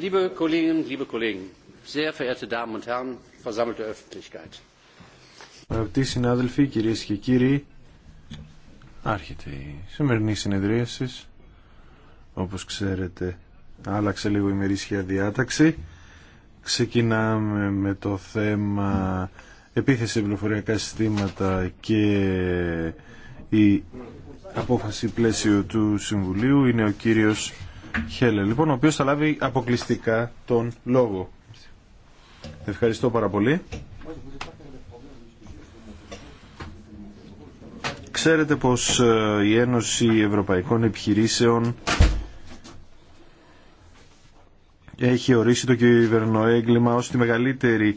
liebe Kolleginnen, liebe Kollegen, sehr verehrte Damen und Herren, versammelte Öffentlichkeit. Αγαπητοί συνάδελφοι, κυρίε και κύριοι, άρχεται η σημερινή συνεδρίαση. Όπως ξέρετε, άλλαξε λίγο η μερίσια διάταξη. Ξεκινάμε με το θέμα επίθεση πληροφοριακά συστήματα και η απόφαση πλαίσιο του Συμβουλίου. Είναι ο κύριος Χέλε, λοιπόν, ο οποίος θα λάβει αποκλειστικά τον λόγο. Ευχαριστώ πάρα πολύ. Ξέρετε πως ε, η Ένωση Ευρωπαϊκών Επιχειρήσεων έχει ορίσει το κυβερνοέγκλημα ως τη μεγαλύτερη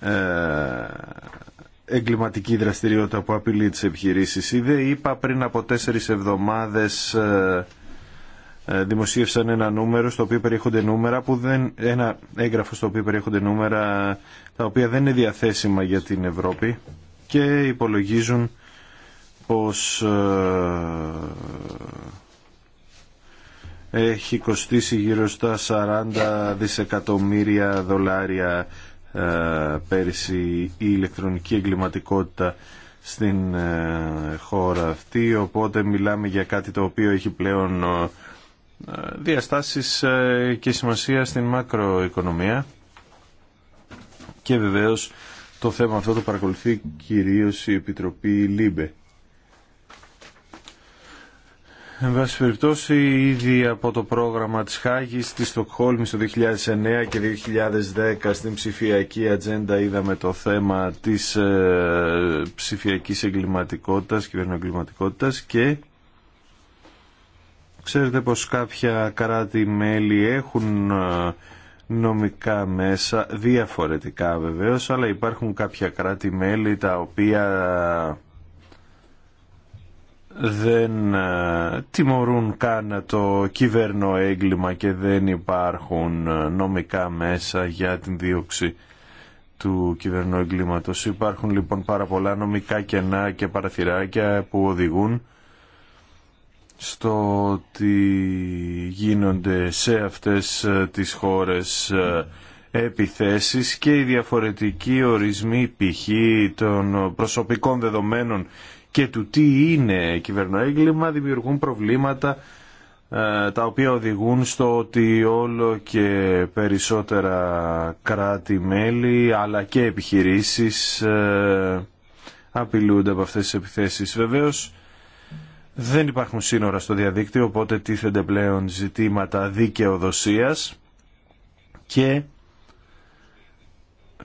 ε, εγκληματική δραστηριότητα που απειλεί τις επιχειρήσεις. Η είπα πριν από τέσσερις εβδομάδες ε, ε, δημοσίευσαν ένα νούμερο στο οποίο περιέχονται νούμερα που δεν, ένα έγγραφο στο οποίο περιέχονται νούμερα τα οποία δεν είναι διαθέσιμα για την Ευρώπη και υπολογίζουν πως ε, έχει κοστίσει γύρω στα 40 δισεκατομμύρια δολάρια ε, πέρυσι η ηλεκτρονική εγκληματικότητα στην χώρα αυτή οπότε μιλάμε για κάτι το οποίο έχει πλέον διαστάσεις ε, και σημασία στην μακροοικονομία και βεβαίως το θέμα αυτό το παρακολουθεί κυρίως η Επιτροπή ΛΥΜΠΕ. Εν βάση περιπτώσει, ήδη από το πρόγραμμα της Χάγης, της Στοκχόλμης το 2009 και 2010 στην ψηφιακή ατζέντα είδαμε το θέμα της ε, ψηφιακής εγκληματικότητας, κυβερνοεγκληματικότητας και Ξέρετε πως κάποια κράτη-μέλη έχουν ε, νομικά μέσα, διαφορετικά βεβαίως, αλλά υπάρχουν κάποια κράτη-μέλη τα οποία ε, δεν ε, τιμωρούν καν το κυβέρνο έγκλημα και δεν υπάρχουν νομικά μέσα για την δίωξη του κυβερνού εγκλήματος. Υπάρχουν λοιπόν πάρα πολλά νομικά κενά και παραθυράκια που οδηγούν στο ότι γίνονται σε αυτές ε, τις χώρες ε, επιθέσεις και οι διαφορετικοί ορισμοί π.χ. των προσωπικών δεδομένων και του τι είναι κυβερνοέγκλημα δημιουργούν προβλήματα ε, τα οποία οδηγούν στο ότι όλο και περισσότερα κράτη-μέλη αλλά και επιχειρήσεις απειλούνται από αυτές τις επιθέσεις. Βεβαίως δεν υπάρχουν σύνορα στο διαδίκτυο, οπότε τίθενται πλέον ζητήματα δικαιοδοσίας και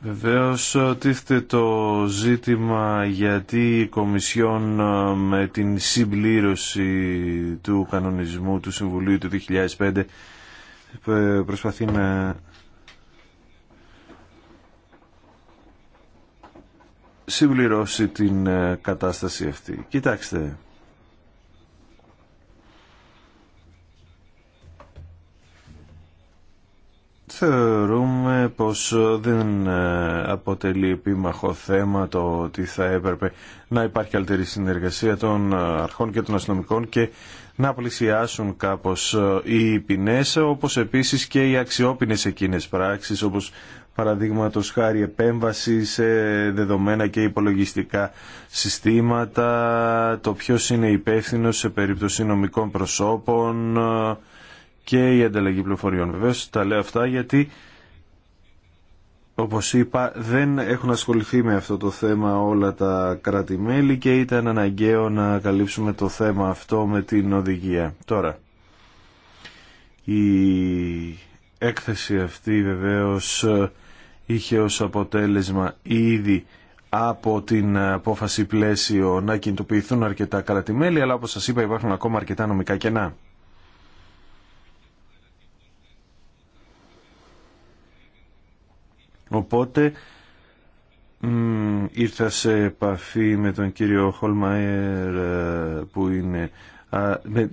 βεβαίως τίθεται το ζήτημα γιατί η Κομισιόν ε, με την συμπλήρωση του κανονισμού του Συμβουλίου του 2005 ε, προσπαθεί να συμπληρώσει την ε, κατάσταση αυτή. Κοιτάξτε, θεωρούμε πως δεν ε, αποτελεί επίμαχο θέμα το ότι θα έπρεπε να υπάρχει καλύτερη συνεργασία των ε, αρχών και των αστυνομικών και να πλησιάσουν κάπως ε, οι ποινές, όπως επίσης και οι αξιόπινες εκείνες πράξεις, όπως παραδείγματος χάρη επέμβαση σε δεδομένα και υπολογιστικά συστήματα, το ποιος είναι υπεύθυνο σε περίπτωση νομικών προσώπων, και η ανταλλαγή πληροφοριών. Βεβαίως τα λέω αυτά γιατί όπως είπα δεν έχουν ασχοληθεί με αυτό το θέμα όλα τα κράτη-μέλη και ήταν αναγκαίο να καλύψουμε το θέμα αυτό με την οδηγία. Τώρα, η έκθεση αυτή βεβαίως ε, είχε ως αποτέλεσμα ήδη από την απόφαση πλαίσιο να κινητοποιηθούν αρκετά αλλά όπως σας είπα υπάρχουν ακόμα αρκετά νομικά κενά. Οπότε ήρθα σε επαφή με τον κύριο Χολμαέρ ε, που είναι... με,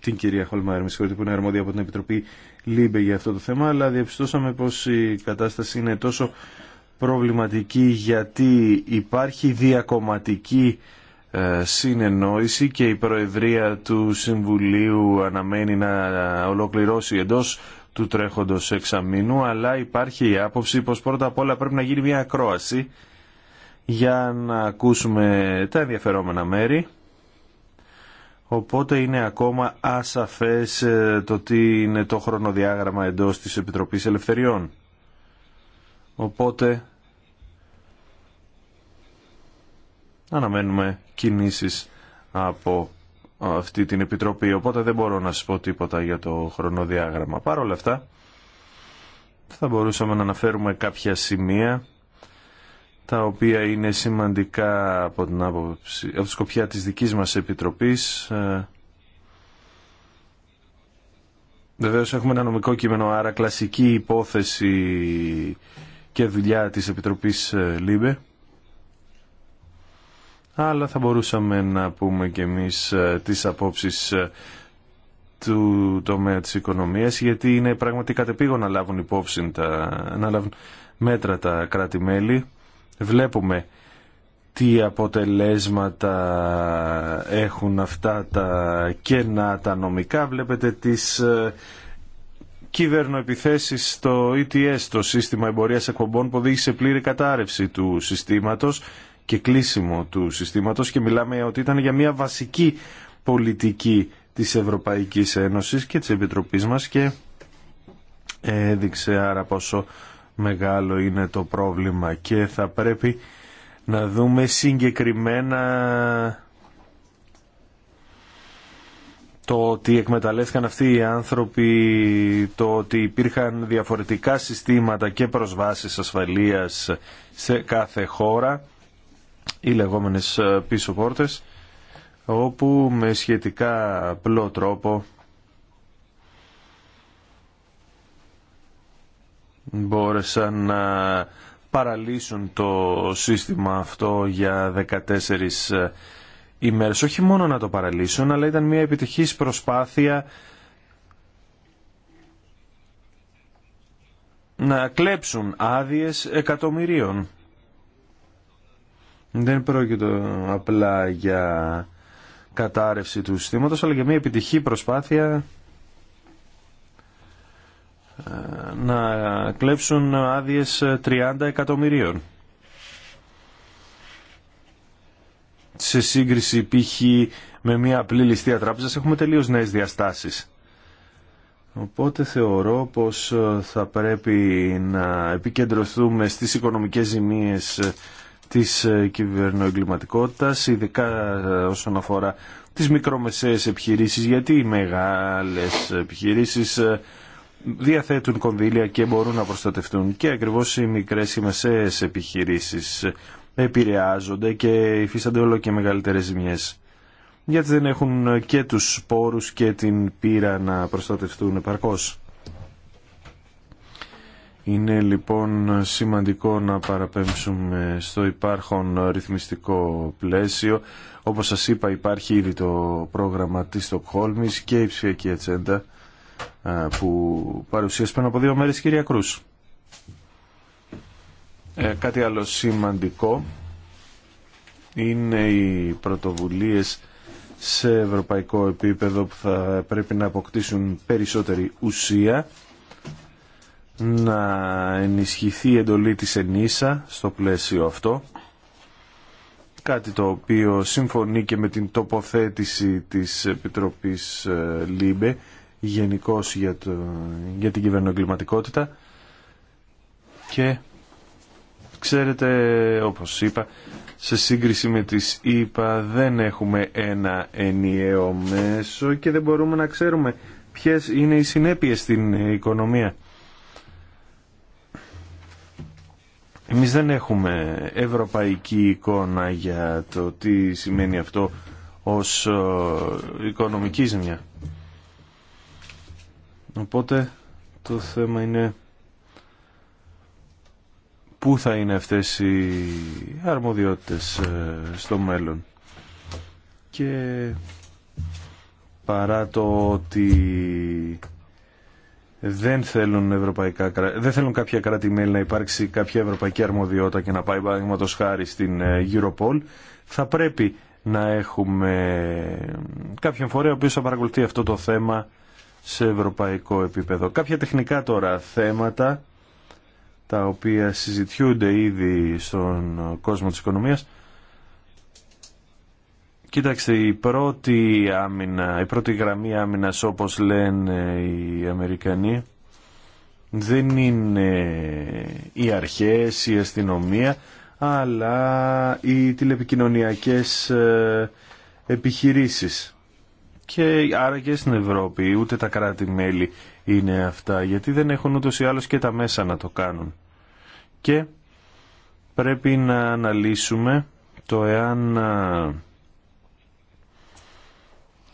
την κυρία Χολμαέρ, με που είναι αρμόδια από την Επιτροπή Λίμπε για αυτό το θέμα, αλλά διαπιστώσαμε πως η κατάσταση είναι τόσο προβληματική γιατί υπάρχει διακομματική ε, συνεννόηση και η Προεδρία του Συμβουλίου αναμένει να ολοκληρώσει εντός του τρέχοντος εξαμήνου, αλλά υπάρχει η άποψη πως πρώτα απ' όλα πρέπει να γίνει μια ακρόαση για να ακούσουμε τα ενδιαφερόμενα μέρη. Οπότε είναι ακόμα ασαφές ε, το τι είναι το χρονοδιάγραμμα εντός της Επιτροπής Ελευθεριών. Οπότε αναμένουμε κινήσεις από αυτή την επιτροπή, οπότε δεν μπορώ να σας πω τίποτα για το χρονοδιάγραμμα. Παρ' όλα αυτά, θα μπορούσαμε να αναφέρουμε κάποια σημεία τα οποία είναι σημαντικά από την άποψη, από τη σκοπιά της δικής μας επιτροπής. Ε, βεβαίως έχουμε ένα νομικό κείμενο, άρα κλασική υπόθεση και δουλειά της Επιτροπής ΛΥΜΕ αλλά θα μπορούσαμε να πούμε και εμείς ε, τις απόψεις ε, του τομέα της οικονομίας γιατί είναι πραγματικά κατεπήγον να λάβουν υπόψη τα, να λάβουν μέτρα τα κράτη-μέλη βλέπουμε τι αποτελέσματα έχουν αυτά τα κενά τα νομικά βλέπετε τις ε, κυβερνοεπιθέσεις στο ETS το σύστημα εμπορίας εκπομπών που οδήγησε πλήρη κατάρρευση του συστήματος και κλείσιμο του συστήματος και μιλάμε ότι ήταν για μια βασική πολιτική της Ευρωπαϊκής Ένωσης και της Επιτροπής μας και έδειξε άρα πόσο μεγάλο είναι το πρόβλημα και θα πρέπει να δούμε συγκεκριμένα το ότι εκμεταλλεύτηκαν αυτοί οι άνθρωποι, το ότι υπήρχαν διαφορετικά συστήματα και προσβάσεις ασφαλείας σε κάθε χώρα οι λεγόμενες ε, πίσω πόρτες όπου με σχετικά απλό τρόπο μπόρεσαν να παραλύσουν το σύστημα αυτό για 14 ε, ημέρες. Όχι μόνο να το παραλύσουν, αλλά ήταν μια επιτυχής προσπάθεια να κλέψουν άδειες εκατομμυρίων. Δεν πρόκειται απλά για κατάρρευση του συστήματος, αλλά για μια επιτυχή προσπάθεια ε, να κλέψουν άδειες 30 εκατομμυρίων. Σε σύγκριση π.χ. με μια απλή ληστεία τράπεζα έχουμε τελείως νέες διαστάσεις. Οπότε θεωρώ πως ε, θα πρέπει να επικεντρωθούμε στις οικονομικές ζημίες ε, της ε, κυβερνοεγκληματικότητας, ειδικά ε, όσον αφορά τις μικρομεσαίες επιχειρήσεις, γιατί οι μεγάλες επιχειρήσεις ε, διαθέτουν κονδύλια και μπορούν να προστατευτούν και ακριβώς οι μικρές και μεσαίες επιχειρήσεις επηρεάζονται και υφίστανται όλο και μεγαλύτερες ζημιές γιατί δεν έχουν και τους πόρους και την πείρα να προστατευτούν επαρκώς. Είναι λοιπόν σημαντικό να παραπέμψουμε στο υπάρχον ρυθμιστικό πλαίσιο. Όπως σας είπα υπάρχει ήδη το πρόγραμμα της Στοκχόλμης και η ψηφιακή ατσέντα που παρουσίασε πριν από δύο μέρες κυρία Κρούς. Ε, κάτι άλλο σημαντικό είναι οι πρωτοβουλίες σε ευρωπαϊκό επίπεδο που θα πρέπει να αποκτήσουν περισσότερη ουσία να ενισχυθεί η εντολή της ΕΝΗΣΑ στο πλαίσιο αυτό κάτι το οποίο συμφωνεί και με την τοποθέτηση της Επιτροπής ε, ΛΥΜΠΕ γενικώ για, για την κυβερνοεγκληματικότητα και ξέρετε όπως είπα σε σύγκριση με τις ΙΠΑ δεν έχουμε ένα ενιαίο μέσο και δεν μπορούμε να ξέρουμε ποιες είναι οι συνέπειες στην οικονομία Εμείς δεν έχουμε ευρωπαϊκή εικόνα για το τι σημαίνει αυτό ως ε, οικονομική ζημιά. Οπότε το θέμα είναι πού θα είναι αυτές οι αρμοδιότητες ε, στο μέλλον. Και παρά το ότι δεν θέλουν, ευρωπαϊκά, δεν θέλουν κάποια κράτη-μέλη να υπάρξει κάποια ευρωπαϊκή αρμοδιότητα και να πάει παραδείγματο χάρη στην ε, Europol, θα πρέπει να έχουμε κάποιον φορέα ο οποίος θα παρακολουθεί αυτό το θέμα σε ευρωπαϊκό επίπεδο. Κάποια τεχνικά τώρα θέματα τα οποία συζητιούνται ήδη στον ε, κόσμο της οικονομίας Κοίταξε, η πρώτη, άμυνα, η πρώτη γραμμή άμυνας όπως λένε οι Αμερικανοί δεν είναι οι αρχές, η αστυνομία αλλά οι τηλεπικοινωνιακές ε, επιχειρήσεις. Και άρα και στην Ευρώπη ούτε τα κράτη-μέλη είναι αυτά γιατί δεν έχουν ούτως ή άλλως και τα μέσα να το κάνουν. Και πρέπει να αναλύσουμε το εάν ε,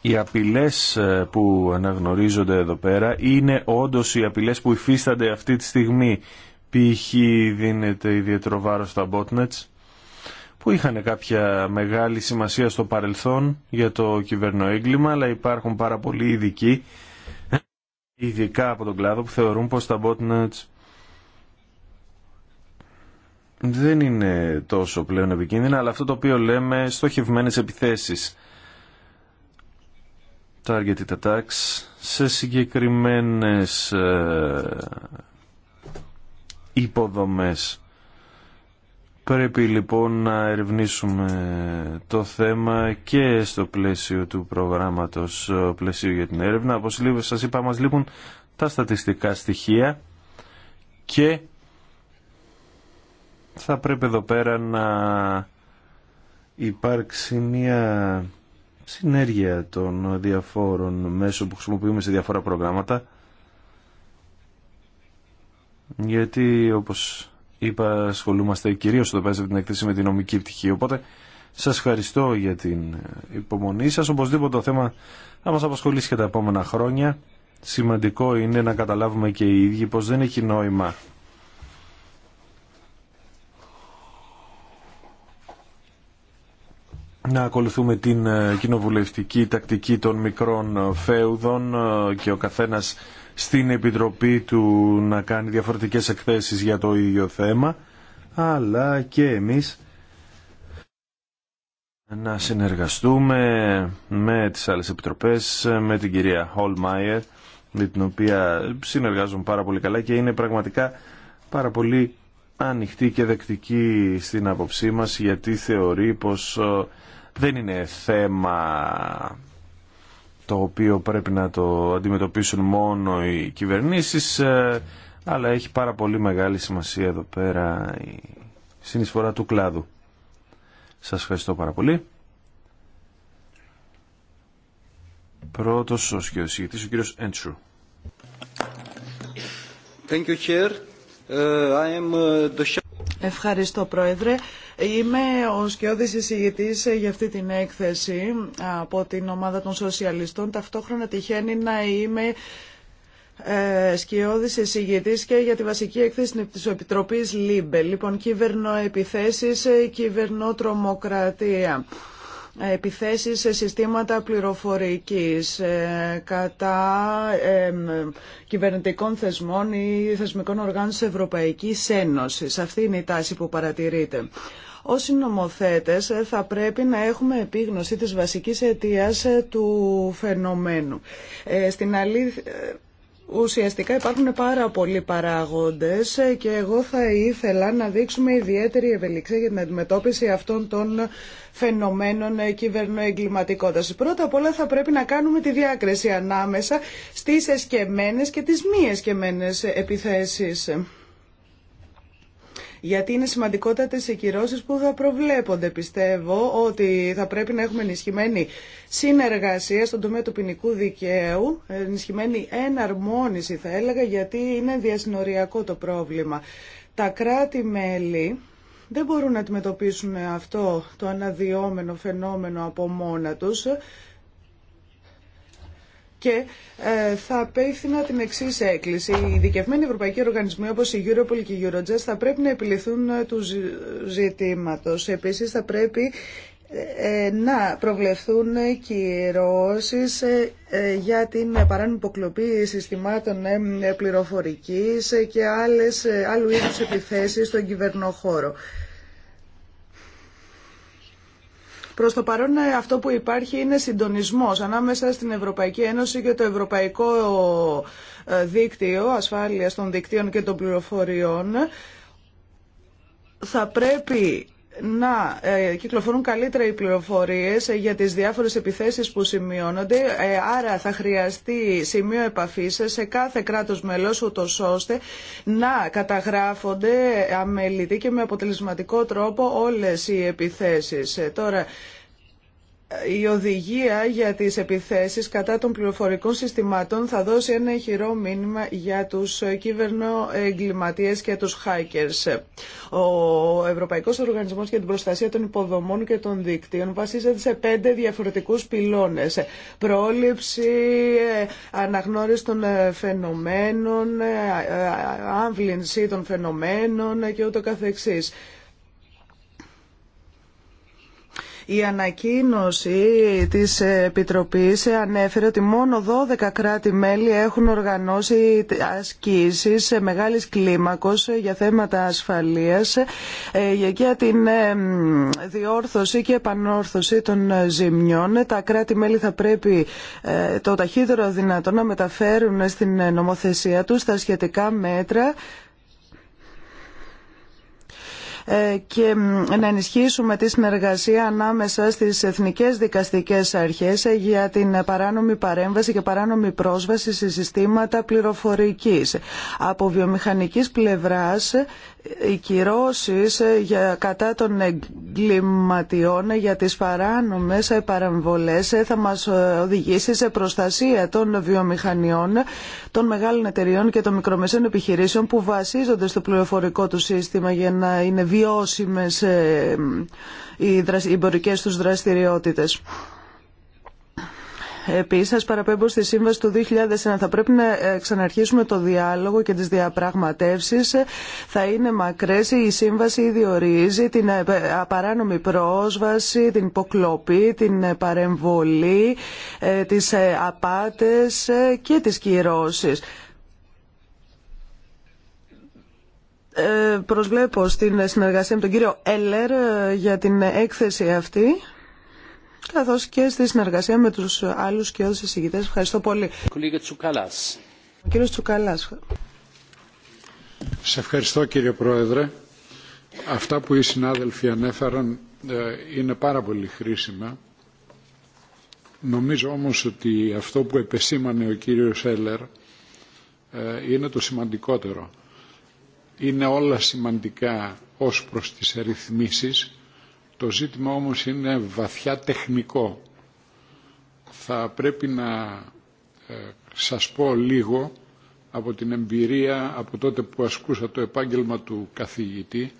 οι απειλές ε, που αναγνωρίζονται εδώ πέρα είναι όντως οι απειλές που υφίστανται αυτή τη στιγμή. Π.χ. δίνεται ιδιαίτερο βάρος στα botnets που είχαν κάποια μεγάλη σημασία στο παρελθόν για το κυβερνοέγκλημα αλλά υπάρχουν πάρα πολλοί ειδικοί ειδικά από τον κλάδο που θεωρούν πως τα botnets δεν είναι τόσο πλέον επικίνδυνα αλλά αυτό το οποίο λέμε στοχευμένες επιθέσεις targeted attacks σε συγκεκριμένες ε, υποδομές. Πρέπει λοιπόν να ερευνήσουμε το θέμα και στο πλαίσιο του προγράμματος ε, πλαίσιο για την έρευνα. Όπως σας είπα μας λείπουν τα στατιστικά στοιχεία και θα πρέπει εδώ πέρα να υπάρξει μια συνέργεια των διαφόρων μέσων που χρησιμοποιούμε σε διαφορά προγράμματα γιατί όπως είπα ασχολούμαστε κυρίως στο πέρασε την εκθέση με την νομική πτυχή οπότε σας ευχαριστώ για την υπομονή σας οπωσδήποτε το θέμα θα μας απασχολήσει και τα επόμενα χρόνια σημαντικό είναι να καταλάβουμε και οι ίδιοι πως δεν έχει νόημα να ακολουθούμε την ε, κοινοβουλευτική τακτική των μικρών ε, φέουδων ε, και ο καθένας στην Επιτροπή του να κάνει διαφορετικές εκθέσεις για το ίδιο θέμα, αλλά και εμείς να συνεργαστούμε με τις άλλες επιτροπές, με την κυρία Χολμάιερ, με την οποία συνεργάζομαι πάρα πολύ καλά και είναι πραγματικά πάρα πολύ ανοιχτή και δεκτική στην άποψή μας, γιατί θεωρεί πως δεν είναι θέμα το οποίο πρέπει να το αντιμετωπίσουν μόνο οι κυβερνήσεις ε, αλλά έχει πάρα πολύ μεγάλη σημασία εδώ πέρα η συνεισφορά του κλάδου. Σας ευχαριστώ πάρα πολύ. Πρώτος ο σκιοδησηγητής ο κύριος Έντσου. Ε, ε, Ευχαριστώ Πρόεδρε. Είμαι ο σκιώδης εισηγητής για αυτή την έκθεση από την ομάδα των σοσιαλιστών. Ταυτόχρονα τυχαίνει να είμαι ε, σκιώδης εισηγητής και για τη βασική έκθεση της Επιτροπής ΛΥΜΠΕ. Λοιπόν, κυβερνοεπιθέσεις, ε, κυβερνοτρομοκρατία επιθέσεις σε συστήματα πληροφορικής ε, κατά ε, κυβερνητικών θεσμών ή θεσμικών οργάνων της Ευρωπαϊκής Ένωσης. Αυτή είναι η τάση που παρατηρείται. Ως συνομοθέτες ε, θα πρέπει να έχουμε επίγνωση της ευρωπαικης ενωσης αυτη ειναι η ταση που παρατηρειται Όσοι αιτίας του φαινομένου. Στην αλήθεια Ουσιαστικά υπάρχουν πάρα πολλοί παράγοντες και εγώ θα ήθελα να δείξουμε ιδιαίτερη ευελιξία για την αντιμετώπιση αυτών των φαινομένων κυβερνοεγκληματικότητας. Πρώτα απ' όλα θα πρέπει να κάνουμε τη διάκριση ανάμεσα στις εσκεμμένες και τις μη εσκεμμένες επιθέσεις γιατί είναι σημαντικότατε οι κυρώσεις που θα προβλέπονται. Πιστεύω ότι θα πρέπει να έχουμε ενισχυμένη συνεργασία στον τομέα του ποινικού δικαίου, ενισχυμένη εναρμόνιση θα έλεγα, γιατί είναι διασυνοριακό το πρόβλημα. Τα κράτη-μέλη δεν μπορούν να αντιμετωπίσουν αυτό το αναδυόμενο φαινόμενο από μόνα τους και ε, θα απέθυνα την εξή έκκληση. Οι ειδικευμένοι ευρωπαϊκοί οργανισμοί όπω η Europol και η Eurojust θα πρέπει να επιληθούν ε, του ζητήματο. Επίση θα πρέπει ε, να προβλεφθούν κυρώσει για την παράνομη υποκλοπή συστημάτων πληροφορικής και άλλες, άλλου είδους επιθέσεις στον κυβερνοχώρο. Προ το παρόν ε, αυτό που υπάρχει είναι συντονισμός ανάμεσα στην Ευρωπαϊκή Ένωση και το Ευρωπαϊκό ε, Δίκτυο Ασφάλεια των Δικτύων και των Πληροφοριών. Θα πρέπει να ε, κυκλοφορούν καλύτερα οι πληροφορίες ε, για τις διάφορες επιθέσεις που σημειώνονται. Ε, άρα θα χρειαστεί σημείο επαφής σε κάθε κράτος μελός ούτως ώστε να καταγράφονται αμελητή και με αποτελεσματικό τρόπο όλες οι επιθέσεις. Τώρα, η οδηγία για τις επιθέσεις κατά των πληροφορικών συστημάτων θα δώσει ένα χειρό μήνυμα για τους κυβερνοεγκληματίες και τους hackers. Ο Ευρωπαϊκός Οργανισμός για την Προστασία των Υποδομών και των Δικτύων βασίζεται σε πέντε διαφορετικούς πυλώνες. Πρόληψη, αναγνώριση των φαινομένων, ε, ε, ε, άμβλυνση των φαινομένων και ούτω καθεξής. Η ανακοίνωση της Επιτροπής ανέφερε ότι μόνο 12 κράτη-μέλη έχουν οργανώσει ασκήσεις μεγάλης κλίμακος για θέματα ασφαλείας ε, για την ε, διόρθωση και επανόρθωση των ζημιών. Τα κράτη-μέλη θα πρέπει ε, το ταχύτερο δυνατό να μεταφέρουν στην νομοθεσία τους τα σχετικά μέτρα ε, και να ενισχύσουμε τη συνεργασία ανάμεσα στις εθνικές δικαστικές αρχές ε, για την παράνομη παρέμβαση και παράνομη πρόσβαση σε συστήματα πληροφορικής. Από βιομηχανικής πλευράς οι κυρώσεις ε, για, κατά των εγκληματιών ε, για τις παράνομες ε, παραμβολές θα μας οδηγήσει σε προστασία των βιομηχανιών, των μεγάλων εταιριών και των μικρομεσαίων επιχειρήσεων που βασίζονται στο πληροφορικό του σύστημα για να είναι βιώσιμες οι εμπορικές τους δραστηριότητες. Επίση, παραπέμπω στη Σύμβαση του 2001. Θα πρέπει να ε, ξαναρχίσουμε το διάλογο και τις διαπραγματεύσει. Θα είναι μακρές. Η Σύμβαση ήδη ορίζει την ε, απαράνομη πρόσβαση, την υποκλοπή, την ε, παρεμβολή, τι απάτες και τις κυρώσει. Προσβλέπω στην συνεργασία με τον κύριο Έλλερ για την έκθεση αυτή καθώς και στη συνεργασία με τους άλλους και όλους εισηγητές. Ευχαριστώ πολύ. Ο κύριος Τσουκαλάς. Σε ευχαριστώ κύριε Πρόεδρε. Αυτά που οι συνάδελφοι ανέφεραν ε, είναι πάρα πολύ χρήσιμα. Νομίζω όμως ότι αυτό που επεσήμανε ο κύριος Έλερ ε, είναι το σημαντικότερο. Είναι όλα σημαντικά ως προς τις ρυθμίσεις το ζήτημα όμως είναι βαθιά τεχνικό. Θα πρέπει να ε, σας πω λίγο από την εμπειρία από τότε που ασκούσα το επάγγελμα του καθηγητή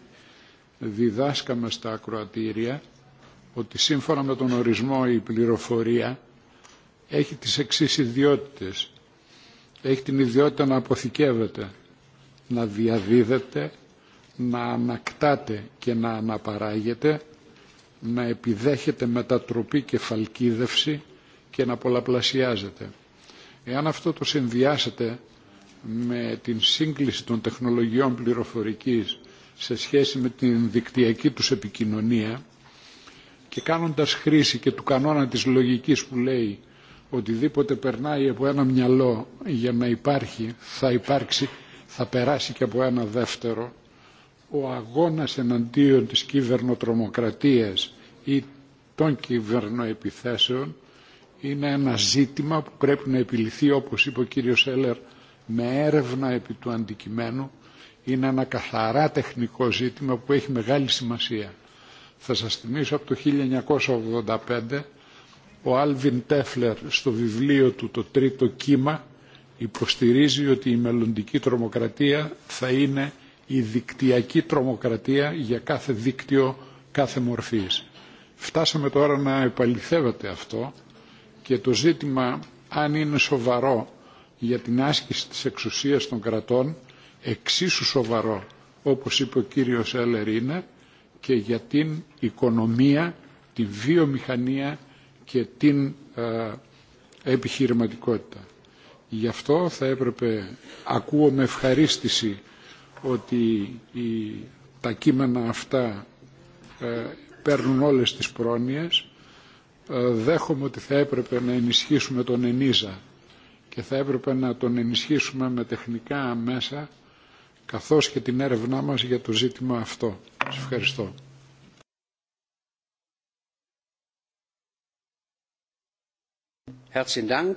διδάσκαμε στα ακροατήρια ότι σύμφωνα με τον ορισμό η πληροφορία έχει τις εξής ιδιότητες. Έχει την ιδιότητα να αποθηκεύεται, να διαδίδεται, να ανακτάται και να αναπαράγεται να επιδέχεται μετατροπή και φαλκίδευση και να πολλαπλασιάζεται. Εάν αυτό το συνδυάσετε με την σύγκληση των τεχνολογιών πληροφορικής σε σχέση με την δικτυακή τους επικοινωνία και κάνοντας χρήση και του κανόνα της λογικής που λέει οτιδήποτε περνάει από ένα μυαλό για να υπάρχει θα υπάρξει, θα περάσει και από ένα δεύτερο ο αγώνας εναντίον της κυβερνοτρομοκρατίας ή των κυβερνοεπιθέσεων είναι ένα ζήτημα που πρέπει να επιληθεί, όπως είπε ο κύριος Έλερ, με έρευνα επί του αντικειμένου. Είναι ένα καθαρά τεχνικό ζήτημα που έχει μεγάλη σημασία. Θα σας θυμίσω από το 1985 ο Άλβιν Τέφλερ στο βιβλίο του «Το τρίτο κύμα» υποστηρίζει ότι η μελλοντική τρομοκρατία θα είναι η δικτυακή τρομοκρατία για κάθε δίκτυο κάθε μορφής. Φτάσαμε τώρα να επαληθεύεται αυτό και το ζήτημα αν είναι σοβαρό για την άσκηση της εξουσίας των κρατών εξίσου σοβαρό όπως είπε ο κύριος Έλερ και για την οικονομία, τη βιομηχανία και την ε, επιχειρηματικότητα. Γι' αυτό θα έπρεπε, ακούω με ευχαρίστηση ότι τα κείμενα αυτά ε, παίρνουν όλες τις πρόνοιες. Ε, δέχομαι ότι θα έπρεπε να ενισχύσουμε τον Ενίζα και θα έπρεπε να τον ενισχύσουμε με τεχνικά μέσα καθώς και την έρευνά μας για το ζήτημα αυτό. Σας ευχαριστώ. Ευχαριστώ.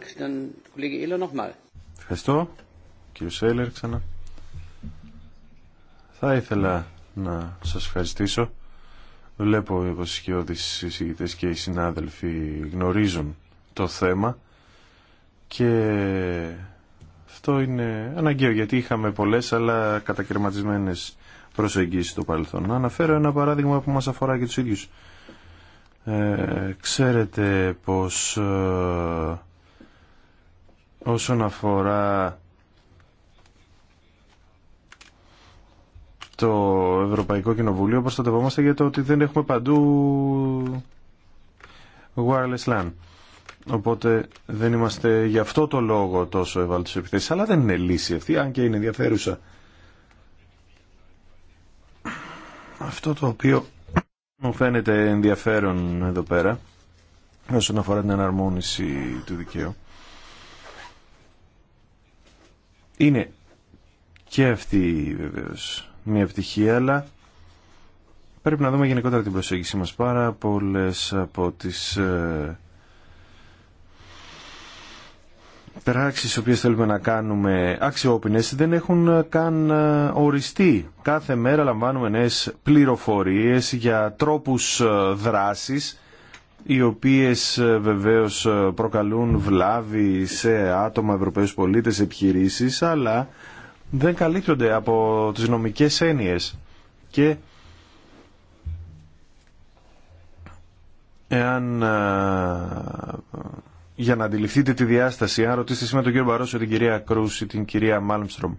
Κύριε Σέλερ ξανά. Θα ήθελα να σας ευχαριστήσω. Βλέπω οι βασικιώδεις και οι συνάδελφοι γνωρίζουν το θέμα και αυτό είναι αναγκαίο γιατί είχαμε πολλές αλλά κατακαιρματισμένες προσεγγίσεις στο παρελθόν. Να αναφέρω ένα παράδειγμα που μας αφορά και τους ίδιους. Ε, ξέρετε πως ε, όσον αφορά στο Ευρωπαϊκό Κοινοβούλιο προστατευόμαστε για το ότι δεν έχουμε παντού wireless LAN. Οπότε δεν είμαστε γι' αυτό το λόγο τόσο ευάλωτοι επιθέσεις. Αλλά δεν είναι λύση αυτή, αν και είναι ενδιαφέρουσα. Αυτό το οποίο μου φαίνεται ενδιαφέρον εδώ πέρα, όσον αφορά την αναρμόνιση του δικαίου, είναι και αυτή βεβαίω μια επιτυχία, αλλά πρέπει να δούμε γενικότερα την προσέγγιση μας. Πάρα πολλές από τις ε, πράξεις οποίες θέλουμε να κάνουμε αξιόπινες δεν έχουν καν ε, οριστεί. Κάθε μέρα λαμβάνουμε νέες πληροφορίες για τρόπους ε, δράσης οι οποίες βεβαίως προκαλούν βλάβη σε άτομα, Ευρωπαίους πολίτες, επιχειρήσεις αλλά δεν καλύπτονται από τις νομικές έννοιες και εάν για να αντιληφθείτε τη διάσταση, αν ρωτήσετε σήμερα τον κύριο Μπαρόσο, την κυρία Κρούς την κυρία Μάλμστρομ,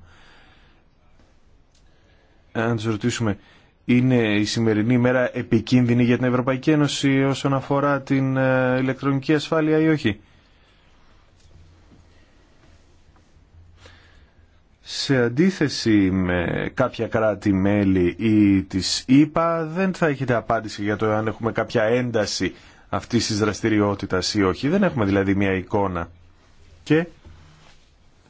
αν τους ρωτήσουμε, είναι η σημερινή ημέρα επικίνδυνη για την Ευρωπαϊκή Ένωση όσον αφορά την ε, ηλεκτρονική ασφάλεια ή όχι. σε αντίθεση με κάποια κράτη-μέλη ή της ΕΠΑ δεν θα έχετε απάντηση για το αν έχουμε κάποια ένταση αυτής της δραστηριότητας ή όχι. Δεν έχουμε δηλαδή μια εικόνα. Και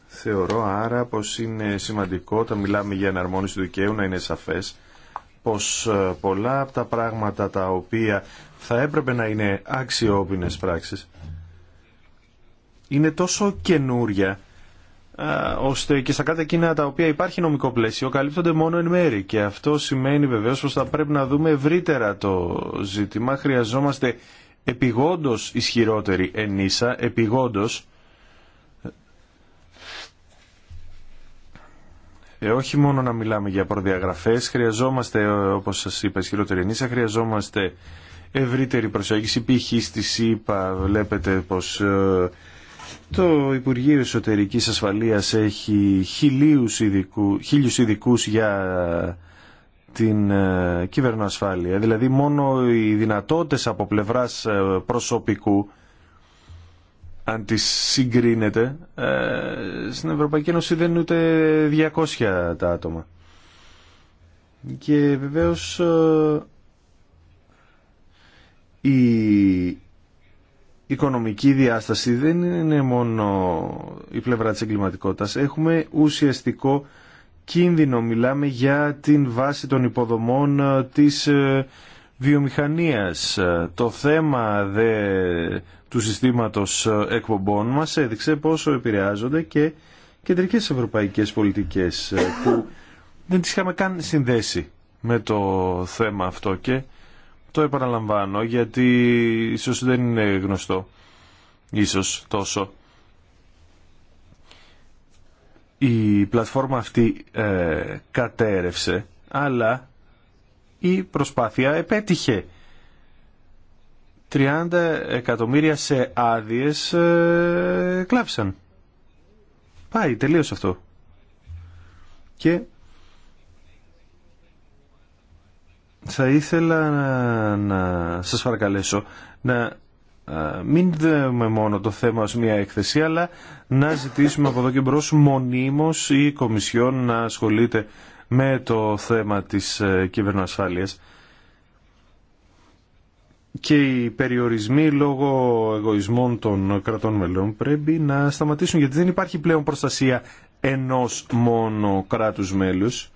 θεωρώ άρα πως είναι σημαντικό όταν μιλάμε για εναρμόνιση του δικαίου να είναι σαφές πως ε, πολλά από τα πράγματα τα οποία θα έπρεπε να είναι αξιόπινες πράξεις είναι τόσο καινούρια ώστε και στα κάτω εκείνα τα οποία υπάρχει νομικό πλαίσιο καλύπτονται μόνο εν μέρη και αυτό σημαίνει βεβαίως πως θα πρέπει να δούμε ευρύτερα το ζήτημα χρειαζόμαστε επιγόντως ισχυρότερη ενίσα, επιγόντως Ε, όχι μόνο να μιλάμε για προδιαγραφές, χρειαζόμαστε, όπως σας είπα, ισχυρότερη ενίσα, χρειαζόμαστε ευρύτερη προσέγγιση. Π.χ. στη ΣΥΠΑ βλέπετε πως ε, το Υπουργείο Εσωτερικής Ασφαλείας έχει χιλίους ειδικού, για την ε, κυβερνοασφάλεια. Δηλαδή μόνο οι δυνατότητες από πλευράς ε, προσωπικού αν τις συγκρίνεται, ε, στην Ευρωπαϊκή Ένωση δεν είναι ούτε 200 τα άτομα. Και βεβαίως η οικονομική διάσταση δεν είναι μόνο η πλευρά της εγκληματικότητας. Έχουμε ουσιαστικό κίνδυνο. Μιλάμε για την βάση των υποδομών ε, της ε, βιομηχανίας. Ε, το θέμα δε, του συστήματος εκπομπών μας έδειξε πόσο επηρεάζονται και κεντρικές ευρωπαϊκές πολιτικές που δεν τις είχαμε καν συνδέσει με το θέμα αυτό και το επαναλαμβάνω γιατί ίσως δεν είναι γνωστό. Ίσως τόσο. Η πλατφόρμα αυτή ε, κατέρευσε, αλλά η προσπάθεια επέτυχε. 30 εκατομμύρια σε άδειες ε, κλάψαν. Πάει, τελείωσε αυτό. Και θα ήθελα να, να σας παρακαλέσω να μην δούμε μόνο το θέμα ως μια έκθεση, αλλά να ζητήσουμε από εδώ και μπρος μονίμως η Κομισιόν να ασχολείται με το θέμα της ε, κυβερνοασφάλειας. Και οι περιορισμοί λόγω εγωισμών των κρατών μελών πρέπει να σταματήσουν, γιατί δεν υπάρχει πλέον προστασία ενός μόνο κράτους μέλους.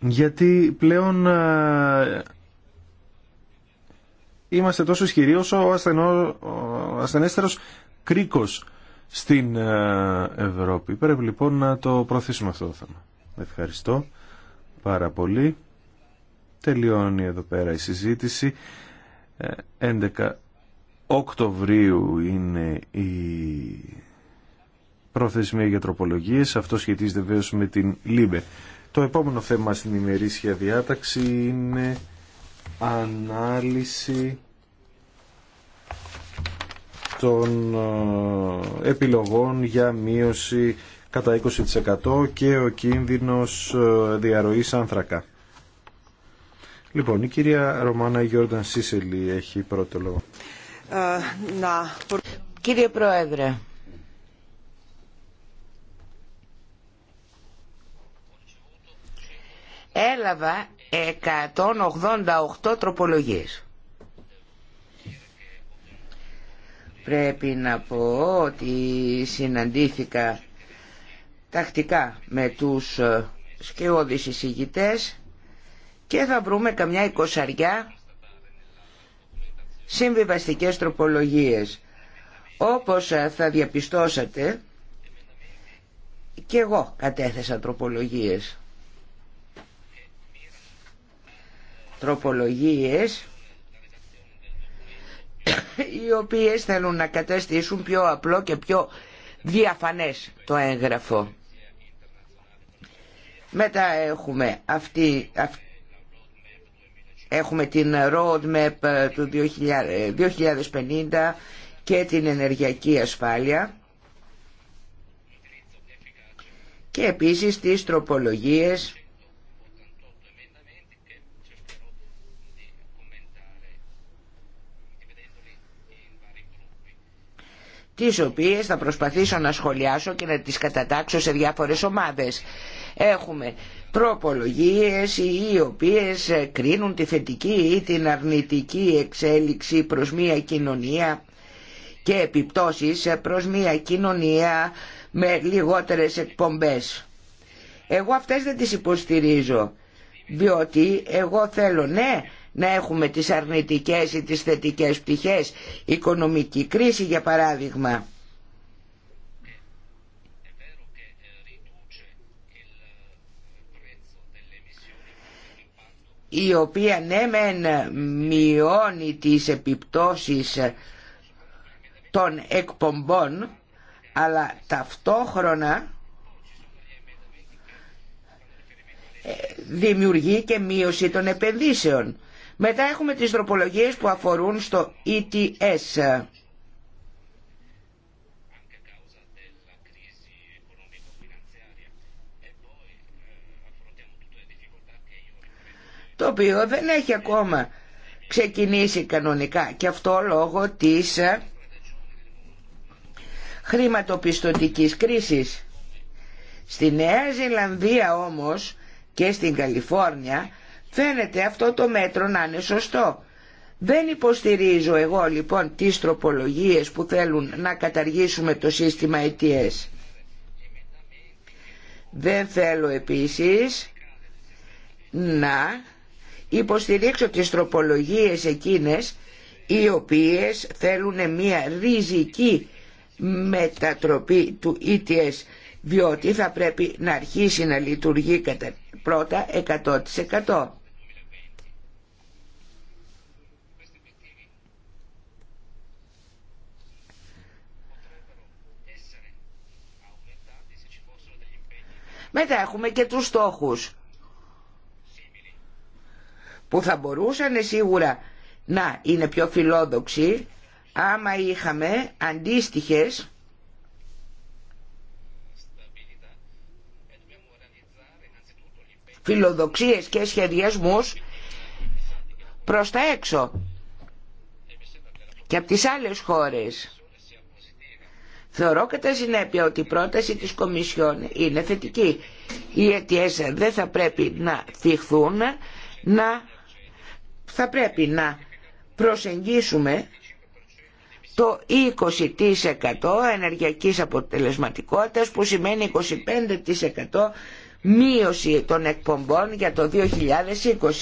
γιατί πλέον ε, είμαστε τόσο ισχυροί όσο ο, ασθενό, ο ασθενέστερος κρίκος στην ε, Ευρώπη. Πρέπει λοιπόν να το προωθήσουμε αυτό το θέμα. Ευχαριστώ πάρα πολύ. Τελειώνει εδώ πέρα η συζήτηση. 11 ε, Οκτωβρίου είναι η προθεσμία για τροπολογίες. Αυτό σχετίζεται βέβαια με την ΛΥΜΠΕ. Το επόμενο θέμα στην ημερήσια διάταξη είναι ανάλυση των ε, επιλογών για μείωση κατά 20% και ο κίνδυνος ε, διαρροής άνθρακα. Λοιπόν, η κυρία Ρωμάνα Γιόρνταν Σίσελη έχει πρώτο λόγο. Ε, Κύριε Πρόεδρε, έλαβα 188 τροπολογίες. Πρέπει να πω ότι συναντήθηκα τακτικά με τους ε, σκεώδεις εισηγητές και θα βρούμε καμιά εικοσαριά συμβιβαστικές τροπολογίες. Όπως ε, θα διαπιστώσατε, και εγώ κατέθεσα τροπολογίες. τροπολογίες οι οποίες θέλουν να καταστήσουν πιο απλό και πιο διαφανές το έγγραφο. Μετά έχουμε αυτή, έχουμε την roadmap ε, του 2050 ε, και την ενεργειακή ασφάλεια και επίσης τις τροπολογίες τις οποίες θα προσπαθήσω να σχολιάσω και να τις κατατάξω σε διάφορες ομάδες. Έχουμε προπολογίες οι οποίες κρίνουν τη θετική ή την αρνητική εξέλιξη προς μια κοινωνία και επιπτώσεις προς μια κοινωνία με λιγότερες εκπομπές. Εγώ αυτές δεν τις υποστηρίζω, διότι εγώ θέλω ναι να έχουμε τις αρνητικές ή τις θετικές πτυχές, οικονομική κρίση για παράδειγμα. η οποία ναι μεν μειώνει τις επιπτώσεις των εκπομπών αλλά ταυτόχρονα ε, δημιουργεί και μείωση των επενδύσεων. Μετά έχουμε τις τροπολογίε που αφορούν στο ETS. το οποίο δεν έχει ακόμα ξεκινήσει κανονικά και αυτό λόγω της ε, χρηματοπιστωτικής κρίσης. Στη Νέα Ζηλανδία όμως και στην Καλιφόρνια Φαίνεται αυτό το μέτρο να είναι σωστό. Δεν υποστηρίζω εγώ λοιπόν τις τροπολογίες που θέλουν να καταργήσουμε το σύστημα ETS. Ε Δεν θέλω επίσης να υποστηρίξω τις τροπολογίες εκείνες οι οποίες θέλουν μια ριζική μετατροπή του ETS ε διότι θα πρέπει να αρχίσει να λειτουργεί πρώτα 100%. Μετά έχουμε και τους στόχους που θα μπορούσαν σίγουρα να είναι πιο φιλόδοξοι άμα είχαμε αντίστοιχες φιλοδοξίες και σχεδιασμούς προς τα έξω και από τις άλλες χώρες. Θεωρώ κατά συνέπεια ότι η πρόταση της Κομισιόν είναι θετική. Οι αιτιές δεν θα πρέπει να θυχθούν, να... θα πρέπει να προσεγγίσουμε το 20% ενεργειακής αποτελεσματικότητας που σημαίνει 25% μείωση των εκπομπών για το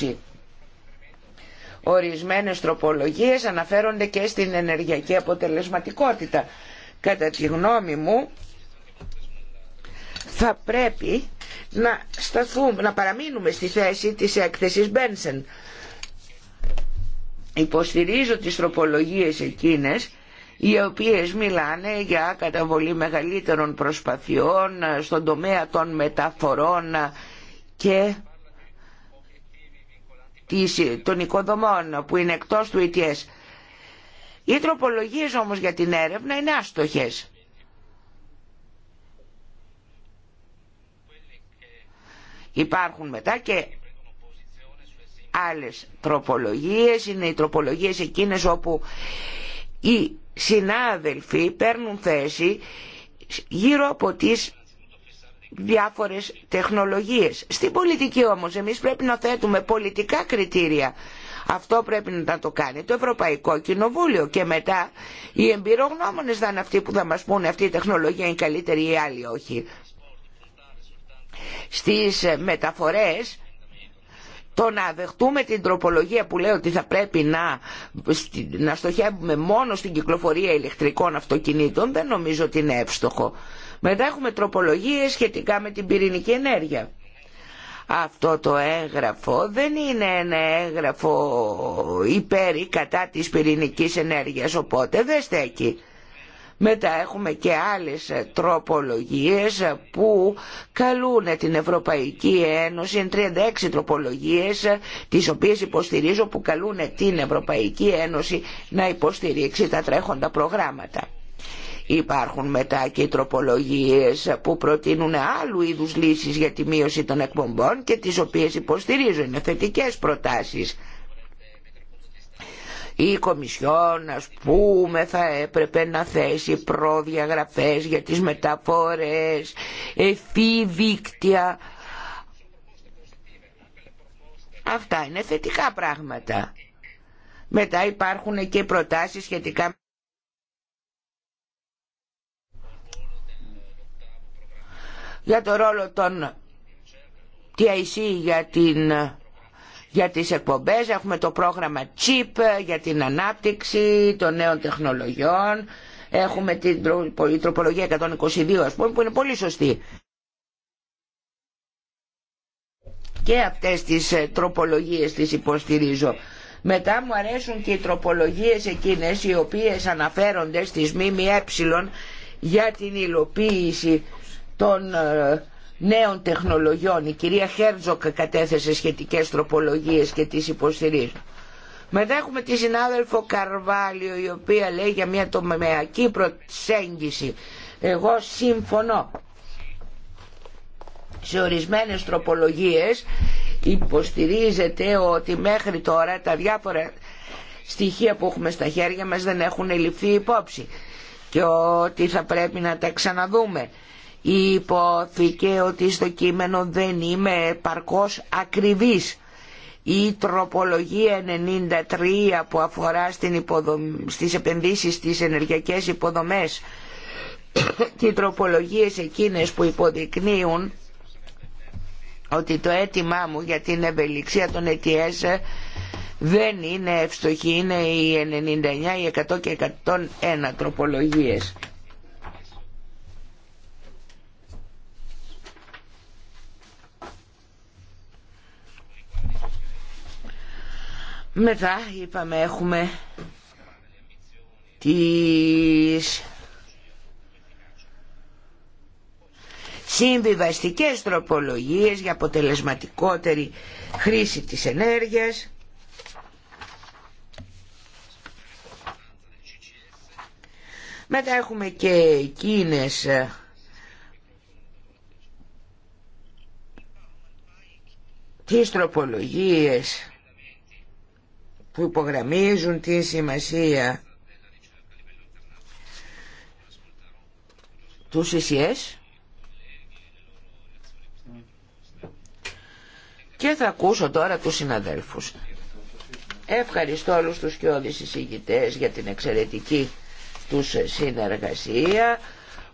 2020. Ορισμένες τροπολογίες αναφέρονται και στην ενεργειακή αποτελεσματικότητα Κατά τη γνώμη μου θα πρέπει να, σταθούμε, να παραμείνουμε στη θέση της έκθεσης Μπένσεν. Υποστηρίζω τις τροπολογίες εκείνες οι οποίες μιλάνε για καταβολή μεγαλύτερων προσπαθειών στον τομέα των μεταφορών και των οικοδομών που είναι εκτός του ETS. Ε οι τροπολογίες όμως για την έρευνα είναι άστοχες. Υπάρχουν μετά και άλλες τροπολογίες, είναι οι τροπολογίες εκείνες όπου οι συνάδελφοι παίρνουν θέση γύρω από τις διάφορες τεχνολογίες. Στην πολιτική όμως εμείς πρέπει να θέτουμε πολιτικά κριτήρια αυτό πρέπει να το κάνει το Ευρωπαϊκό Κοινοβούλιο και μετά οι εμπειρογνώμονες θα είναι αυτοί που θα μας πούνε αυτή η τεχνολογία είναι καλύτερη ή άλλη όχι. Στις μεταφορές το να δεχτούμε την τροπολογία που λέει ότι θα πρέπει να, να στοχεύουμε μόνο στην κυκλοφορία ηλεκτρικών αυτοκινήτων δεν νομίζω ότι είναι εύστοχο. Μετά έχουμε τροπολογίες σχετικά με την πυρηνική ενέργεια. Αυτό το έγγραφο δεν είναι ένα έγγραφο υπέρ ή κατά της πυρηνικής ενέργειας, οπότε δεν στέκει. Μετά έχουμε και άλλες τροπολογίες που καλούν την Ευρωπαϊκή Ένωση, είναι 36 τροπολογίες τις οποίες υποστηρίζω που καλούν την Ευρωπαϊκή Ένωση να υποστηρίξει τα τρέχοντα προγράμματα. Υπάρχουν μετά και οι τροπολογίες που προτείνουν άλλου είδους λύσεις για τη μείωση των εκπομπών και τις οποίες υποστηρίζουν Είναι θετικές προτάσεις. Η Κομισιόν, ας πούμε, θα έπρεπε να θέσει προδιαγραφές για τις μεταφορές, δίκτυα. Αυτά είναι θετικά πράγματα. Μετά υπάρχουν και προτάσεις σχετικά για το ρόλο των TIC για, την, για τις εκπομπές, έχουμε το πρόγραμμα CHIP για την ανάπτυξη των νέων τεχνολογιών, έχουμε την τροπολογία 122 ας πούμε που είναι πολύ σωστή. Και αυτές τις ε, τροπολογίες τις υποστηρίζω. Μετά μου αρέσουν και οι τροπολογίες εκείνες οι οποίες αναφέρονται στις ΜΜΕ για την υλοποίηση των ε, νέων τεχνολογιών. Η κυρία Χέρτζοκ κατέθεσε σχετικές τροπολογίες και τις υποστηρίζει. Μετά έχουμε τη συνάδελφο Καρβάλιο η οποία λέει για μια τομεακή προσέγγιση. Εγώ συμφωνώ. Σε ορισμένες τροπολογίες υποστηρίζεται ότι μέχρι τώρα τα διάφορα στοιχεία που έχουμε στα χέρια μας δεν έχουν ληφθεί υπόψη και ότι θα πρέπει να τα ξαναδούμε Υπόθηκε ότι στο κείμενο δεν είμαι παρκώς ακριβής. Η τροπολογία 93 που αφορά στην υποδομ... στις επενδύσεις στις ενεργειακές υποδομές και οι τροπολογίες εκείνες που υποδεικνύουν ότι το αίτημά μου για την ευελιξία των ETS δεν είναι ευστοχή, είναι οι 99, οι 100 και 101 τροπολογίες. Μετά είπαμε έχουμε τις συμβιβαστικές τροπολογίες για αποτελεσματικότερη χρήση της ενέργειας Μετά έχουμε και εκείνες ε, τις τροπολογίες που υπογραμμίζουν τη σημασία του CCS και θα ακούσω τώρα τους συναδέλφους. Ευχαριστώ όλους τους κοιόδης εισηγητές για την εξαιρετική τους συνεργασία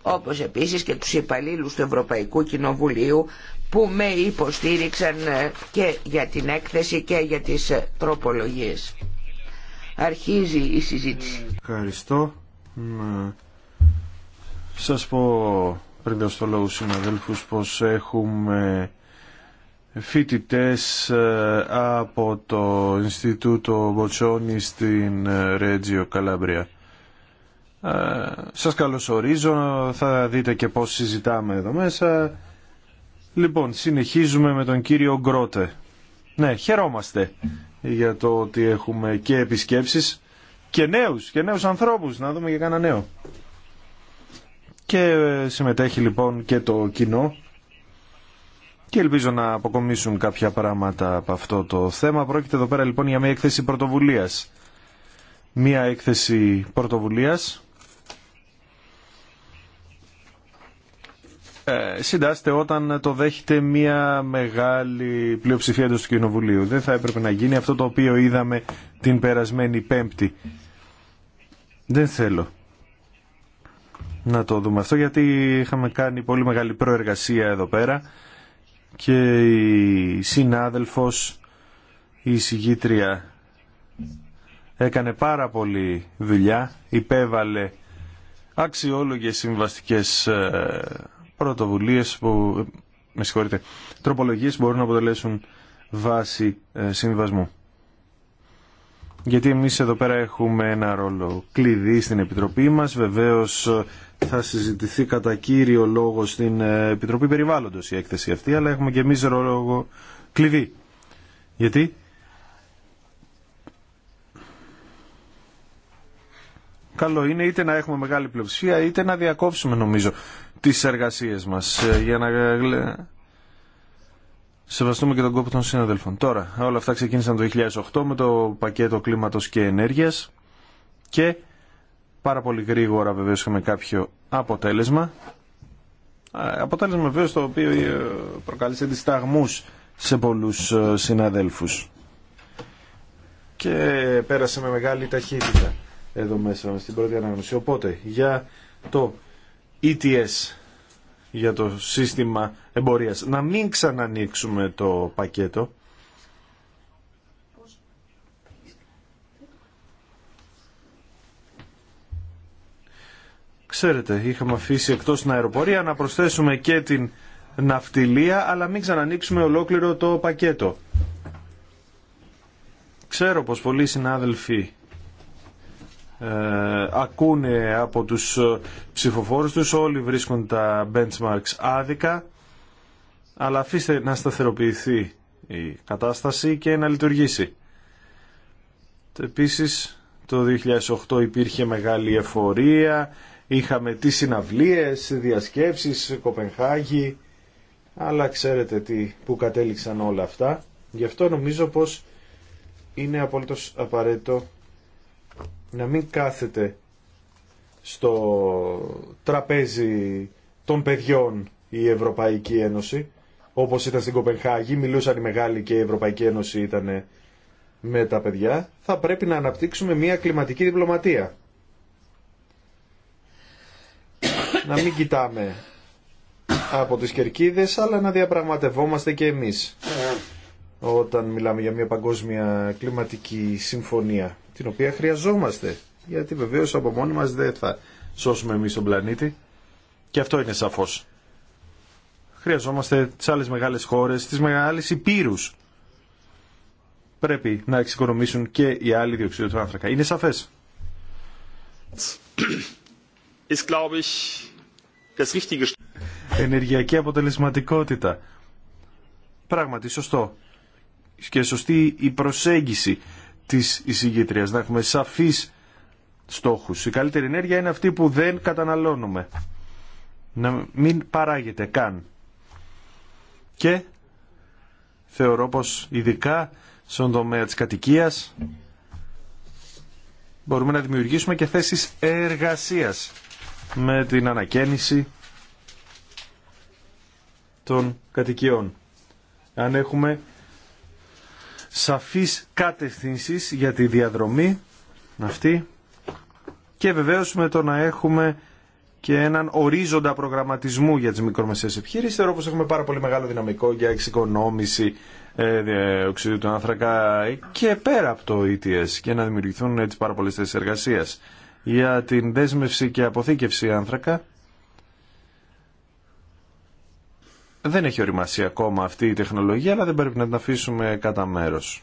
όπως επίσης και τους υπαλλήλους του Ευρωπαϊκού Κοινοβουλίου που με υποστήριξαν ε, και για την έκθεση και για τις ε, τροπολογίες. Αρχίζει η συζήτηση. Ευχαριστώ. σας πω πριν δώσω το λόγο συναδέλφους πως έχουμε φοιτητές ε, από το Ινστιτούτο Μποτσόνη στην Ρέτζιο Καλάμπρια. Ε, σας καλωσορίζω, θα δείτε και πώς συζητάμε εδώ μέσα. Λοιπόν, συνεχίζουμε με τον κύριο Γκρότε. Ναι, χαιρόμαστε για το ότι έχουμε και επισκέψεις και νέους, και νέους ανθρώπους, να δούμε για κανένα νέο. Και ε, συμμετέχει λοιπόν και το κοινό και ελπίζω να αποκομίσουν κάποια πράγματα από αυτό το θέμα. Πρόκειται εδώ πέρα λοιπόν για μια έκθεση πρωτοβουλίας. Μια έκθεση πρωτοβουλίας Ε, συντάσσεται όταν το δέχεται μια μεγάλη πλειοψηφία του Κοινοβουλίου. Δεν θα έπρεπε να γίνει αυτό το οποίο είδαμε την περασμένη Πέμπτη. Δεν θέλω να το δούμε αυτό γιατί είχαμε κάνει πολύ μεγάλη προεργασία εδώ πέρα και η συνάδελφος, η συγγήτρια έκανε πάρα πολύ δουλειά, υπέβαλε αξιόλογες συμβαστικές ε, πρωτοβουλίες που, με συγχωρείτε, τροπολογίες μπορούν να αποτελέσουν βάση ε, συμβασμού. Γιατί εμείς εδώ πέρα έχουμε ένα ρόλο κλειδί στην Επιτροπή μας. Βεβαίως ε, θα συζητηθεί κατά κύριο λόγο στην ε, Επιτροπή Περιβάλλοντος η έκθεση αυτή, αλλά έχουμε και εμείς ρόλο κλειδί. Γιατί καλό είναι είτε να έχουμε μεγάλη πλειοψηφία είτε να διακόψουμε νομίζω τις εργασίες μας ε, για να σεβαστούμε και τον κόπο των συναδέλφων. Τώρα, όλα αυτά ξεκίνησαν το 2008 με το πακέτο κλίματος και ενέργειας και πάρα πολύ γρήγορα βεβαίω είχαμε κάποιο αποτέλεσμα. Ε, αποτέλεσμα βεβαίω το οποίο ε, προκάλεσε δισταγμούς σε πολλούς συναδέλφους και πέρασε με μεγάλη ταχύτητα εδώ μέσα στην πρώτη ανάγνωση. Οπότε για το ETS, για το σύστημα εμπορίας, να μην ξανανοίξουμε το πακέτο. Ξέρετε, είχαμε αφήσει εκτός την αεροπορία να προσθέσουμε και την ναυτιλία, αλλά μην ξανανοίξουμε ολόκληρο το πακέτο. Ξέρω πως πολλοί συνάδελφοι ε, ακούνε από τους ε, ψηφοφόρους τους, όλοι βρίσκουν τα benchmarks άδικα, αλλά αφήστε να σταθεροποιηθεί η κατάσταση και να λειτουργήσει. Επίσης, το 2008 υπήρχε μεγάλη εφορία, είχαμε τις συναυλίες, διασκέψεις, Κοπενχάγη, αλλά ξέρετε τι, που κατέληξαν όλα αυτά. Γι' αυτό νομίζω πως είναι απολύτως απαραίτητο να μην κάθεται στο τραπέζι των παιδιών η Ευρωπαϊκή Ένωση όπως ήταν στην Κοπενχάγη, μιλούσαν οι μεγάλοι και η Ευρωπαϊκή Ένωση ήταν με τα παιδιά, θα πρέπει να αναπτύξουμε μια κλιματική διπλωματία. να μην κοιτάμε από τις κερκίδες, αλλά να διαπραγματευόμαστε και εμείς όταν μιλάμε για μια παγκόσμια κλιματική συμφωνία την οποία χρειαζόμαστε. Γιατί βεβαίω από μόνοι μα δεν θα σώσουμε εμεί τον πλανήτη και αυτό είναι σαφώ. Χρειαζόμαστε τι άλλε μεγάλες χώρες, τι μεγάλες υπήρου. Πρέπει να εξοικονομήσουν και οι άλλοι διοξείδιο του άνθρακα. Είναι σαφές. Ενεργειακή αποτελεσματικότητα. Πράγματι, σωστό. Και σωστή η προσέγγιση Τη εισηγήτρια. να έχουμε σαφείς στόχους. Η καλύτερη ενέργεια είναι αυτή που δεν καταναλώνουμε. Να μην παράγεται καν. Και θεωρώ πως ειδικά στον τομέα της κατοικίας μπορούμε να δημιουργήσουμε και θέσεις εργασίας με την ανακαίνιση των κατοικιών. Αν έχουμε σαφείς κατευθύνσεις για τη διαδρομή αυτή και βεβαίως με το να έχουμε και έναν ορίζοντα προγραμματισμού για τις μικρομεσαίες επιχείρησεις. Θεωρώ πως έχουμε πάρα πολύ μεγάλο δυναμικό για εξοικονόμηση ε, ε οξυδίου του άνθρακα ε, και πέρα από το ETS και να δημιουργηθούν έτσι πάρα πολλές θέσεις εργασίας. Για την δέσμευση και αποθήκευση άνθρακα Δεν έχει οριμάσει ακόμα αυτή η τεχνολογία, αλλά δεν πρέπει να την αφήσουμε κατά μέρος.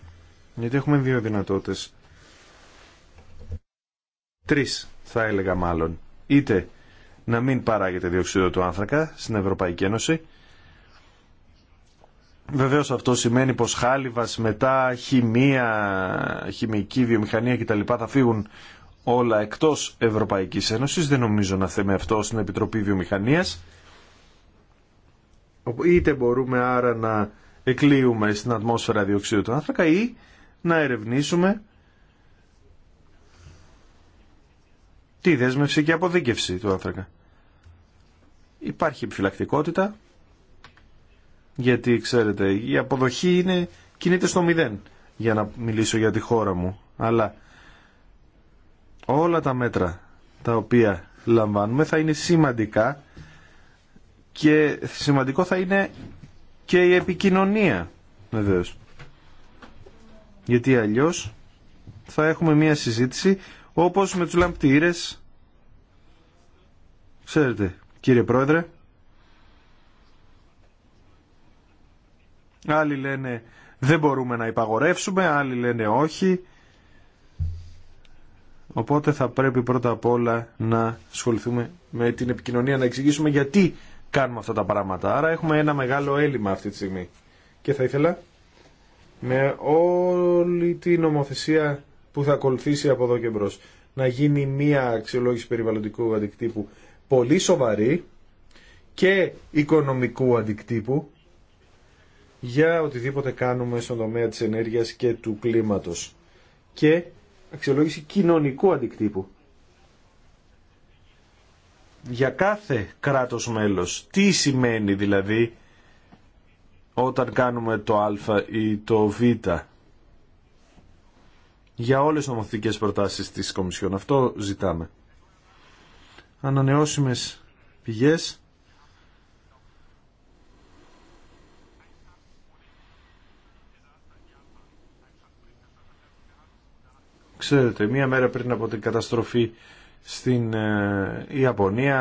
Γιατί έχουμε δύο δυνατότητε. Τρει θα έλεγα μάλλον. Είτε να μην παράγεται διοξείδιο του άνθρακα στην Ευρωπαϊκή Ένωση. Βεβαίω αυτό σημαίνει πως χάλιβα, μετά χημεία, χημική βιομηχανία κτλ. θα φύγουν όλα εκτό Ευρωπαϊκή Ένωση. Δεν νομίζω να θέμε αυτό στην Επιτροπή βιομηχανία. Είτε μπορούμε άρα να εκλείουμε στην ατμόσφαιρα διοξείδιο του άνθρακα ή να ερευνήσουμε τη δέσμευση και αποδίκευση του άνθρακα. Υπάρχει επιφυλακτικότητα, γιατί ξέρετε η αποδοχή είναι, κινείται στο μηδέν για να μιλήσω για τη χώρα μου. Αλλά όλα τα μέτρα τα οποία λαμβάνουμε θα είναι σημαντικά και σημαντικό θα είναι και η επικοινωνία βεβαίω. Γιατί αλλιώς θα έχουμε μια συζήτηση όπως με τους λαμπτήρες ξέρετε κύριε πρόεδρε άλλοι λένε δεν μπορούμε να υπαγορεύσουμε άλλοι λένε όχι οπότε θα πρέπει πρώτα απ' όλα να ασχοληθούμε με την επικοινωνία να εξηγήσουμε γιατί κάνουμε αυτά τα πράγματα. Άρα έχουμε ένα μεγάλο έλλειμμα αυτή τη στιγμή. Και θα ήθελα με όλη την νομοθεσία που θα ακολουθήσει από εδώ και μπρος να γίνει μία αξιολόγηση περιβαλλοντικού αντικτύπου πολύ σοβαρή και οικονομικού αντικτύπου για οτιδήποτε κάνουμε στον τομέα της ενέργειας και του κλίματος και αξιολόγηση κοινωνικού αντικτύπου για κάθε κράτος μέλος. Τι σημαίνει δηλαδή όταν κάνουμε το α ή το β για όλες τις νομοθετικές προτάσεις της Κομισιόν. Αυτό ζητάμε. Ανανεώσιμες πηγές. Ξέρετε, μία μέρα πριν από την καταστροφή στην ε, Ιαπωνία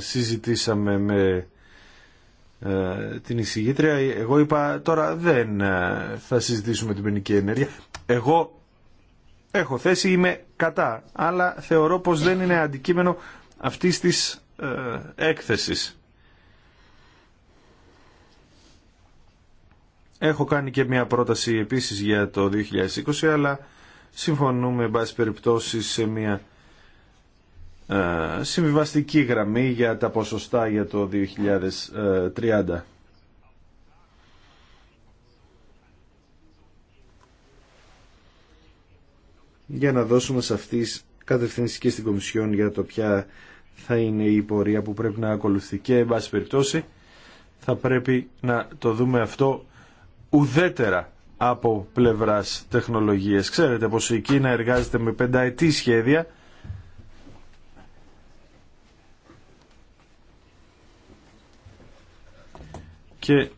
συζητήσαμε με ε, την εισηγήτρια. Εγώ είπα τώρα δεν ε, θα συζητήσουμε την ποινική ενέργεια. Εγώ έχω θέση, είμαι κατά, αλλά θεωρώ πως δεν είναι αντικείμενο αυτής της έκθεσης. Έχω κάνει και μια πρόταση επίσης για το 2020, αλλά συμφωνούμε, εν πάση περιπτώσει, σε μια ε, συμβιβαστική γραμμή για τα ποσοστά για το 2030. Ε, για να δώσουμε σε αυτής κατευθύνσεις και στην Κομισιόν για το ποια θα είναι η πορεία που πρέπει να ακολουθεί και εν πάση περιπτώσει θα πρέπει να το δούμε αυτό ουδέτερα από πλευράς τεχνολογίας. Ξέρετε πως η Κίνα εργάζεται με πενταετή σχέδια και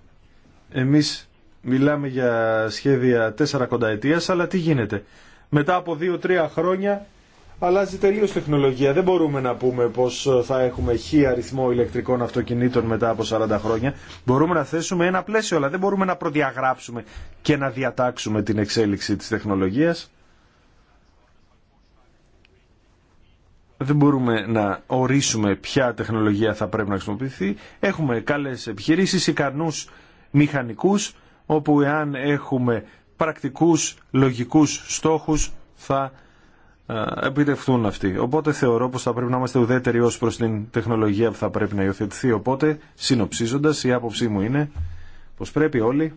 εμείς μιλάμε για σχέδια τέσσερα κονταετίας, αλλά τι γίνεται. Μετά από δύο-τρία χρόνια αλλάζει τελείως τεχνολογία. Δεν μπορούμε να πούμε πως θα έχουμε χι αριθμό ηλεκτρικών αυτοκινήτων μετά από 40 χρόνια. Μπορούμε να θέσουμε ένα πλαίσιο, αλλά δεν μπορούμε να προδιαγράψουμε και να διατάξουμε την εξέλιξη της τεχνολογίας. δεν μπορούμε να ορίσουμε ποια τεχνολογία θα πρέπει να χρησιμοποιηθεί. Έχουμε καλές επιχειρήσεις, ικανούς μηχανικούς, όπου εάν έχουμε πρακτικούς, λογικούς στόχους θα ε, επιτευχθούν αυτοί. Οπότε θεωρώ πως θα πρέπει να είμαστε ουδέτεροι ως προς την τεχνολογία που θα πρέπει να υιοθετηθεί. Οπότε, συνοψίζοντας, η άποψή μου είναι πως πρέπει όλοι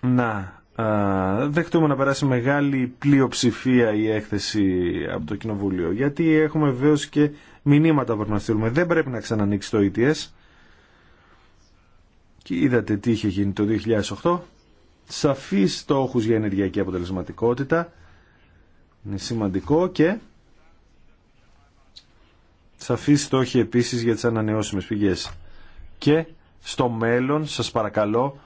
να δεχτούμε να περάσει μεγάλη πλειοψηφία η έκθεση από το Κοινοβούλιο. Γιατί έχουμε βεβαίω και μηνύματα που να στείλουμε. Δεν πρέπει να ξανανοίξει το ETS. Και είδατε τι είχε γίνει το 2008. Σαφείς στόχου για ενεργειακή αποτελεσματικότητα. Είναι σημαντικό και σαφείς στόχοι επίσης για τις ανανεώσιμες πηγές. Και στο μέλλον, σας παρακαλώ,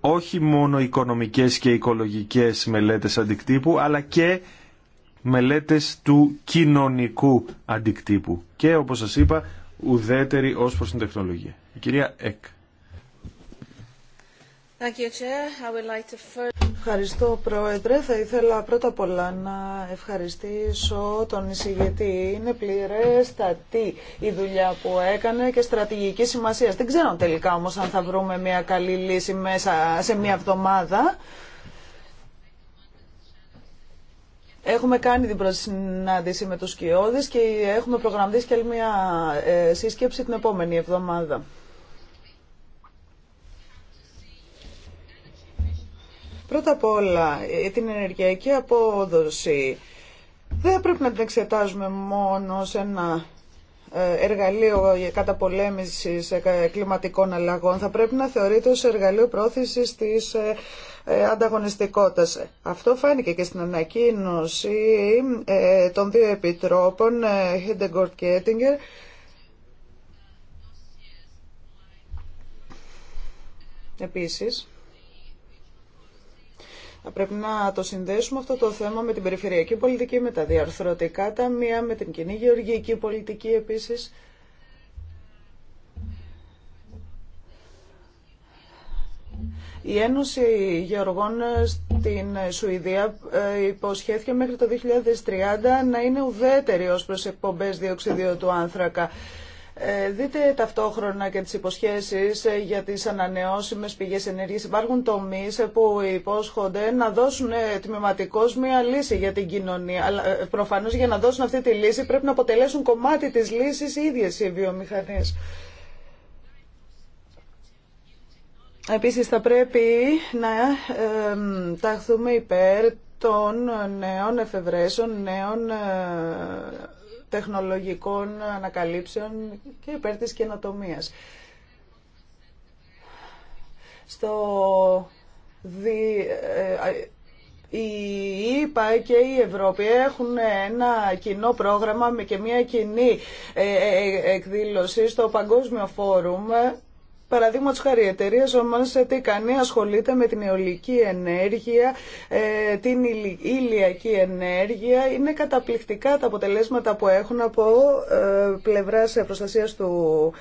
όχι μόνο οικονομικές και οικολογικές μελέτες αντικτύπου, αλλά και μελέτες του κοινωνικού αντικτύπου. Και όπως σας είπα, ουδέτερη ως προς την τεχνολογία. Η κυρία Εκ. Ευχαριστώ Πρόεδρε. Θα ήθελα πρώτα απ' όλα να ευχαριστήσω τον εισηγητή. Είναι πληρέστατη η δουλειά που έκανε και στρατηγική σημασία. Δεν ξέρω τελικά όμως αν θα βρούμε μια καλή λύση μέσα σε μια εβδομάδα. Έχουμε κάνει την πρώτη με τους Κιώδης και έχουμε προγραμματίσει και μια ε, σύσκεψη την επόμενη εβδομάδα. Πρώτα απ' όλα, την ενεργειακή απόδοση δεν πρέπει να την εξετάζουμε μόνο σε ένα ε, εργαλείο καταπολέμησης ε, κλιματικών αλλαγών. Θα πρέπει να θεωρείται ως εργαλείο πρόθεσης της ε, ανταγωνιστικότητας. Αυτό φάνηκε και στην ανακοίνωση των δύο επιτρόπων, Hidegord και Ettinger, Επίσης, Πρέπει να το συνδέσουμε αυτό το θέμα με την περιφερειακή πολιτική, με τα διαρθρωτικά ταμεία, με την κοινή γεωργική πολιτική επίσης. Η Ένωση Γεωργών στην Σουηδία ε, υποσχέθηκε μέχρι το 2030 να είναι ουδέτερη ως προς εκπομπές διοξιδίου του άνθρακα. Ε, δείτε ταυτόχρονα και τις υποσχέσεις ε, για τις ανανεώσιμες πηγές ενέργειας. Υπάρχουν τομείς ε, που υπόσχονται να δώσουν τμηματικώς μία λύση για την κοινωνία. Αλλά προφανώς για να δώσουν αυτή τη λύση πρέπει να αποτελέσουν κομμάτι της λύσης οι ίδιες οι βιομηχανίες. Επίσης θα πρέπει να ταχθούμε υπέρ των νέων εφευρέσεων, νέων τεχνολογικών ανακαλύψεων και υπέρ της καινοτομίας. Στο δι... Ε, ε, η ΕΠΑ και η Ευρώπη έχουν ένα κοινό πρόγραμμα και μια κοινή ε, εκδήλωση στο Παγκόσμιο Φόρουμ Παραδείγματο χάρη, η εταιρεία μα ε, τι κάνει, ασχολείται με την αιωλική ενέργεια, ε, την ηλιακή ενέργεια. Είναι καταπληκτικά τα αποτελέσματα που έχουν από ε, πλευρά προστασία του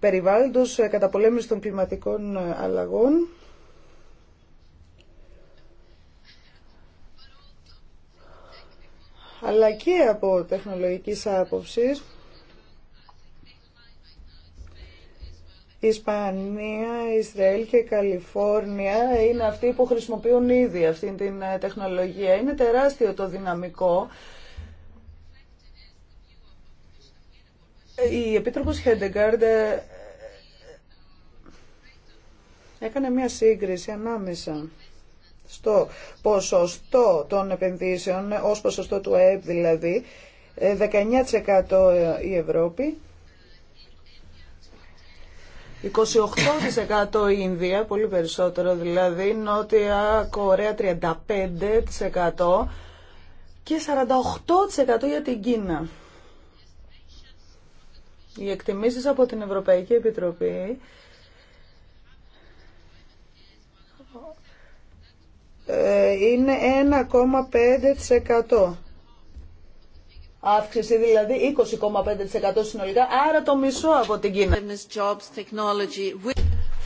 περιβάλλοντο, πολέμηση των κλιματικών αλλαγών. αλλά και από τεχνολογικής άποψη. Ισπανία, Ισραήλ και Καλιφόρνια είναι αυτοί που χρησιμοποιούν ήδη αυτή την ε, τεχνολογία. Είναι τεράστιο το δυναμικό. Η Επίτροπος Χέντεγκάρντ ε, ε, έκανε μια σύγκριση ανάμεσα στο ποσοστό των επενδύσεων, ως ποσοστό του ΑΕΠ δηλαδή, 19% η Ευρώπη 28% η Ινδία, πολύ περισσότερο δηλαδή, Νότια Κορέα 35% και 48% για την Κίνα. Οι εκτιμήσεις από την Ευρωπαϊκή Επιτροπή ε, είναι 1,5% αύξηση, δηλαδή 20,5% συνολικά, άρα το μισό από την Κίνα.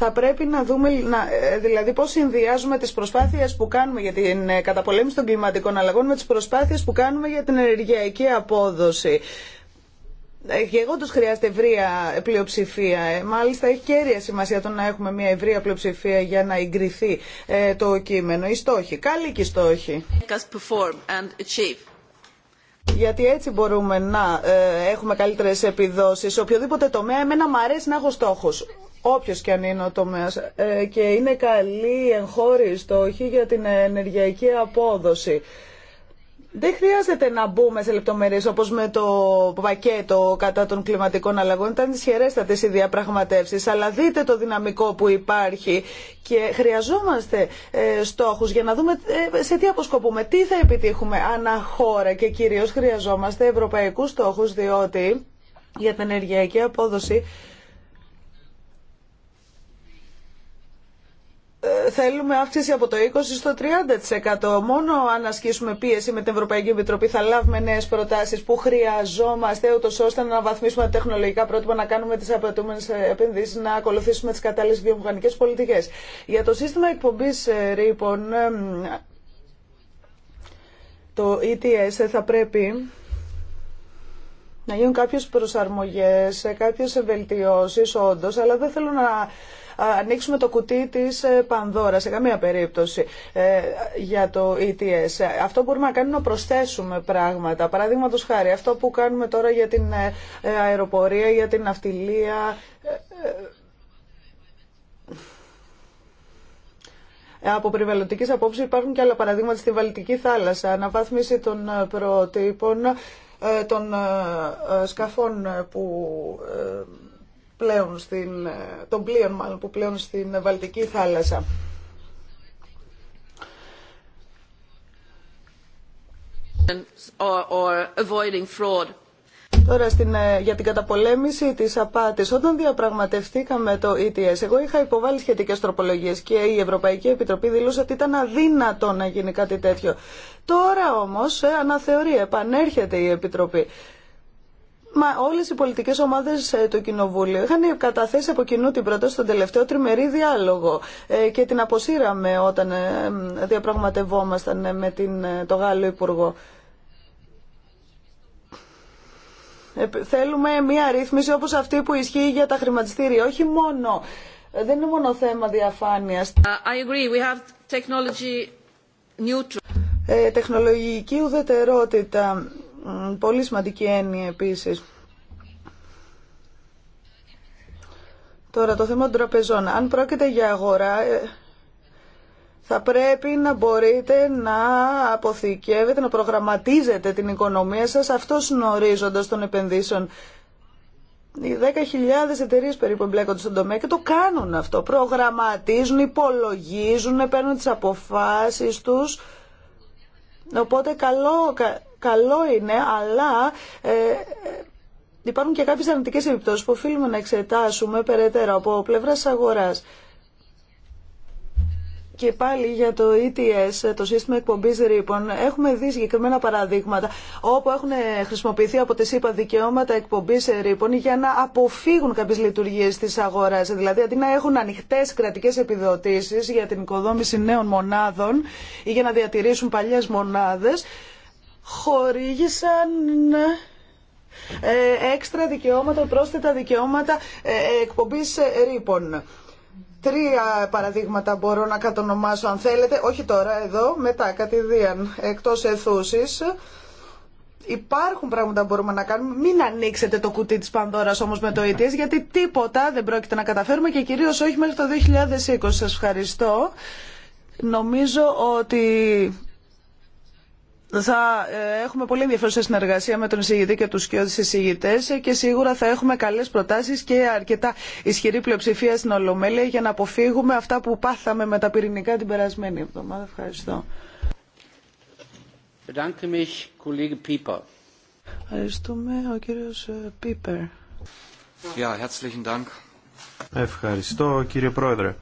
Θα πρέπει να δούμε να, ε, δηλαδή πώς συνδυάζουμε τις προσπάθειες που κάνουμε για την ε, καταπολέμηση των κλιματικών αλλαγών με τις προσπάθειες που κάνουμε για την ενεργειακή απόδοση. Ε, και εγώ τους χρειάζεται ευρεία πλειοψηφία. Μάλιστα έχει κέρια σημασία το να έχουμε μια ευρεία πλειοψηφία για να εγκριθεί το κείμενο. Οι στόχοι, καλή και οι στόχοι γιατί έτσι μπορούμε να ε, έχουμε καλύτερε επιδόσει Σε οποιοδήποτε τομέα, εμένα μου αρέσει να έχω στόχου. Όποιο και αν είναι ο τομέα. Ε, και είναι καλή εγχώρη στόχη για την ενεργειακή απόδοση. Δεν χρειάζεται να μπούμε σε λεπτομέρειες όπως με το πακέτο κατά των κλιματικών αλλαγών. Ήταν τις οι διαπραγματεύσει. αλλά δείτε το δυναμικό που υπάρχει και χρειαζόμαστε ε, στόχου για να δούμε ε, σε τι αποσκοπούμε, τι θα επιτύχουμε ανά χώρα και κυρίως χρειαζόμαστε ευρωπαϊκούς στόχου, διότι για την ενεργειακή απόδοση Ε, θέλουμε αύξηση από το 20% στο 30%. Μόνο αν ασκήσουμε πίεση με την Ευρωπαϊκή Επιτροπή θα λάβουμε νέες προτάσεις που χρειαζόμαστε ούτως ώστε να βαθμίσουμε τα τεχνολογικά πρότυπα, να κάνουμε τις απαιτούμενες ε, επενδύσεις, να ακολουθήσουμε τις κατάλληλες βιομηχανικές πολιτικές. Για το σύστημα εκπομπής ε, ρήπων, το ETS θα πρέπει να γίνουν κάποιες προσαρμογές, κάποιες βελτιώσεις όντως, αλλά δεν θέλω να ανοίξουμε το κουτί της ε, Πανδώρα σε καμία περίπτωση ε, για το ETS. Αυτό μπορούμε να κάνουμε να προσθέσουμε πράγματα. Παραδείγματο χάρη, αυτό που κάνουμε τώρα για την ε, αεροπορία, για την ναυτιλία. Από περιβαλλοντική απόψη υπάρχουν και άλλα παραδείγματα στη Βαλτική θάλασσα, αναβάθμιση των προτύπων των σκαφών που πλέον στην, των πλοίων μάλλον που πλέον στην Βαλτική θάλασσα. Or, fraud. Τώρα στην, ε, για την καταπολέμηση της απάτης. Όταν διαπραγματευτήκαμε το ETS, εγώ είχα υποβάλει σχετικές τροπολογίες και η Ευρωπαϊκή Επιτροπή δήλωσε ότι ήταν αδύνατο να γίνει κάτι τέτοιο. Τώρα όμως ε, αναθεωρεί, επανέρχεται η Επιτροπή. Μα όλε οι πολιτικέ ομάδε ε, του Κοινοβούλιο είχαν καταθέσει από κοινού την πρόταση στον τελευταίο τριμερή διάλογο ε, και την αποσύραμε όταν ε, διαπραγματευόμασταν με την, το Γάλλο Υπουργό. Θέλουμε μία ρύθμιση όπως αυτή που ισχύει για τα χρηματιστήρια, όχι μόνο. Δεν είναι μόνο θέμα διαφάνειας. Uh, technology τεχνολογική ουδετερότητα. Πολύ σημαντική έννοια επίσης. Τώρα το θέμα των τραπεζών. Αν πρόκειται για αγορά, ε, θα πρέπει να μπορείτε να αποθηκεύετε, να προγραμματίζετε την οικονομία σας. Αυτός είναι ο των επενδύσεων. Οι 10.000 εταιρείε περίπου εμπλέκονται στον τομέα και το κάνουν αυτό. Προγραμματίζουν, υπολογίζουν, παίρνουν τις αποφάσεις τους. Οπότε καλό, καλό είναι, αλλά ε, υπάρχουν και κάποιες αρνητικές επιπτώσεις που οφείλουμε να εξετάσουμε περαιτέρω από τη αγοράς. Και πάλι για το ETS, το σύστημα εκπομπή ρήπων, έχουμε δει συγκεκριμένα παραδείγματα όπου έχουν χρησιμοποιηθεί από τι ΣΥΠΑ δικαιώματα εκπομπή ρήπων για να αποφύγουν κάποιε λειτουργίε τη αγορά. Δηλαδή, αντί να έχουν ανοιχτέ κρατικέ επιδοτήσει για την οικοδόμηση νέων μονάδων ή για να διατηρήσουν παλιέ μονάδε, χορήγησαν ναι, ε, έξτρα δικαιώματα, πρόσθετα δικαιώματα ε, ε, εκπομπής ρήπων. Τρία παραδείγματα μπορώ να κατονομάσω αν θέλετε, όχι τώρα εδώ, μετά κατηδίαν εκτός εθούσης. Υπάρχουν πράγματα που μπορούμε να κάνουμε. Μην ανοίξετε το κουτί της Πανδώρας όμως με το ETS γιατί τίποτα δεν πρόκειται να καταφέρουμε και κυρίως όχι μέχρι το 2020. Σας ευχαριστώ. Νομίζω ότι θα ε, έχουμε πολύ ενδιαφέρουσα συνεργασία με τον εισηγητή και του σκιώδεις εισηγητές και σίγουρα θα έχουμε καλέ προτάσει και αρκετά ισχυρή πλειοψηφία στην Ολομέλεια για να αποφύγουμε αυτά που πάθαμε με τα πυρηνικά την περασμένη εβδομάδα. Ευχαριστώ. Ευχαριστούμε ο κύριος Πίπερ. Ευχαριστώ κύριε Πρόεδρε.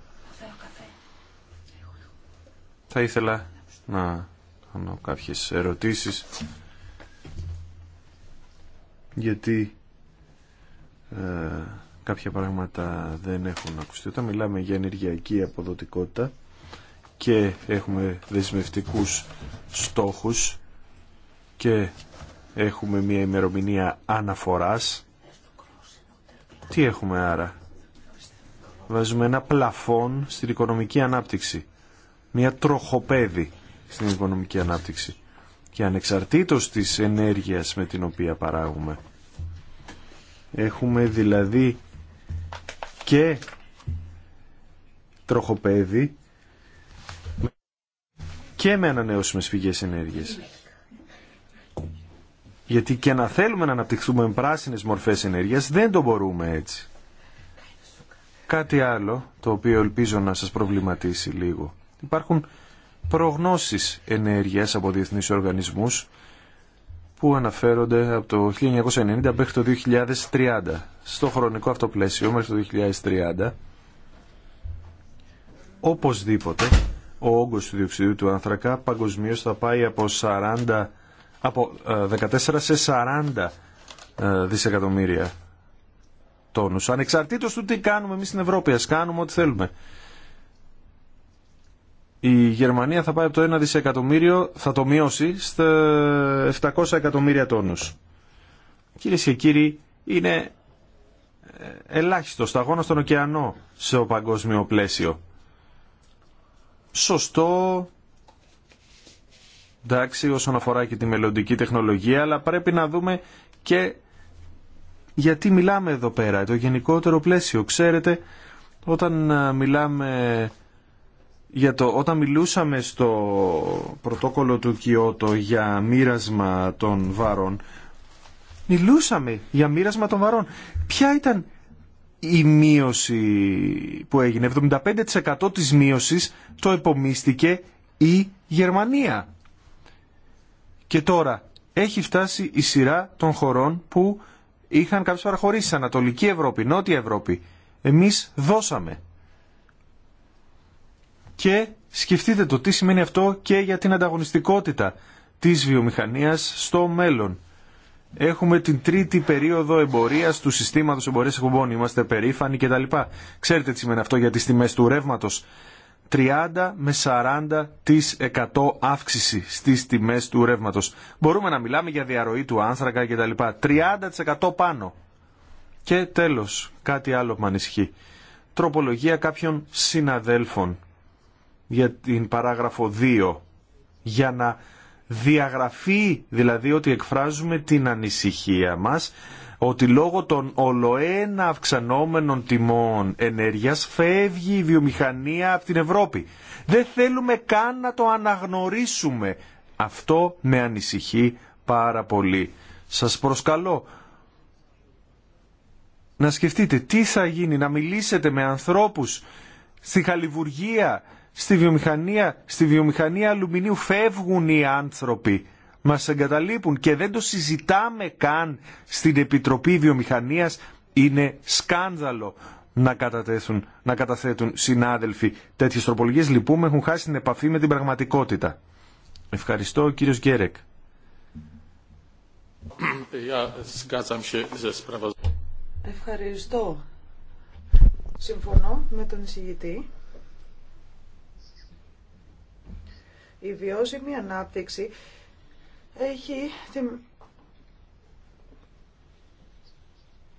Θα ήθελα να κάνω κάποιες ερωτήσεις γιατί ε, κάποια πράγματα δεν έχουν ακουστεί. Όταν μιλάμε για ενεργειακή αποδοτικότητα και έχουμε δεσμευτικούς στόχους και έχουμε μια ημερομηνία αναφοράς, τι έχουμε άρα. Βάζουμε ένα πλαφόν στην οικονομική ανάπτυξη. Μια τροχοπέδη στην οικονομική ανάπτυξη και ανεξαρτήτως της ενέργειας με την οποία παράγουμε. Έχουμε δηλαδή και τροχοπέδι και με ανανεώσιμες πηγές ενέργειας. Γιατί και να θέλουμε να αναπτυχθούμε με πράσινες μορφές ενέργειας δεν το μπορούμε έτσι. Κάτι άλλο το οποίο ελπίζω να σας προβληματίσει λίγο. Υπάρχουν προγνώσεις ενέργειας από διεθνείς οργανισμούς που αναφέρονται από το 1990 μέχρι το 2030. Στο χρονικό αυτό πλαίσιο μέχρι το 2030 οπωσδήποτε ο όγκος του διοξιδίου του άνθρακα παγκοσμίω θα πάει από, 40, από 14 ε, σε 40 ε, δισεκατομμύρια τόνους. Ανεξαρτήτως του τι κάνουμε εμείς στην Ευρώπη, ας κάνουμε ό,τι θέλουμε η Γερμανία θα πάει από το 1 δισεκατομμύριο, θα το μειώσει στα 700 εκατομμύρια τόνους. Κυρίε και κύριοι, είναι ε, ελάχιστο σταγόνα στον ωκεανό σε ο παγκόσμιο πλαίσιο. Σωστό, εντάξει, όσον αφορά και τη μελλοντική τεχνολογία, αλλά πρέπει να δούμε και γιατί μιλάμε εδώ πέρα, το γενικότερο πλαίσιο. Ξέρετε, όταν ε, μιλάμε για το όταν μιλούσαμε στο πρωτόκολλο του Κιώτο για μοίρασμα των βαρών, μιλούσαμε για μοίρασμα των βαρών. Ποια ήταν η μείωση που έγινε. 75% της μείωσης το επομίστηκε η Γερμανία. Και τώρα έχει φτάσει η σειρά των χωρών που είχαν κάποιες παραχωρήσεις. Ανατολική Ευρώπη, Νότια Ευρώπη. Εμείς δώσαμε και σκεφτείτε το τι σημαίνει αυτό και για την ανταγωνιστικότητα της βιομηχανίας στο μέλλον. Έχουμε την τρίτη περίοδο εμπορία του συστήματο εμπορία εκπομπών. Είμαστε περήφανοι κτλ. Ξέρετε τι σημαίνει αυτό για τι τιμέ του ρεύματο. 30 με 40% αύξηση στι τιμέ του ρεύματο. Μπορούμε να μιλάμε για διαρροή του άνθρακα κτλ. 30% πάνω. Και τέλο, κάτι άλλο που με ανησυχεί. Τροπολογία κάποιων συναδέλφων για την παράγραφο 2 για να διαγραφεί δηλαδή ότι εκφράζουμε την ανησυχία μας ότι λόγω των ολοένα αυξανόμενων τιμών ενέργειας φεύγει η βιομηχανία από την Ευρώπη. Δεν θέλουμε καν να το αναγνωρίσουμε. Αυτό με ανησυχεί πάρα πολύ. Σας προσκαλώ να σκεφτείτε τι θα γίνει, να μιλήσετε με ανθρώπους στη Χαλιβουργία, στη βιομηχανία, στη βιομηχανία αλουμινίου φεύγουν οι άνθρωποι, μας εγκαταλείπουν και δεν το συζητάμε καν στην Επιτροπή Βιομηχανίας. Είναι σκάνδαλο να, να καταθέτουν συνάδελφοι τέτοιες τροπολογίες. Λυπούμε, έχουν χάσει την επαφή με την πραγματικότητα. Ευχαριστώ, κύριος Γκέρεκ. Ευχαριστώ. Συμφωνώ με τον εισηγητή. Η βιώσιμη ανάπτυξη έχει τη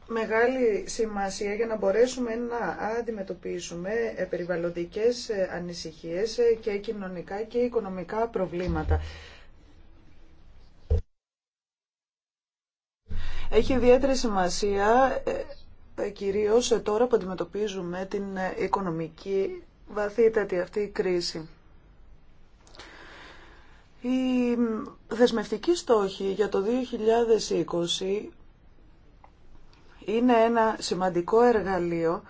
μεγάλη σημασία για να μπορέσουμε να αντιμετωπίσουμε περιβαλλοντικές ανησυχίες και κοινωνικά και οικονομικά προβλήματα. Έχει ιδιαίτερη σημασία ε, κυρίως τώρα που αντιμετωπίζουμε την οικονομική βαθύτατη αυτή κρίση. Η δεσμευτική στόχη για το 2020 είναι ένα σημαντικό εργαλείο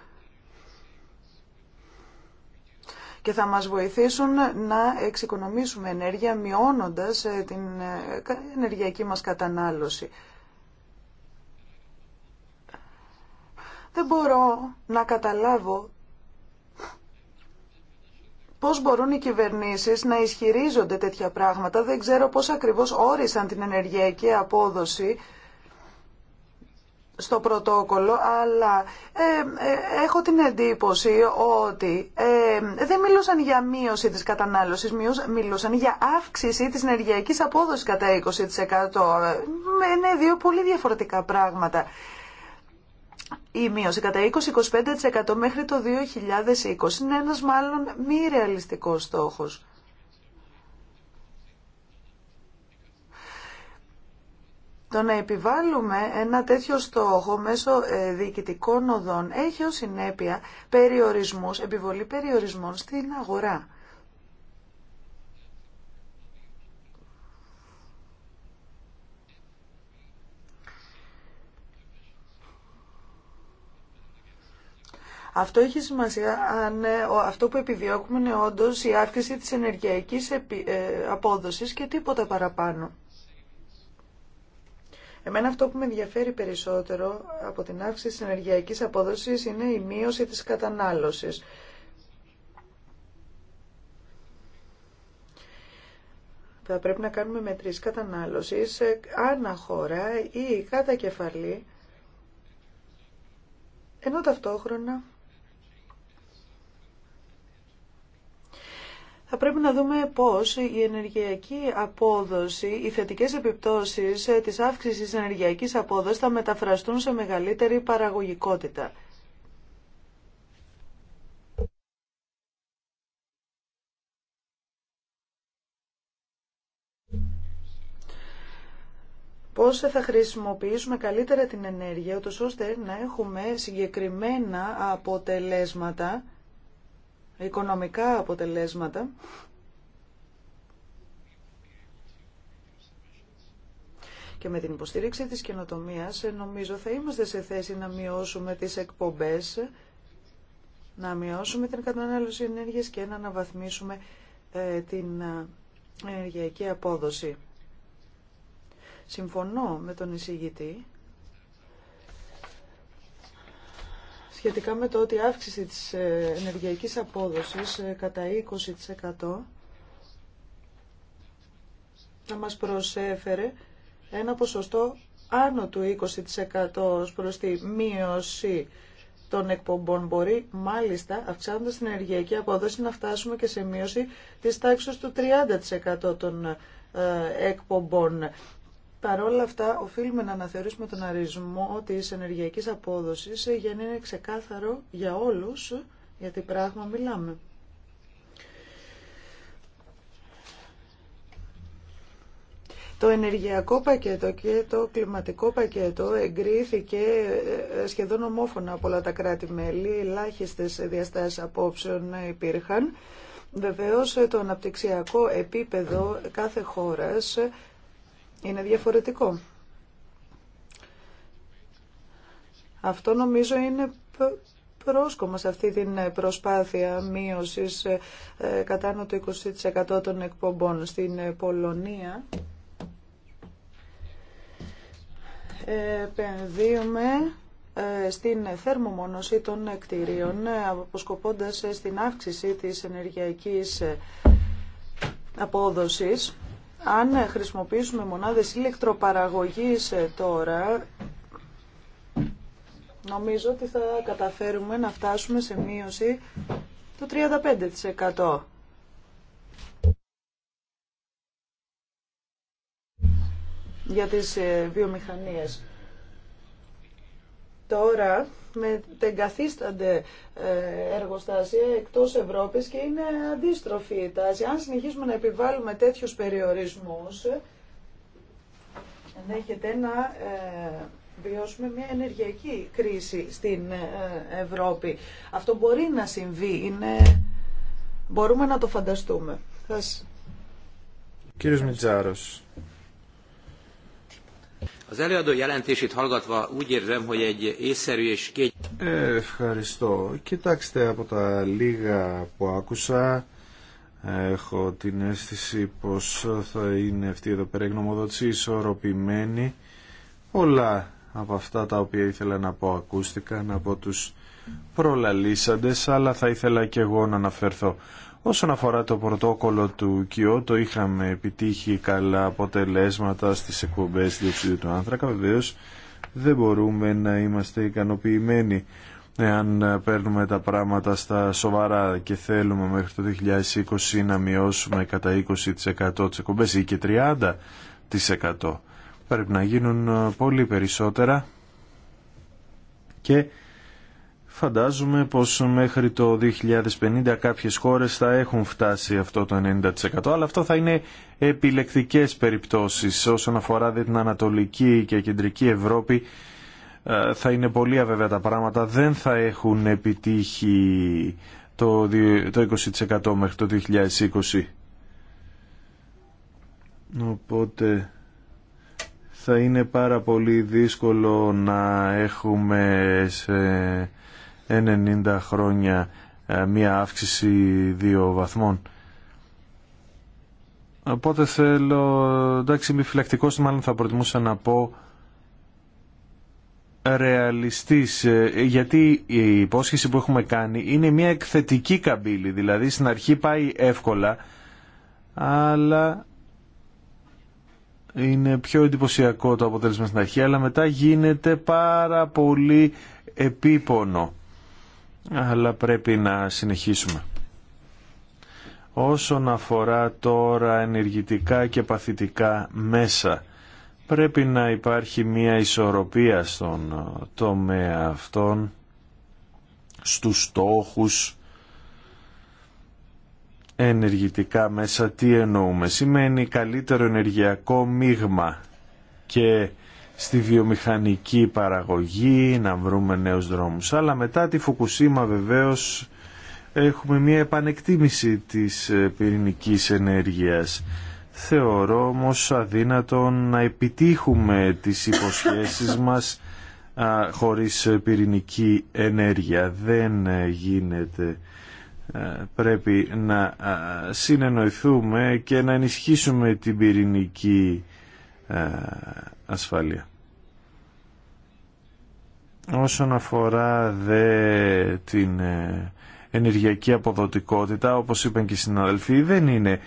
και θα μας βοηθήσουν να εξοικονομήσουμε ενέργεια μειώνοντας ε, την ε, ενεργειακή μας κατανάλωση. Δεν μπορώ να καταλάβω Πώς μπορούν οι κυβερνήσεις να ισχυρίζονται τέτοια πράγματα. Δεν ξέρω πώς ακριβώς όρισαν την ενεργειακή απόδοση στο πρωτόκολλο, αλλά ε, ε έχω την εντύπωση ότι ε, δεν μίλωσαν για μείωση της κατανάλωσης, μιλούσαν για αύξηση της ενεργειακής απόδοσης κατά 20%. Είναι ε, δύο πολύ διαφορετικά πράγματα η μείωση κατά 20-25% μέχρι το 2020 είναι ένας μάλλον μη ρεαλιστικός στόχος. Το να επιβάλλουμε ένα τέτοιο στόχο μέσω ε, διοικητικών οδών έχει ως συνέπεια περιορισμούς, επιβολή περιορισμών στην αγορά. Αυτό έχει σημασία αν ε, αυτό που επιδιώκουμε είναι όντω η αύξηση της ενεργειακής ε, απόδοσης και τίποτα παραπάνω. Εμένα αυτό που με ενδιαφέρει περισσότερο από την αύξηση της ενεργειακής απόδοσης είναι η μείωση της κατανάλωσης. Θα πρέπει να κάνουμε μετρήσεις κατανάλωσης ανά χώρα ή κατά κεφαλή, ενώ ταυτόχρονα θα πρέπει να δούμε πώς η ενεργειακή απόδοση, οι θετικές επιπτώσεις ε, της αύξησης της ενεργειακής απόδοσης θα μεταφραστούν σε μεγαλύτερη παραγωγικότητα. πώς θα χρησιμοποιήσουμε καλύτερα την ενέργεια, ώστε να έχουμε συγκεκριμένα αποτελέσματα οικονομικά αποτελέσματα και με την υποστήριξη της καινοτομίας ε, νομίζω θα είμαστε σε θέση να μειώσουμε τις εκπομπές, να μειώσουμε την κατανάλωση ενέργειας και να αναβαθμίσουμε ε, την ε, ενεργειακή απόδοση. Συμφωνώ με τον εισηγητή σχετικά με το ότι η αύξηση της ε, ενεργειακής απόδοσης ε, κατά 20% θα μας προσέφερε ένα ποσοστό άνω του 20% προς τη μείωση των εκπομπών μπορεί μάλιστα αυξάνοντας την ενεργειακή απόδοση να φτάσουμε και σε μείωση της τάξης του 30% των ε, εκπομπών. Παρόλα αυτά, οφείλουμε να αναθεωρήσουμε τον αρισμό της ενεργειακή απόδοση για να είναι ξεκάθαρο για όλους για τι πράγμα μιλάμε. Το ενεργειακό πακέτο και το κλιματικό πακέτο εγκρίθηκε ε, ε, σχεδόν ομόφωνα από όλα τα κράτη-μέλη. Ελάχιστε διαστάσεις απόψεων υπήρχαν. Βεβαίω το αναπτυξιακό επίπεδο κάθε χώρα είναι διαφορετικό. Αυτό νομίζω είναι πρόσκομα σε αυτή την προσπάθεια μείωσης ε, κατά το 20% των εκπομπών στην ε, Πολωνία. Επενδύουμε ε, στην θερμομόνωση των κτηρίων, αποσκοπώντας στην αύξηση της ενεργειακής απόδοσης. Αν χρησιμοποιήσουμε μονάδες ηλεκτροπαραγωγής ε, τώρα, νομίζω ότι θα καταφέρουμε να φτάσουμε σε μείωση του 35%. για τις ε, βιομηχανίες. Τώρα μετεγκαθίστανται ε, εργοστάσια εκτός Ευρώπης και είναι αντίστροφη η τάση. Αν συνεχίσουμε να επιβάλλουμε τέτοιους περιορισμούς, ενδέχεται να ε, βιώσουμε μια ενεργειακή κρίση στην ε, Ευρώπη. Αυτό μπορεί να συμβεί, είναι... μπορούμε να το φανταστούμε. Κύριος Μιτζάρος, Ευχαριστώ. Κοιτάξτε από τα λίγα που άκουσα έχω την αίσθηση πως θα είναι αυτή εδώ πέρα η γνωμοδότηση ισορροπημένη. Πολλά από αυτά τα οποία ήθελα να πω ακούστηκαν από τους προλαλήσαντες αλλά θα ήθελα και εγώ να αναφερθώ. Όσον αφορά το πρωτόκολλο του Κιώτο, είχαμε επιτύχει καλά αποτελέσματα στις εκπομπές διοξιδίου του άνθρακα. Βεβαίως δεν μπορούμε να είμαστε ικανοποιημένοι εάν παίρνουμε τα πράγματα στα σοβαρά και θέλουμε μέχρι το 2020 να μειώσουμε κατά 20% τις εκπομπές ή και 30%. Πρέπει να γίνουν πολύ περισσότερα και Φαντάζομαι πως μέχρι το 2050 κάποιες χώρες θα έχουν φτάσει αυτό το 90% αλλά αυτό θα είναι επιλεκτικές περιπτώσεις όσον αφορά την Ανατολική και Κεντρική Ευρώπη ε, θα είναι πολύ αβέβαια τα πράγματα δεν θα έχουν επιτύχει το 20% μέχρι το 2020 οπότε θα είναι πάρα πολύ δύσκολο να έχουμε σε 90 χρόνια ε, μία αύξηση δύο βαθμών. Οπότε θέλω, εντάξει είμαι φυλακτικός, μάλλον θα προτιμούσα να πω ρεαλιστής, ε, γιατί η υπόσχεση που έχουμε κάνει είναι μια εκθετική καμπύλη, δηλαδή στην αρχή πάει εύκολα, αλλά είναι πιο εντυπωσιακό το αποτέλεσμα στην αρχή, αλλά μετά γίνεται πάρα πολύ επίπονο αλλά πρέπει να συνεχίσουμε. Όσον αφορά τώρα ενεργητικά και παθητικά μέσα, πρέπει να υπάρχει μία ισορροπία στον τομέα αυτών, στους στόχους, ενεργητικά μέσα. Τι εννοούμε. Σημαίνει καλύτερο ενεργειακό μείγμα και στη βιομηχανική παραγωγή, να βρούμε νέους δρόμους. Αλλά μετά τη Φουκουσίμα βεβαίως έχουμε μια επανεκτίμηση της ε, πυρηνικής ενέργειας. Θεωρώ όμως αδύνατον να επιτύχουμε τις υποσχέσεις μας α, χωρίς ε, πυρηνική ενέργεια. Δεν ε, γίνεται. Πρέπει να συνεννοηθούμε και να ενισχύσουμε την πυρηνική ε, ασφάλεια. Όσον αφορά δε την ε, ενεργειακή αποδοτικότητα, όπως είπαν και οι συναδελφοί, δεν είναι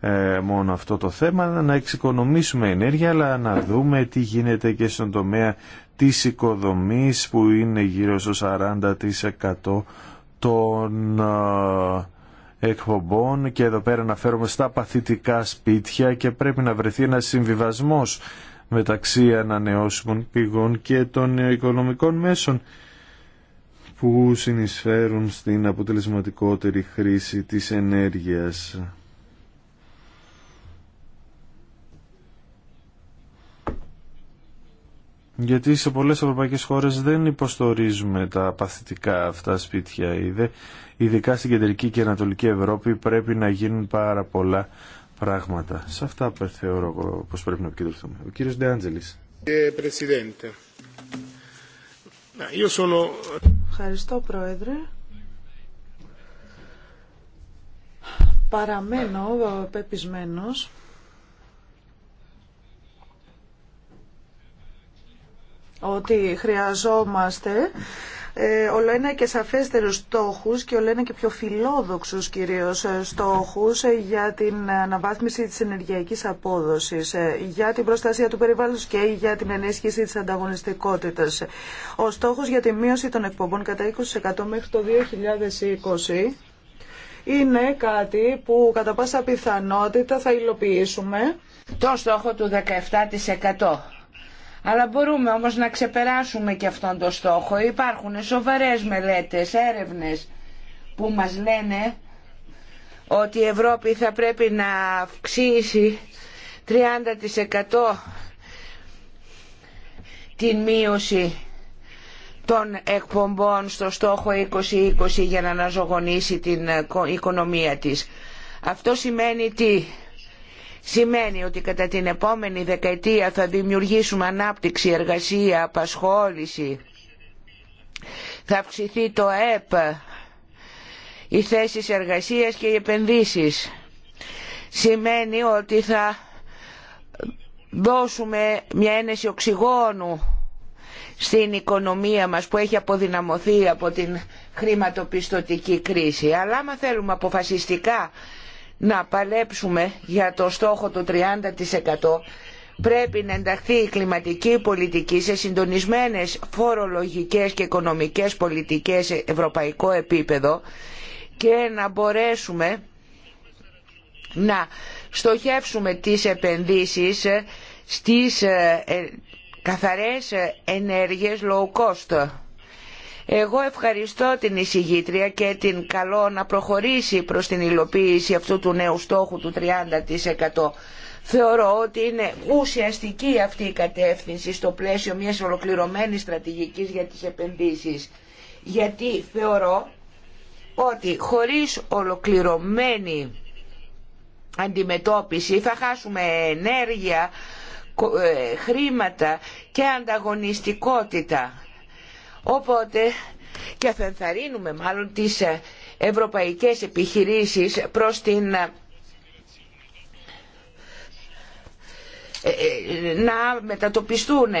ε, μόνο αυτό το θέμα, να εξοικονομήσουμε ενέργεια, αλλά να δούμε τι γίνεται και στον τομέα της οικοδομής που είναι γύρω στο 40% των εκπομπών και εδώ πέρα αναφέρομαι στα παθητικά σπίτια και πρέπει να βρεθεί ένας συμβιβασμός μεταξύ ανανεώσιμων πηγών και των οικονομικών μέσων που συνεισφέρουν στην αποτελεσματικότερη χρήση της ενέργειας. Γιατί σε πολλές ευρωπαϊκές χώρες δεν υποστορίζουμε τα παθητικά αυτά σπίτια. Ειδικά στην κεντρική και ανατολική Ευρώπη πρέπει να γίνουν πάρα πολλά πράγματα. Σε αυτά θεωρώ πως πρέπει να επικεντρωθούμε. Ο κύριος Ντεάντζελης. Ευχαριστώ Πρόεδρε. Παραμένω πεπισμένος ότι χρειαζόμαστε ε, ολοένα και σαφέστερους στόχους και ολοένα και πιο φιλόδοξους κυρίως ε, στόχους ε, για την αναβάθμιση της ενεργειακής απόδοσης, ε, για την προστασία του περιβάλλοντος και για την ενίσχυση της ανταγωνιστικότητας. Ο στόχος για τη μείωση των εκπομπών κατά 20% μέχρι το 2020 είναι κάτι που κατά πάσα πιθανότητα θα υλοποιήσουμε. Το στόχο του 17%. Αλλά μπορούμε όμως να ξεπεράσουμε και αυτόν τον στόχο. Υπάρχουν σοβαρές μελέτες, έρευνες που μας λένε ότι η Ευρώπη θα πρέπει να αυξήσει 30% την μείωση των εκπομπών στο στόχο 2020 για να αναζωογονήσει την οικονομία της. Αυτό σημαίνει τι σημαίνει ότι κατά την επόμενη δεκαετία θα δημιουργήσουμε ανάπτυξη, εργασία, απασχόληση, θα αυξηθεί το ΕΠ, οι θέσεις εργασίας και οι επενδύσεις. Σημαίνει ότι θα δώσουμε μια ένεση οξυγόνου στην οικονομία μας που έχει αποδυναμωθεί από την χρηματοπιστωτική κρίση. Αλλά άμα θέλουμε αποφασιστικά να παλέψουμε για το στόχο του 30% πρέπει να ενταχθεί η κλιματική πολιτική σε συντονισμένες φορολογικές και οικονομικές πολιτικές σε ευρωπαϊκό επίπεδο και να μπορέσουμε να στοχεύσουμε τις επενδύσεις στις ε, ε, καθαρές ενέργειες low cost. Εγώ ευχαριστώ την εισηγήτρια και την καλό να προχωρήσει προς την υλοποίηση αυτού του νέου στόχου του 30%. Θεωρώ ότι είναι ουσιαστική αυτή η κατεύθυνση στο πλαίσιο μιας ολοκληρωμένης στρατηγικής για τις επενδύσεις. Γιατί θεωρώ ότι χωρίς ολοκληρωμένη αντιμετώπιση θα χάσουμε ενέργεια, ε, χρήματα και ανταγωνιστικότητα Οπότε και θα ενθαρρύνουμε μάλλον τις ε, ευρωπαϊκές επιχειρήσεις προς την ε, ε, να μετατοπιστούν.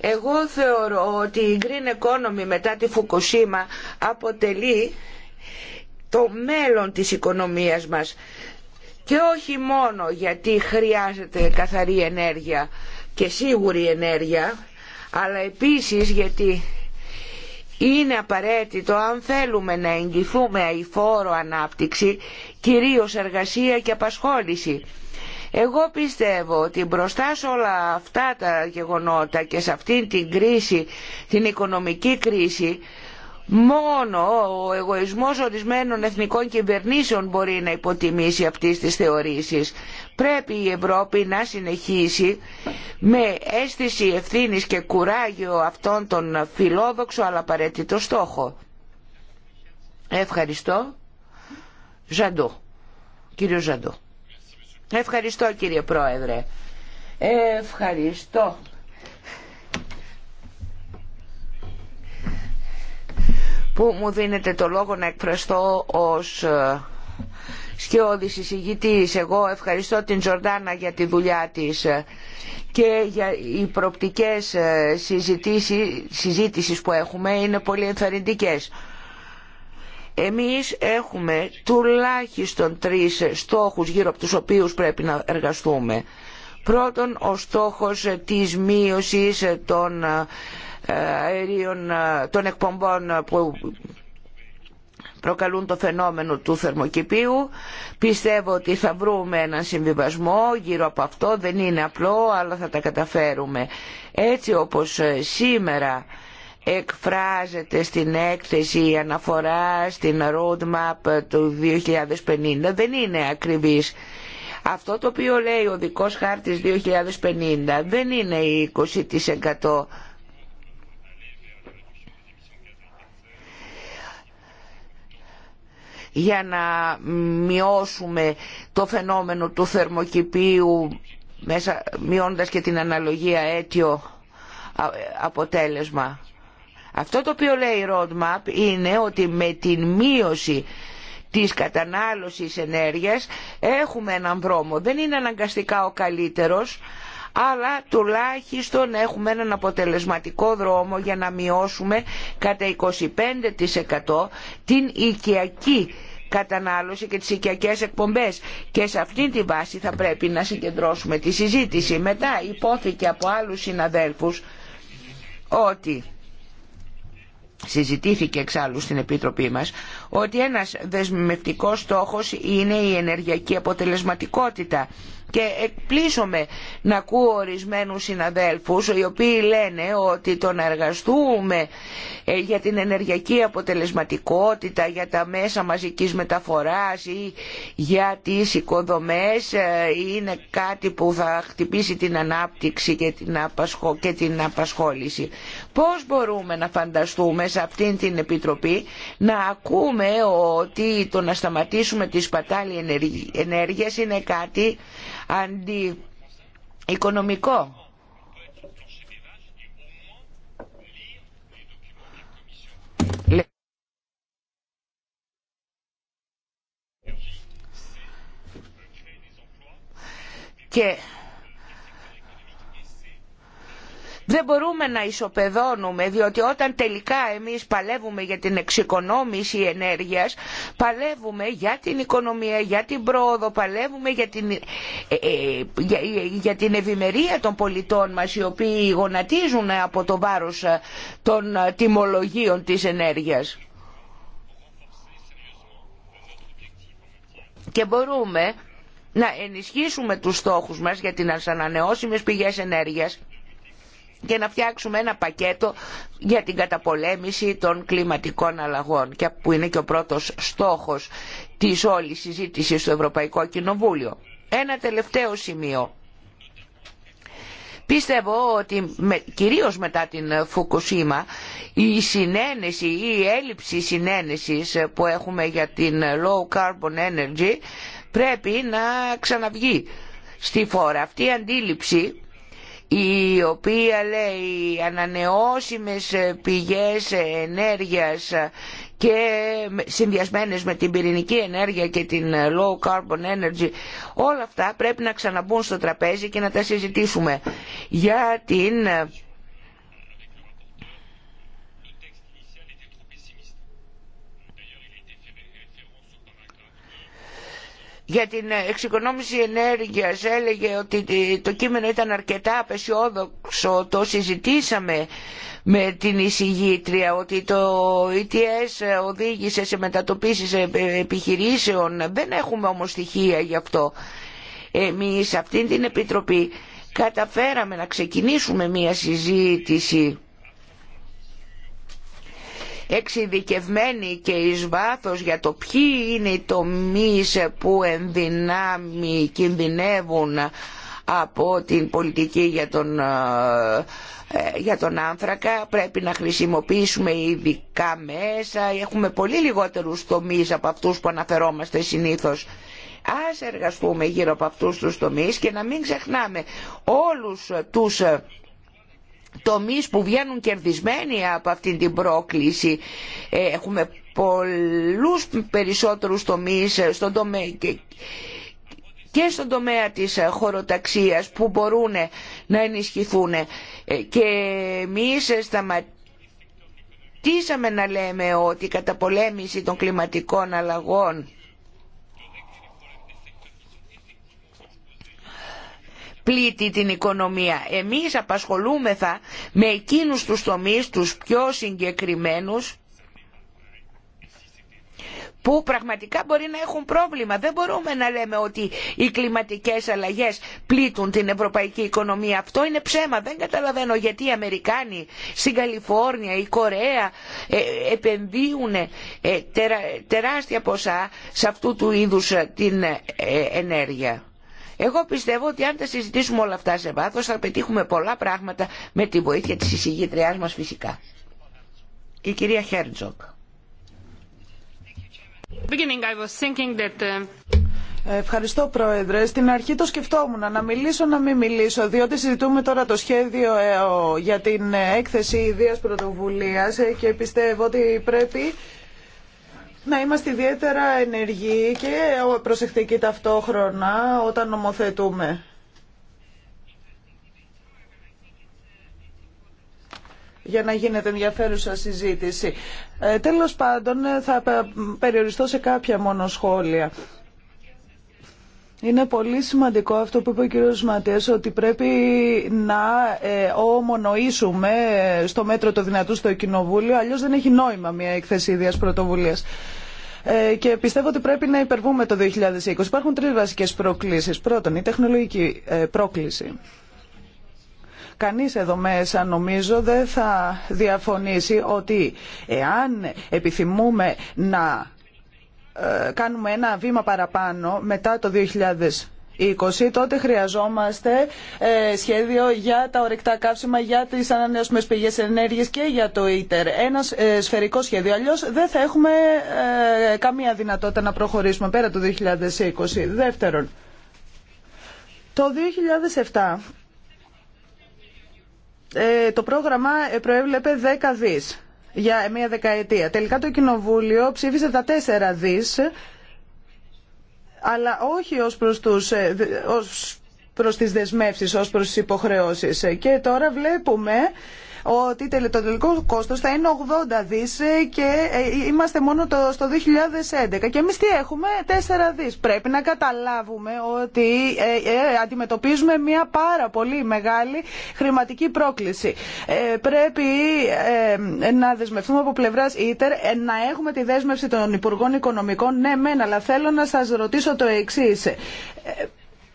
Εγώ θεωρώ ότι η Green Economy μετά τη Φουκουσίμα αποτελεί το μέλλον της οικονομίας μας και όχι μόνο γιατί χρειάζεται καθαρή ενέργεια και σίγουρη ενέργεια αλλά επίσης γιατί είναι απαραίτητο αν θέλουμε να εγγυθούμε αηφόρο ανάπτυξη, κυρίως εργασία και απασχόληση. Εγώ πιστεύω ότι μπροστά σε όλα αυτά τα γεγονότα και σε αυτήν την κρίση, την οικονομική κρίση, Μόνο ο εγωισμός ορισμένων εθνικών κυβερνήσεων μπορεί να υποτιμήσει αυτές τις θεωρήσεις. Πρέπει η Ευρώπη να συνεχίσει με αίσθηση ευθύνης και κουράγιο αυτόν τον φιλόδοξο αλλά απαραίτητο στόχο. Ευχαριστώ. Ζαντού. Κύριο Ζαντού. Ευχαριστώ κύριε Πρόεδρε. Ευχαριστώ που μου δίνετε το λόγο να εκφραστώ ως ε, σκιώδη εισηγητής. Εγώ ευχαριστώ την Τζορτάνα για τη δουλειά της ε, και για οι προπτικές ε, συζήτησεις που έχουμε είναι πολύ ενθαρρυντικές. Εμείς έχουμε τουλάχιστον τρεις στόχους γύρω από τους οποίους πρέπει να εργαστούμε. Πρώτον, ο στόχος της μείωσης των αερίων, των εκπομπών που προκαλούν το φαινόμενο του θερμοκηπίου. Πιστεύω ότι θα βρούμε έναν συμβιβασμό γύρω από αυτό. Δεν είναι απλό, αλλά θα τα καταφέρουμε. Έτσι όπως ε, σήμερα εκφράζεται στην έκθεση η αναφορά στην roadmap του 2050 δεν είναι ακριβής. Αυτό το οποίο λέει ο δικός χάρτης 2050 δεν είναι 20% για να μειώσουμε το φαινόμενο του θερμοκηπίου μέσα, μειώνοντας και την αναλογία αίτιο αποτέλεσμα. Αυτό το οποίο λέει η roadmap είναι ότι με την μείωση της κατανάλωσης ενέργειας έχουμε έναν δρόμο. Δεν είναι αναγκαστικά ο καλύτερος, αλλά τουλάχιστον έχουμε έναν αποτελεσματικό δρόμο για να μειώσουμε κατά 25% την οικιακή κατανάλωση και τις οικιακές εκπομπές και σε αυτή τη βάση θα πρέπει να συγκεντρώσουμε τη συζήτηση. Μετά υπόθηκε από άλλους συναδέλφους ότι συζητήθηκε εξάλλου στην Επίτροπή μας ότι ένας δεσμευτικός στόχος είναι η ενεργειακή αποτελεσματικότητα και εκπλήσωμαι να ακούω ορισμένους συναδέλφους οι οποίοι λένε ότι το να εργαστούμε ε, για την ενεργειακή αποτελεσματικότητα, για τα μέσα μαζικής μεταφοράς ή για τις οικοδομές ε, είναι κάτι που θα χτυπήσει την ανάπτυξη και την, απασχόληση. Πώς μπορούμε να φανταστούμε σε αυτήν την Επιτροπή να ακούμε ότι το να σταματήσουμε τη σπατάλη είναι κάτι αντιοικονομικό. Και δεν μπορούμε να ισοπεδώνουμε διότι όταν τελικά εμείς παλεύουμε για την εξοικονόμηση ενέργειας παλεύουμε για την οικονομία, για την πρόοδο, παλεύουμε για την, ε, ε, για, για την ευημερία των πολιτών μας οι οποίοι γονατίζουν από το βάρος ε, των τιμολογίων της ενέργειας. και μπορούμε να ενισχύσουμε τους στόχους μας για την ανανεώσιμες πηγές ενέργειας και να φτιάξουμε ένα πακέτο για την καταπολέμηση των κλιματικών αλλαγών και που είναι και ο πρώτος στόχος της όλης συζήτησης στο Ευρωπαϊκό Κοινοβούλιο. Ένα τελευταίο σημείο. Πιστεύω ότι κυρίως μετά την Φουκουσίμα η συνένεση ή η έλλειψη συνένεσης που έχουμε για την low carbon energy πρέπει να ξαναβγεί στη φόρα. Αυτή η αντίληψη η οποία λέει ανανεώσιμες πηγές ενέργειας και συνδυασμένες με την πυρηνική ενέργεια και την low carbon energy όλα αυτά πρέπει να ξαναμπούν στο τραπέζι και να τα συζητήσουμε για την για την εξοικονόμηση ενέργειας έλεγε ότι το κείμενο ήταν αρκετά απεσιόδοξο, το συζητήσαμε με την εισηγήτρια ότι το ETS οδήγησε σε μετατοπίσεις επιχειρήσεων. Δεν έχουμε όμως στοιχεία γι' αυτό. Εμείς αυτήν την Επιτροπή καταφέραμε να ξεκινήσουμε μια συζήτηση εξειδικευμένοι και εις βάθος για το ποιοι είναι οι τομείς που ενδυνάμει κινδυνεύουν από την πολιτική για τον, ε, ε, για τον άνθρακα πρέπει να χρησιμοποιήσουμε ειδικά μέσα έχουμε πολύ λιγότερους τομείς από αυτούς που αναφερόμαστε συνήθως ας εργαστούμε γύρω από αυτούς τους τομείς και να μην ξεχνάμε όλους τους τομείς που βγαίνουν κερδισμένοι από αυτή την πρόκληση. Ε, έχουμε πολλούς περισσότερους τομείς ε, στον τομέα και στον τομέα της ε, χωροταξίας που μπορούν να ενισχυθούν και εμείς σταματήσαμε να λέμε ότι η καταπολέμηση των κλιματικών αλλαγών πλήττει την οικονομία. Εμείς απασχολούμεθα με εκείνους τους τομείς, τους πιο συγκεκριμένους, που πραγματικά μπορεί να έχουν πρόβλημα. Δεν μπορούμε να λέμε ότι οι κλιματικές αλλαγές πλήττουν την ευρωπαϊκή οικονομία. Αυτό είναι ψέμα. Δεν καταλαβαίνω γιατί οι Αμερικάνοι στην Καλιφόρνια, η Κορέα ε, επενδύουν ε, τεράστια ποσά σε αυτού του είδους την ε, ενέργεια. Εγώ πιστεύω ότι αν τα συζητήσουμε όλα αυτά σε βάθος θα πετύχουμε πολλά πράγματα με τη βοήθεια της εισηγήτριάς μας φυσικά. Η κυρία Χέρτζοκ. Uh, Ευχαριστώ Πρόεδρε. Στην αρχή το σκεφτόμουν να μιλήσω να μην μιλήσω διότι συζητούμε τώρα το σχέδιο ε, για την ε, έκθεση ιδίας πρωτοβουλίας ε, και πιστεύω ότι πρέπει να είμαστε ιδιαίτερα ενεργοί και προσεκτικοί ταυτόχρονα όταν νομοθετούμε. για να γίνεται ενδιαφέρουσα συζήτηση. Ε, τέλος πάντων θα περιοριστώ σε κάποια μόνο σχόλια. Είναι πολύ σημαντικό αυτό που είπε ο κύριος Ματές, ότι πρέπει να ε, ομονοήσουμε στο μέτρο το δυνατού στο Κοινοβούλιο, αλλιώς δεν έχει νόημα μια έκθεση ίδιας πρωτοβουλίας. Ε, και πιστεύω ότι πρέπει να υπερβούμε το 2020. Υπάρχουν τρεις βασικές προκλήσεις. Πρώτον, η τεχνολογική ε, πρόκληση. Κανείς εδώ μέσα νομίζω δεν θα διαφωνήσει ότι εάν επιθυμούμε να ε, κάνουμε ένα βήμα παραπάνω μετά το 2020, τότε χρειαζόμαστε ε, σχέδιο για τα ορεκτά καύσιμα, για τι ανανεώσιμε πηγέ ενέργεια και για το ΙΤΕΡ. Ένα ε, σφαιρικό σχέδιο. Αλλιώ δεν θα έχουμε ε, καμία δυνατότητα να προχωρήσουμε πέρα το 2020. Δεύτερον, το 2007 το πρόγραμμα προέβλεπε 10 δις για μια δεκαετία. Τελικά το Κοινοβούλιο ψήφισε τα τέσσερα δις, αλλά όχι ως προς, τους, ε, ως προς τις δεσμεύσεις, ως προς τις υποχρεώσεις. Και τώρα βλέπουμε ότι το τελικό κόστος θα είναι 80 δις και ε, είμαστε μόνο το, στο 2011 και εμείς τι έχουμε 4 δις. Πρέπει να καταλάβουμε ότι ε, ε, αντιμετωπίζουμε μια πάρα πολύ μεγάλη χρηματική πρόκληση. Πρέπει να δεσμευτούμε από πλευρά ΙΤΕΡ, να έχουμε τη δέσμευση των Υπουργών Οικονομικών. Ναι, μεν, αλλά θέλω να σας ρωτήσω το εξής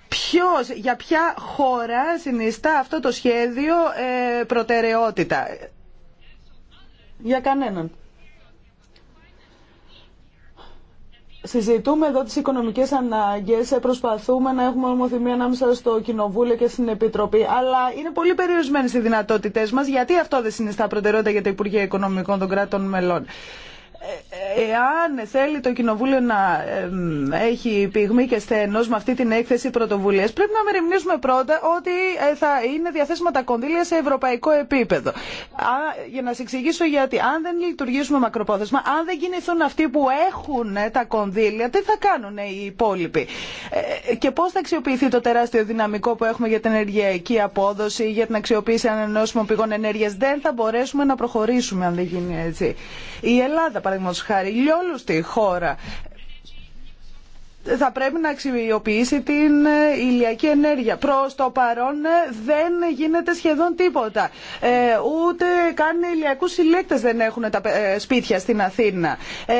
ποιος, για ποια χώρα συνιστά αυτό το σχέδιο ε, προτεραιότητα. Για κανέναν. Συζητούμε εδώ τις οικονομικές ανάγκες, ε, προσπαθούμε να έχουμε ομοθυμία ανάμεσα στο Κοινοβούλιο και στην Επιτροπή, αλλά είναι πολύ περιορισμένες οι δυνατότητές μας, γιατί αυτό δεν συνιστά προτεραιότητα για τα Υπουργεία Οικονομικών των Κράτων Μελών εάν θέλει το Κοινοβούλιο να έχει πυγμή και στένος με αυτή την έκθεση πρωτοβουλίας, πρέπει να μεριμνήσουμε πρώτα ότι ε, θα είναι διαθέσιμα τα κονδύλια σε ευρωπαϊκό επίπεδο. για να σας εξηγήσω γιατί, αν δεν λειτουργήσουμε μακροπόθεσμα, αν δεν κινηθούν αυτοί που έχουν ε, τα κονδύλια, τι θα κάνουν ε, οι υπόλοιποι. και πώς θα αξιοποιηθεί το τεράστιο δυναμικό που έχουμε για την ενεργειακή απόδοση, για την αξιοποίηση ανανεώσιμων πηγών ενέργειας. Δεν θα μπορέσουμε να προχωρήσουμε αν δεν γίνει έτσι. Η Ελλάδα, παραδείγματος χάρη, τη χώρα, θα πρέπει να αξιοποιήσει την ε, ηλιακή ενέργεια. Προ το παρόν ε, δεν γίνεται σχεδόν τίποτα. Ε, ούτε καν ηλιακού συλλέκτε δεν έχουν τα σπίτια στην Αθήνα. Ε,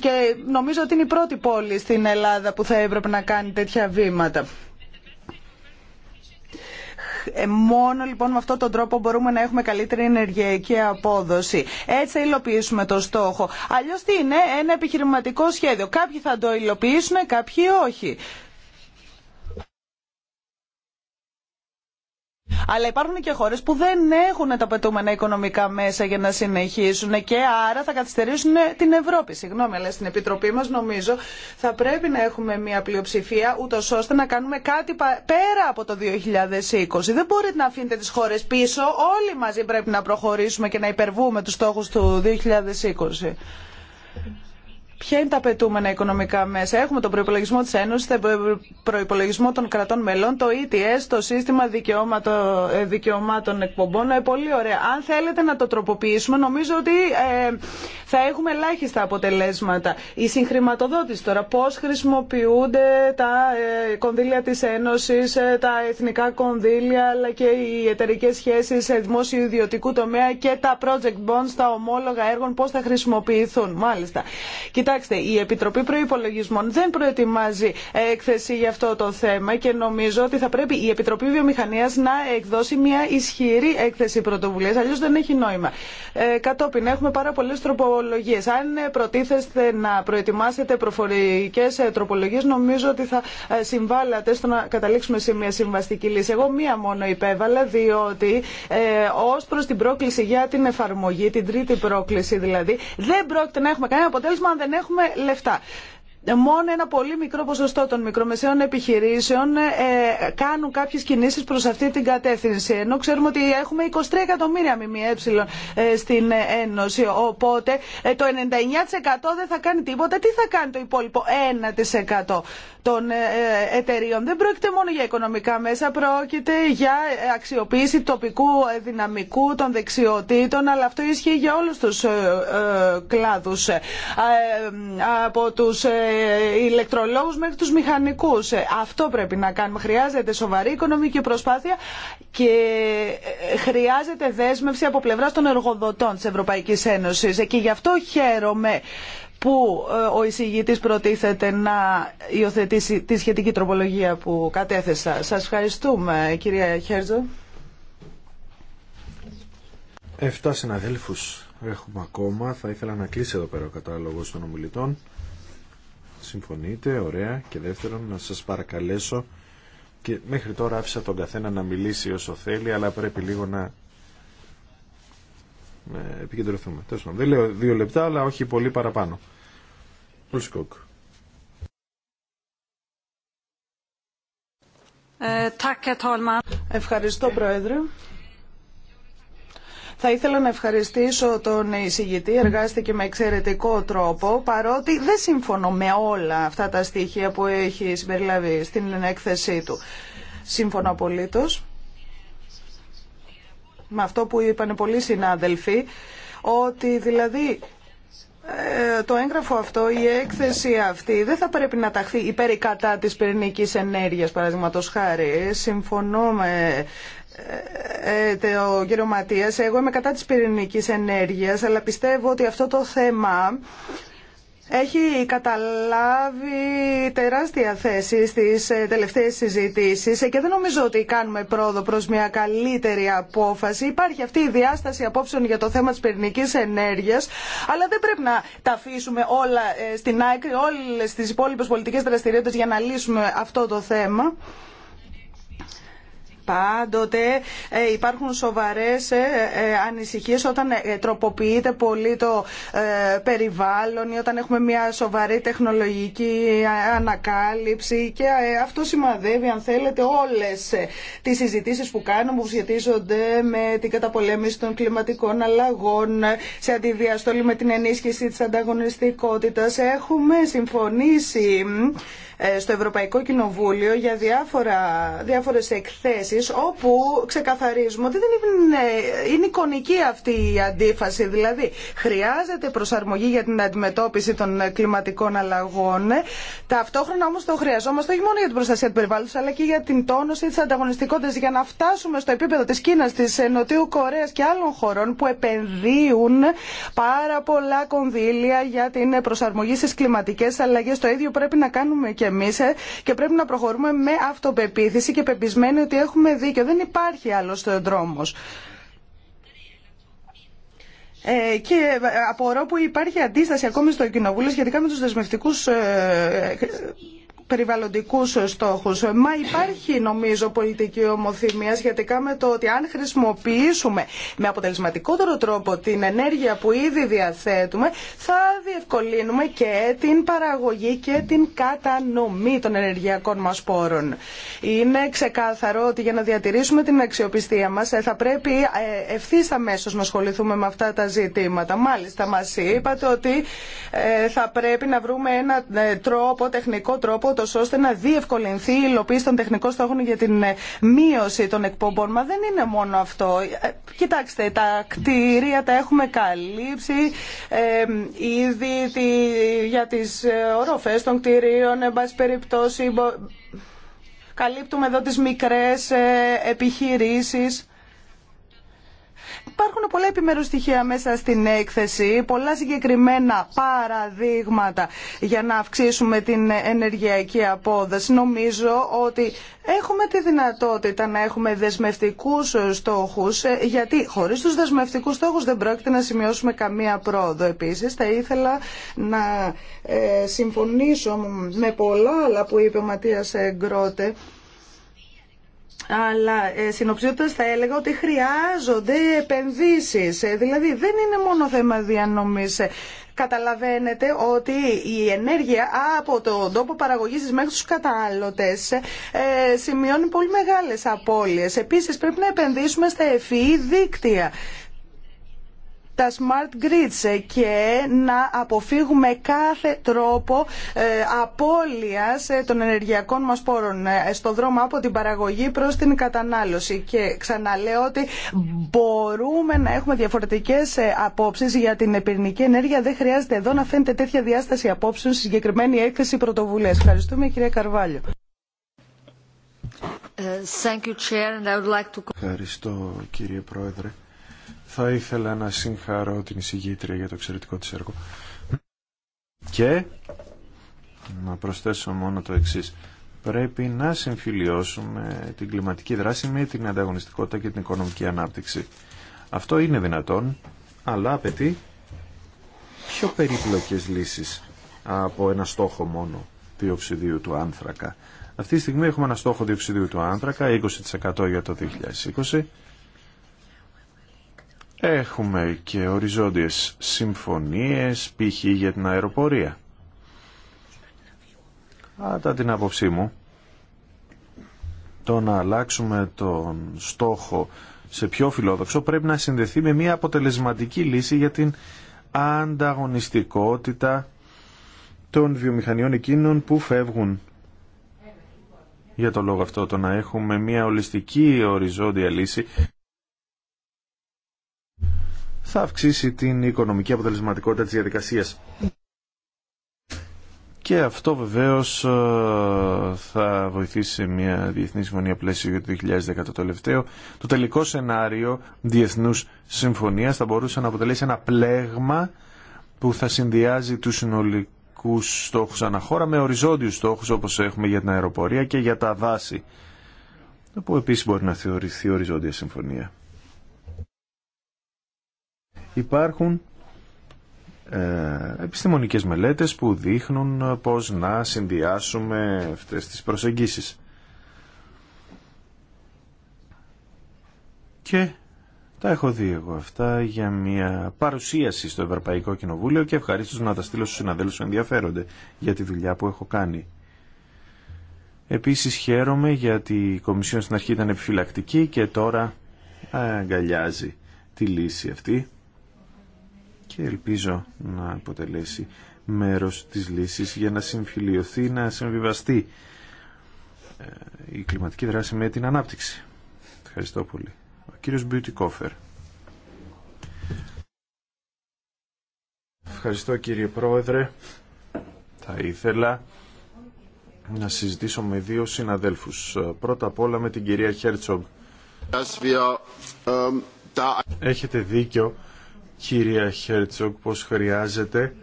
και νομίζω ότι είναι η πρώτη πόλη στην Ελλάδα που θα έπρεπε να κάνει τέτοια βήματα. Ε, μόνο λοιπόν με αυτόν τον τρόπο μπορούμε να έχουμε καλύτερη ενεργειακή απόδοση. Έτσι θα υλοποιήσουμε το στόχο. Αλλιώ τι είναι, ένα επιχειρηματικό σχέδιο. Κάποιοι θα το υλοποιήσουν, κάποιοι όχι. Αλλά υπάρχουν και χώρε που δεν έχουν τα πετούμενα οικονομικά μέσα για να συνεχίσουν και άρα θα καθυστερήσουν την Ευρώπη. Συγγνώμη, αλλά στην Επιτροπή μα νομίζω θα πρέπει να έχουμε μια πλειοψηφία ούτω ώστε να κάνουμε κάτι πέρα από το 2020. Δεν μπορείτε να αφήνετε τι χώρε πίσω. Όλοι μαζί πρέπει να προχωρήσουμε και να υπερβούμε του στόχου του 2020. Ποια είναι τα απαιτούμενα οικονομικά μέσα. Έχουμε τον προπολογισμό τη Ένωση, τον προπολογισμό των κρατών μελών, το ETS, το σύστημα ε, δικαιωμάτων εκπομπών. Ε, πολύ ωραία. Αν θέλετε να το τροποποιήσουμε, νομίζω ότι ε, θα έχουμε ελάχιστα αποτελέσματα. Η συγχρηματοδότηση τώρα, πώ χρησιμοποιούνται τα κονδύλια τη Ένωση, τα εθνικά κονδύλια, αλλά και οι εταιρικέ σχέσει σε δημόσιο ιδιωτικού τομέα και τα project bonds, τα ομόλογα έργων, πώ θα χρησιμοποιηθούν. Μάλιστα. Κοιτάξτε, η Επιτροπή Προπολογισμών δεν προετοιμάζει έκθεση για αυτό το θέμα και νομίζω ότι θα πρέπει η Επιτροπή Βιομηχανία να εκδώσει μια ισχυρή έκθεση πρωτοβουλία. Αλλιώ δεν έχει νόημα. Ε, κατόπιν, έχουμε πάρα πολλέ τροπολογίε. Αν προτίθεστε να προετοιμάσετε προφορικέ ε, τροπολογίε, νομίζω ότι θα ε, συμβάλλατε στο να καταλήξουμε σε μια συμβαστική λύση. Εγώ μία μόνο υπέβαλα, διότι ε, ω προ την πρόκληση για την εφαρμογή, την τρίτη πρόκληση δηλαδή, δεν πρόκειται να έχουμε κανένα αποτέλεσμα δεν έχουμε λεφτά μόνο ένα πολύ μικρό ποσοστό των μικρομεσαίων επιχειρήσεων ε, κάνουν κάποιε κινήσει προ αυτή την κατεύθυνση. Ενώ ξέρουμε ότι έχουμε 23 εκατομμύρια ΜΜΕ ε, στην Ένωση. Οπότε ε, το 99% δεν θα κάνει τίποτα. Τι θα κάνει το υπόλοιπο 1% των εταιρείων. Δεν πρόκειται μόνο για οικονομικά μέσα, πρόκειται για αξιοποίηση τοπικού δυναμικού, των δεξιοτήτων, αλλά αυτό ισχύει για όλους τους κλάδους. Από τους ε, ηλεκτρολόγους μέχρι τους μηχανικούς. Ε, αυτό πρέπει να κάνουμε. Χρειάζεται σοβαρή οικονομική προσπάθεια και ε, χρειάζεται δέσμευση από πλευρά των εργοδοτών της Ευρωπαϊκής Ένωσης. Και γι' αυτό χαίρομαι που ο εισηγητής προτίθεται να υιοθετήσει τη σχετική τροπολογία που κατέθεσα. Σας ευχαριστούμε κυρία Χέρζο. Εφτά συναδέλφους έχουμε ακόμα. Θα ήθελα να κλείσει εδώ πέρα ο κατάλογος των ομιλητών συμφωνείτε, ωραία. Και δεύτερον, να σας παρακαλέσω, και μέχρι τώρα άφησα τον καθένα να μιλήσει όσο θέλει, αλλά πρέπει λίγο να επικεντρωθούμε. Δεν λέω δύο λεπτά, αλλά όχι πολύ παραπάνω. Ε, ε, Ευχαριστώ, Πρόεδρε. Θα ήθελα να ευχαριστήσω τον εισηγητή, εργάστηκε με εξαιρετικό τρόπο, παρότι δεν συμφωνώ με όλα αυτά τα στοιχεία που έχει συμπεριλάβει στην έκθεσή του. Σύμφωνο απολύτως με αυτό που είπαν πολλοί συνάδελφοι, ότι δηλαδή ε, το έγγραφο αυτό, η έκθεση αυτή δεν θα πρέπει να ταχθεί υπέρ ή κατά της πυρηνικής ενέργειας, παραδείγματος χάρη. Συμφωνώ με ε, ε, ο κύριο Ματίας, εγώ είμαι κατά της πυρηνικής ενέργειας, αλλά πιστεύω ότι αυτό το θέμα έχει καταλάβει τεράστια θέση στις ε, τελευταίες συζητήσεις και δεν νομίζω ότι κάνουμε πρόοδο προς μια καλύτερη απόφαση. Υπάρχει αυτή η διάσταση απόψεων για το θέμα της πυρηνικής ενέργειας, αλλά δεν πρέπει να τα αφήσουμε όλα στην άκρη, όλες τις υπόλοιπες πολιτικές δραστηριότητες για να λύσουμε αυτό το θέμα. Πάντοτε ε, υπάρχουν σοβαρές ε, ε, ανησυχίες όταν τροποποιείται πολύ το περιβάλλον ή όταν έχουμε μια σοβαρή τεχνολογική ανακάλυψη και αυτό σημαδεύει αν θέλετε όλες τις συζητήσεις που κάνουμε που σχετίζονται με την καταπολέμηση των κλιματικών αλλαγών σε αντιδιαστόλη με την ενίσχυση της ανταγωνιστικότητας. Έχουμε συμφωνήσει ε, στο Ευρωπαϊκό Κοινοβούλιο για διάφορα, διάφορες εκθέσεις όπου ξεκαθαρίζουμε ότι δεν είναι, είναι εικονική αυτή η αντίφαση. Δηλαδή χρειάζεται προσαρμογή για την αντιμετώπιση των κλιματικών αλλαγών. Ταυτόχρονα όμως το χρειαζόμαστε όχι μόνο για την προστασία του περιβάλλοντος αλλά και για την τόνωση της ανταγωνιστικότητας για να φτάσουμε στο επίπεδο της Κίνας, της Νοτιού Κορέας και άλλων χωρών που επενδύουν πάρα πολλά κονδύλια για την προσαρμογή στις κλιματικές αλλαγές. Το ίδιο πρέπει να κάνουμε και Εμεί, ε, και πρέπει να προχωρούμε με αυτοπεποίθηση και πεπισμένοι ότι έχουμε δίκιο. Δεν υπάρχει άλλο δρόμο. Ε, και ε, απορώ που υπάρχει αντίσταση ακόμη στο Κοινοβούλιο σχετικά με τους δεσμευτικούς ε, ε περιβαλλοντικούς στόχους. Μα υπάρχει νομίζω πολιτική ομοθυμία σχετικά με το ότι αν χρησιμοποιήσουμε με αποτελεσματικότερο τρόπο την ενέργεια που ήδη διαθέτουμε θα διευκολύνουμε και την παραγωγή και την κατανομή των ενεργειακών μας πόρων. Είναι ξεκάθαρο ότι για να διατηρήσουμε την αξιοπιστία μας ε, θα πρέπει ε, ευθύς αμέσω να ασχοληθούμε με αυτά τα ζητήματα. Μάλιστα μας είπατε ότι ε, θα πρέπει να βρούμε ένα τρόπο, τεχνικό τρόπο ώστε να διευκολυνθεί η υλοποίηση των τεχνικών στόχων για την ε, μείωση των εκπομπών. Μα δεν είναι μόνο αυτό. Ε, κοιτάξτε, τα κτίρια τα έχουμε καλύψει ήδη τη, για τις ε, οροφές των κτιρίων, εν πάση περιπτώσει, καλύπτουμε εδώ τις μικρές επιχειρήσεις. Υπάρχουν πολλά επιμέρους στοιχεία μέσα στην έκθεση, πολλά συγκεκριμένα παραδείγματα για να αυξήσουμε την ενεργειακή απόδοση. Νομίζω ότι έχουμε τη δυνατότητα να έχουμε δεσμευτικούς στόχους, ε, γιατί χωρίς τους δεσμευτικούς στόχους δεν πρόκειται να σημειώσουμε καμία πρόοδο. Επίσης, θα ήθελα να ε, συμφωνήσω με πολλά άλλα που είπε ο Ματίας Γκρότε, αλλά ε, συνοψίζοντα θα έλεγα ότι χρειάζονται επενδύσεις. Ε, δηλαδή δεν είναι μόνο θέμα διανομής. Ε, καταλαβαίνετε ότι η ενέργεια από τον τόπο παραγωγής μέχρι τους καταναλωτές ε, σημειώνει πολύ μεγάλες απώλειες. Επίσης πρέπει να επενδύσουμε στα ευφυή δίκτυα τα smart grids και να αποφύγουμε κάθε τρόπο ε, απώλειας ε, των ενεργειακών μας πόρων ε, στον δρόμο από την παραγωγή προς την κατανάλωση. Και ξαναλέω ότι μπορούμε να έχουμε διαφορετικές απόψεις για την πυρηνική ενέργεια. Δεν χρειάζεται εδώ να φαίνεται τέτοια διάσταση απόψεων στη συγκεκριμένη έκθεση πρωτοβουλίας. Ευχαριστούμε κυρία Καρβάλιο. Ευχαριστώ κύριε Πρόεδρε. Θα ήθελα να συγχαρώ την εισηγήτρια για το εξαιρετικό της έργο. Και να προσθέσω μόνο το εξής. Πρέπει να συμφιλιώσουμε την κλιματική δράση με την ανταγωνιστικότητα και την οικονομική ανάπτυξη. Αυτό είναι δυνατόν, αλλά απαιτεί πιο περίπλοκες λύσεις από ένα στόχο μόνο διοξιδίου του άνθρακα. Αυτή τη στιγμή έχουμε ένα στόχο διοξιδίου του άνθρακα, 20% για το 2020 Έχουμε και οριζόντιες συμφωνίες, π.χ. για την αεροπορία. Άτα την άποψή μου, το να αλλάξουμε τον στόχο σε πιο φιλόδοξο πρέπει να συνδεθεί με μια αποτελεσματική λύση για την ανταγωνιστικότητα των βιομηχανιών εκείνων που φεύγουν. Για το λόγο αυτό το να έχουμε μια ολιστική οριζόντια λύση θα αυξήσει την οικονομική αποτελεσματικότητα της διαδικασίας. Και αυτό βεβαίως ε, θα βοηθήσει σε μια διεθνή συμφωνία πλαίσιο για το 2010 το τελευταίο. Το τελικό σενάριο διεθνούς συμφωνίας θα μπορούσε να αποτελέσει ένα πλέγμα που θα συνδυάζει τους συνολικούς στόχους αναχώρα με οριζόντιους στόχους όπως έχουμε για την αεροπορία και για τα δάση που επίσης μπορεί να θεωρηθεί οριζόντια συμφωνία. Υπάρχουν ε, επιστημονικές μελέτες που δείχνουν ε, πώς να συνδυάσουμε αυτές τις προσεγγίσεις. Και τα έχω δει εγώ αυτά για μια παρουσίαση στο Ευρωπαϊκό Κοινοβούλιο και ευχαρίστως να τα στείλω στους συναδέλφους που ενδιαφέρονται για τη δουλειά που έχω κάνει. Επίσης χαίρομαι γιατί η Κομισιόν στην αρχή ήταν επιφυλακτική και τώρα ε, αγκαλιάζει τη λύση αυτή και ελπίζω να αποτελέσει μέρος της λύσης για να συμφιλειωθεί, να συμβιβαστεί ε, η κλιματική δράση με την ανάπτυξη. Ευχαριστώ πολύ. Ο κύριος Μπιουτικόφερ. Ευχαριστώ κύριε Πρόεδρε. Θα ήθελα να συζητήσω με δύο συναδέλφους. Πρώτα απ' όλα με την κυρία Χέρτσογκ. Um, Έχετε δίκιο κυρία Χέρτσοκ, πως χρειάζεται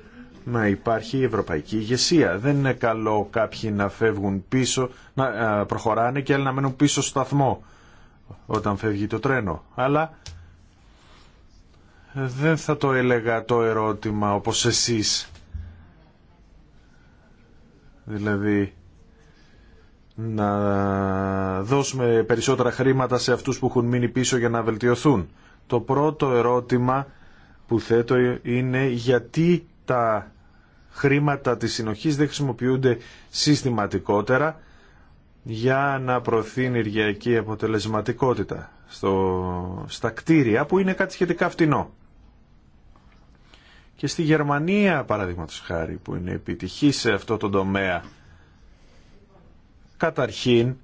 να υπάρχει η ευρωπαϊκή ηγεσία. Δεν είναι καλό κάποιοι να φεύγουν πίσω, να προχωράνε και άλλοι να μένουν πίσω στο σταθμό όταν φεύγει το τρένο. Αλλά δεν θα το έλεγα το ερώτημα όπως εσείς. Δηλαδή να δώσουμε περισσότερα χρήματα σε αυτούς που έχουν μείνει πίσω για να βελτιωθούν. Το πρώτο ερώτημα που θέτω είναι γιατί τα χρήματα της συνοχής δεν χρησιμοποιούνται συστηματικότερα για να προωθεί ενεργειακή αποτελεσματικότητα στο, στα κτίρια που είναι κάτι σχετικά φτηνό. Και στη Γερμανία, παραδείγματο χάρη, που είναι επιτυχή σε αυτό το τομέα, καταρχήν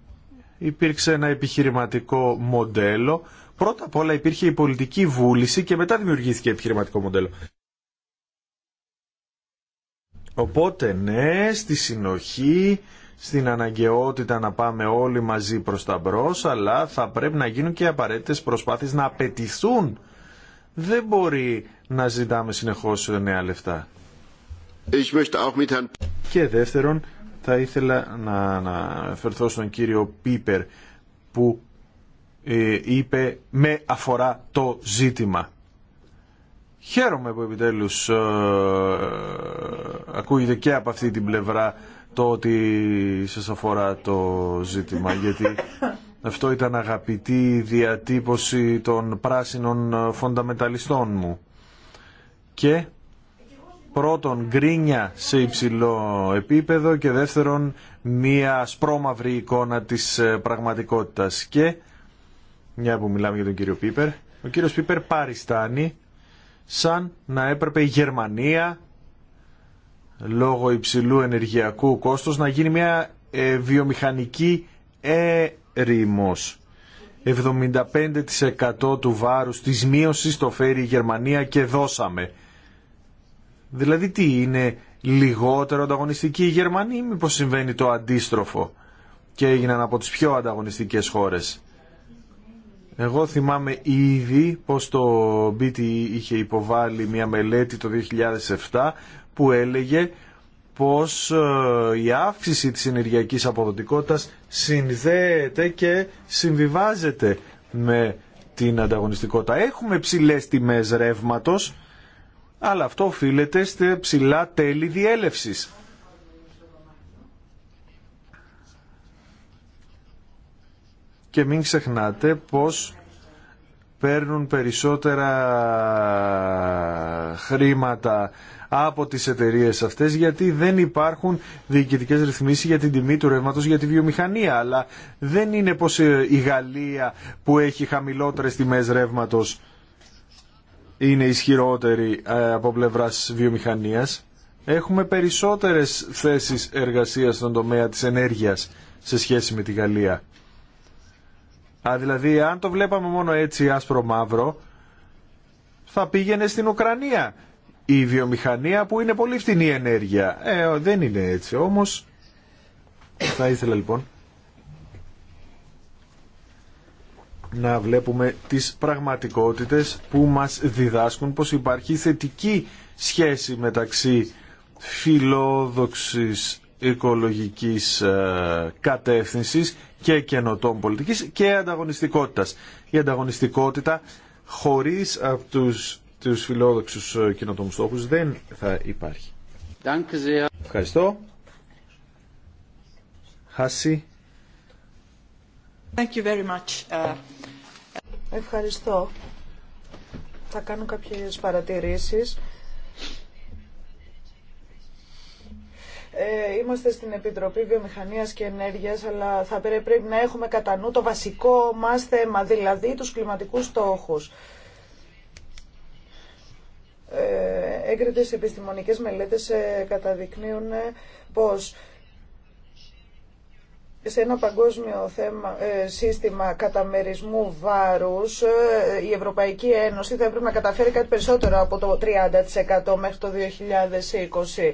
υπήρξε ένα επιχειρηματικό μοντέλο Πρώτα απ' όλα υπήρχε η πολιτική βούληση και μετά δημιουργήθηκε επιχειρηματικό μοντέλο. Οπότε ναι, στη συνοχή, στην αναγκαιότητα να πάμε όλοι μαζί προς τα μπρος, αλλά θα πρέπει να γίνουν και απαραίτητες προσπάθειες να απαιτηθούν. Δεν μπορεί να ζητάμε συνεχώς νέα λεφτά. Και δεύτερον, θα ήθελα να αναφερθώ στον κύριο Πίπερ που ε, είπε με αφορά το ζήτημα. Χαίρομαι που επιτέλους ε, ακούγεται και από αυτή την πλευρά το ότι σας αφορά το ζήτημα γιατί αυτό ήταν αγαπητή διατύπωση των πράσινων φονταμεταλιστών μου. Και πρώτον γκρίνια σε υψηλό επίπεδο και δεύτερον μία σπρώμαυρη εικόνα της ε, πραγματικότητας και μια που μιλάμε για τον κύριο Πίπερ, ο κύριος Πίπερ παριστάνει σαν να έπρεπε η Γερμανία λόγω υψηλού ενεργειακού κόστος να γίνει μια ε, βιομηχανική έρημος. 75% του βάρους της μείωσης το φέρει η Γερμανία και δώσαμε. Δηλαδή τι είναι λιγότερο ανταγωνιστική η Γερμανία ή μήπως συμβαίνει το αντίστροφο και έγιναν από τις πιο ανταγωνιστικές χώρες. Εγώ θυμάμαι ήδη πως το BTE είχε υποβάλει μια μελέτη το 2007 που έλεγε πως ε, η αύξηση της ενεργειακής αποδοτικότητας συνδέεται και συμβιβάζεται με την ανταγωνιστικότητα. Έχουμε ψηλές τιμές ρεύματος, αλλά αυτό οφείλεται σε ψηλά τέλη διέλευσης. και μην ξεχνάτε πως παίρνουν περισσότερα χρήματα από τις εταιρείες αυτές γιατί δεν υπάρχουν διοικητικές ρυθμίσεις για την τιμή του ρεύματο για τη βιομηχανία αλλά δεν είναι πως ε, η Γαλλία που έχει χαμηλότερες τιμές ρεύματο είναι ισχυρότερη ε, από πλευράς βιομηχανίας έχουμε περισσότερες θέσεις εργασίας στον τομέα της ενέργειας σε σχέση με τη Γαλλία Α, δηλαδή, αν το βλέπαμε μόνο έτσι άσπρο-μαύρο, θα πήγαινε στην Ουκρανία η βιομηχανία που είναι πολύ φτηνή ενέργεια. Ε, δεν είναι έτσι. Όμως, θα ήθελα λοιπόν να βλέπουμε τις πραγματικότητες που μας διδάσκουν πως υπάρχει θετική σχέση μεταξύ φιλόδοξης οικολογικής ε, κατεύθυνσης και καινοτόμων πολιτικής και ανταγωνιστικότητας. Η ανταγωνιστικότητα χωρίς αυτού τους φιλόδοξους ε, καινοτόμου στόχου δεν θα υπάρχει. Ευχαριστώ. Χάση. Thank you very much. Ε. Ευχαριστώ. Θα κάνω κάποιες παρατηρήσεις. Ε, είμαστε στην Επιτροπή Βιομηχανίας και Ενέργειας, αλλά θα πρέπει να έχουμε κατά νου το βασικό μας θέμα, δηλαδή τους κλιματικούς στόχους. Ε, έγκριτες επιστημονικές μελέτες ε, καταδεικνύουν ε, πως σε ένα παγκόσμιο θέμα, σύστημα καταμερισμού βάρους η Ευρωπαϊκή Ένωση θα έπρεπε να καταφέρει κάτι περισσότερο από το 30% μέχρι το 2020.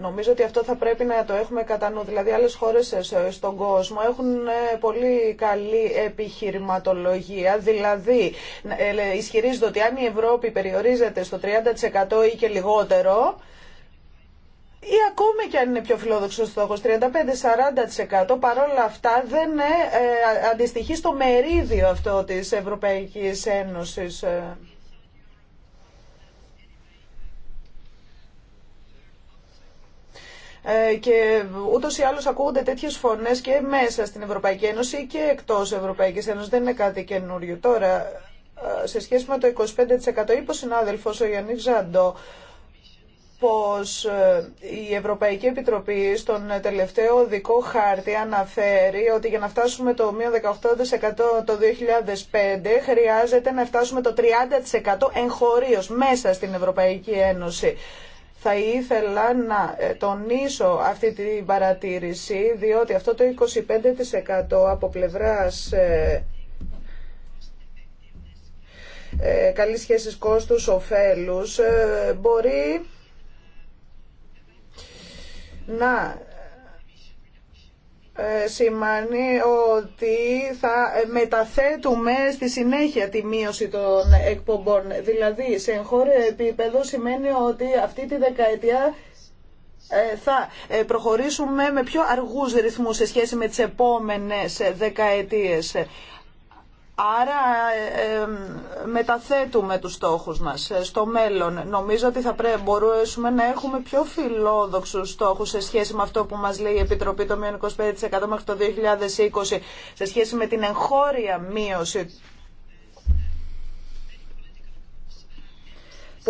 Νομίζω ότι αυτό θα πρέπει να το έχουμε κατά νου. Δηλαδή άλλε χώρες στον κόσμο έχουν ε, πολύ καλή επιχειρηματολογία. Δηλαδή ε, ισχυρίζονται ότι αν η Ευρώπη περιορίζεται στο 30% ή και λιγότερο, ή ακόμη και αν είναι πιο φιλόδοξο στόχο, 35-40% παρόλα αυτά δεν ε, αντιστοιχεί στο μερίδιο αυτό της Ευρωπαϊκής Ένωσης. Ε, και ούτως ή άλλως ακούγονται τέτοιες φωνές και μέσα στην Ευρωπαϊκή Ένωση και εκτός Ευρωπαϊκής Ένωσης. Δεν είναι κάτι καινούριο. Τώρα, ε, σε σχέση με το 25% είπε ο συνάδελφος ο Γιάννης Ζαντό, πως ε, η Ευρωπαϊκή Επιτροπή στον τελευταίο δικό χάρτη αναφέρει ότι για να φτάσουμε το 18% το 2005 χρειάζεται να φτάσουμε το 30% εγχωρίως μέσα στην Ευρωπαϊκή Ένωση. Θα ήθελα να ε, τονίσω αυτή την παρατήρηση, διότι αυτό το 25% από πλευράς ε, ε, καλής σχέσης κόστους-οφέλους μπορεί να ε, σημαίνει ότι θα ε, μεταθέτουμε στη συνέχεια τη μείωση των εκπομπών. Δηλαδή, σε εγχώριο επίπεδο σημαίνει ότι αυτή τη δεκαετία ε, θα προχωρήσουμε με πιο αργούς ρυθμούς σε σχέση με τις επόμενες δεκαετίες. Άρα ε, ε, μεταθέτουμε τους στόχους μας ε, στο μέλλον. Νομίζω ότι θα πρέπει μπορούσαμε να έχουμε πιο φιλόδοξους στόχους σε σχέση με αυτό που μας λέει η Επιτροπή το 25% μέχρι το 2020 σε σχέση με την εγχώρια μείωση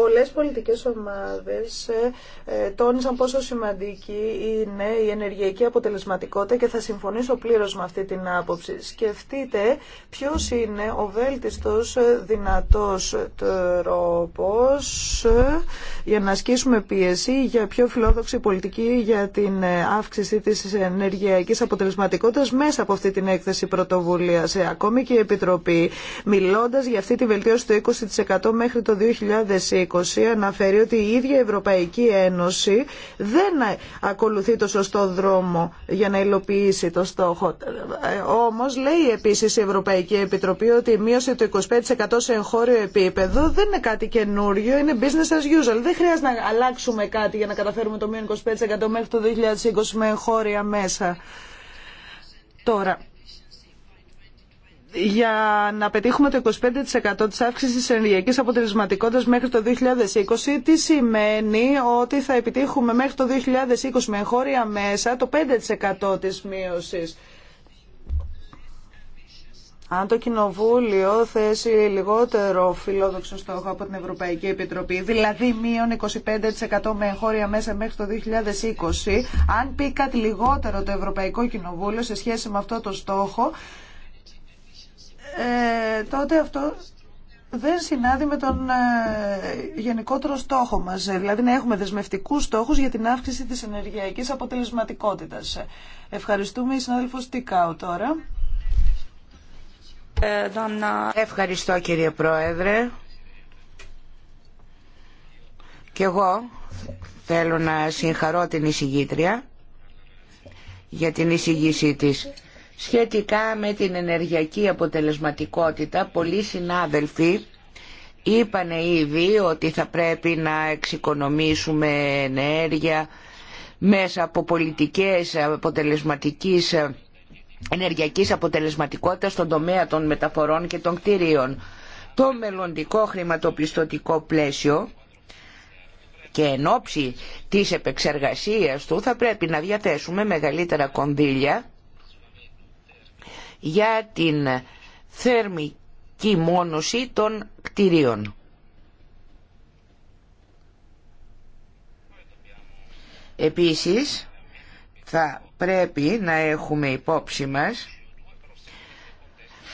Πολλές πολιτικές ομάδες ε, ε, τόνισαν πόσο σημαντική είναι η ενεργειακή αποτελεσματικότητα και θα συμφωνήσω πλήρως με αυτή την άποψη. Σκεφτείτε ποιος είναι ο βέλτιστος ε, δυνατός τρόπος για να ασκήσουμε πίεση για πιο φιλόδοξη πολιτική για την αύξηση της ενεργειακής αποτελεσματικότητας μέσα από αυτή την έκθεση σε Ακόμη και η Επιτροπή μιλώντας για αυτή τη βελτίωση του 20% μέχρι το 2020 αναφέρει ότι η ίδια η Ευρωπαϊκή Ένωση δεν ακολουθεί το σωστό δρόμο για να υλοποιήσει το στόχο. Ε, όμως λέει επίσης η Ευρωπαϊκή Επιτροπή ότι η μείωση του 25% σε εγχώριο επίπεδο δεν είναι κάτι καινούριο, είναι business as usual. Δεν χρειάζεται να αλλάξουμε κάτι για να καταφέρουμε το μείον 25% μέχρι το 2020 με εγχώρια μέσα. Τώρα, για να πετύχουμε το 25% της αύξησης της ενεργειακής αποτελεσματικότητας μέχρι το 2020, τι σημαίνει ότι θα επιτύχουμε μέχρι το 2020 με χώρια μέσα το 5% της μείωσης. Αν το Κοινοβούλιο θέσει λιγότερο φιλόδοξο στόχο από την Ευρωπαϊκή Επιτροπή, δηλαδή μείον 25% με εγχώρια μέσα μέχρι το 2020, αν πει κάτι λιγότερο το Ευρωπαϊκό Κοινοβούλιο σε σχέση με αυτό το στόχο, ε, τότε αυτό δεν συνάδει με τον ε, γενικότερο στόχο μας. Ε, δηλαδή να έχουμε δεσμευτικούς στόχους για την αύξηση της ενεργειακής αποτελεσματικότητας. Ευχαριστούμε η συνάδελφος Τικάου τώρα. Ευχαριστώ κύριε Πρόεδρε. Και εγώ θέλω να συγχαρώ την εισηγήτρια για την εισηγήσή της. Σχετικά με την ενεργειακή αποτελεσματικότητα, πολλοί συνάδελφοι είπαν ήδη ότι θα πρέπει να εξοικονομήσουμε ενέργεια μέσα από πολιτικές αποτελεσματικής ενεργειακής αποτελεσματικότητας στον τομέα των μεταφορών και των κτηρίων. Το μελλοντικό χρηματοπιστωτικό πλαίσιο και εν ώψη της επεξεργασίας του θα πρέπει να διαθέσουμε μεγαλύτερα κονδύλια για την θερμική μόνωση των κτηρίων. Επίσης θα πρέπει να έχουμε υπόψη μας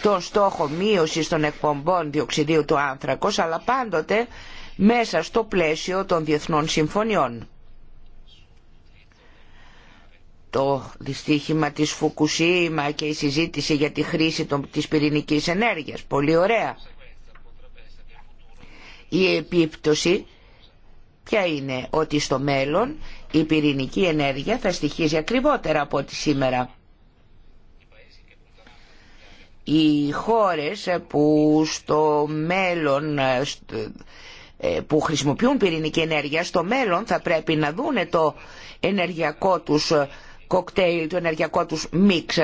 τον στόχο μείωσης των εκπομπών διοξιδίου του άνθρακος αλλά πάντοτε μέσα στο πλαίσιο των διεθνών συμφωνιών το δυστύχημα της Φουκουσίμα και η συζήτηση για τη χρήση των, της πυρηνικής ενέργειας. Πολύ ωραία. Η επίπτωση ποια είναι ότι στο μέλλον η πυρηνική ενέργεια θα στοιχίζει ακριβότερα από ό,τι σήμερα. Οι χώρες που στο μέλλον ε, που χρησιμοποιούν πυρηνική ενέργεια στο μέλλον θα πρέπει να δούνε το ενεργειακό τους κοκτέιλ, το ενεργειακό τους μίξ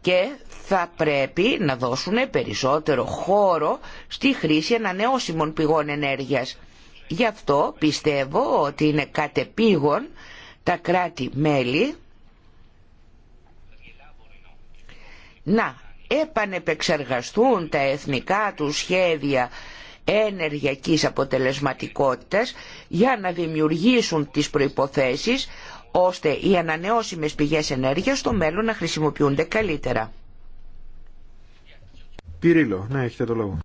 και θα πρέπει να δώσουν περισσότερο χώρο στη χρήση ανανεώσιμων πηγών ενέργειας. Γι' αυτό πιστεύω ότι είναι κατεπήγον τα κράτη-μέλη να επανεπεξεργαστούν τα εθνικά τους σχέδια ενεργειακής αποτελεσματικότητας για να δημιουργήσουν τις προϋποθέσεις ώστε οι ανανεώσιμες πηγές ενέργειας στο μέλλον να χρησιμοποιούνται καλύτερα. Πυρίλο, ναι, έχετε το λόγο.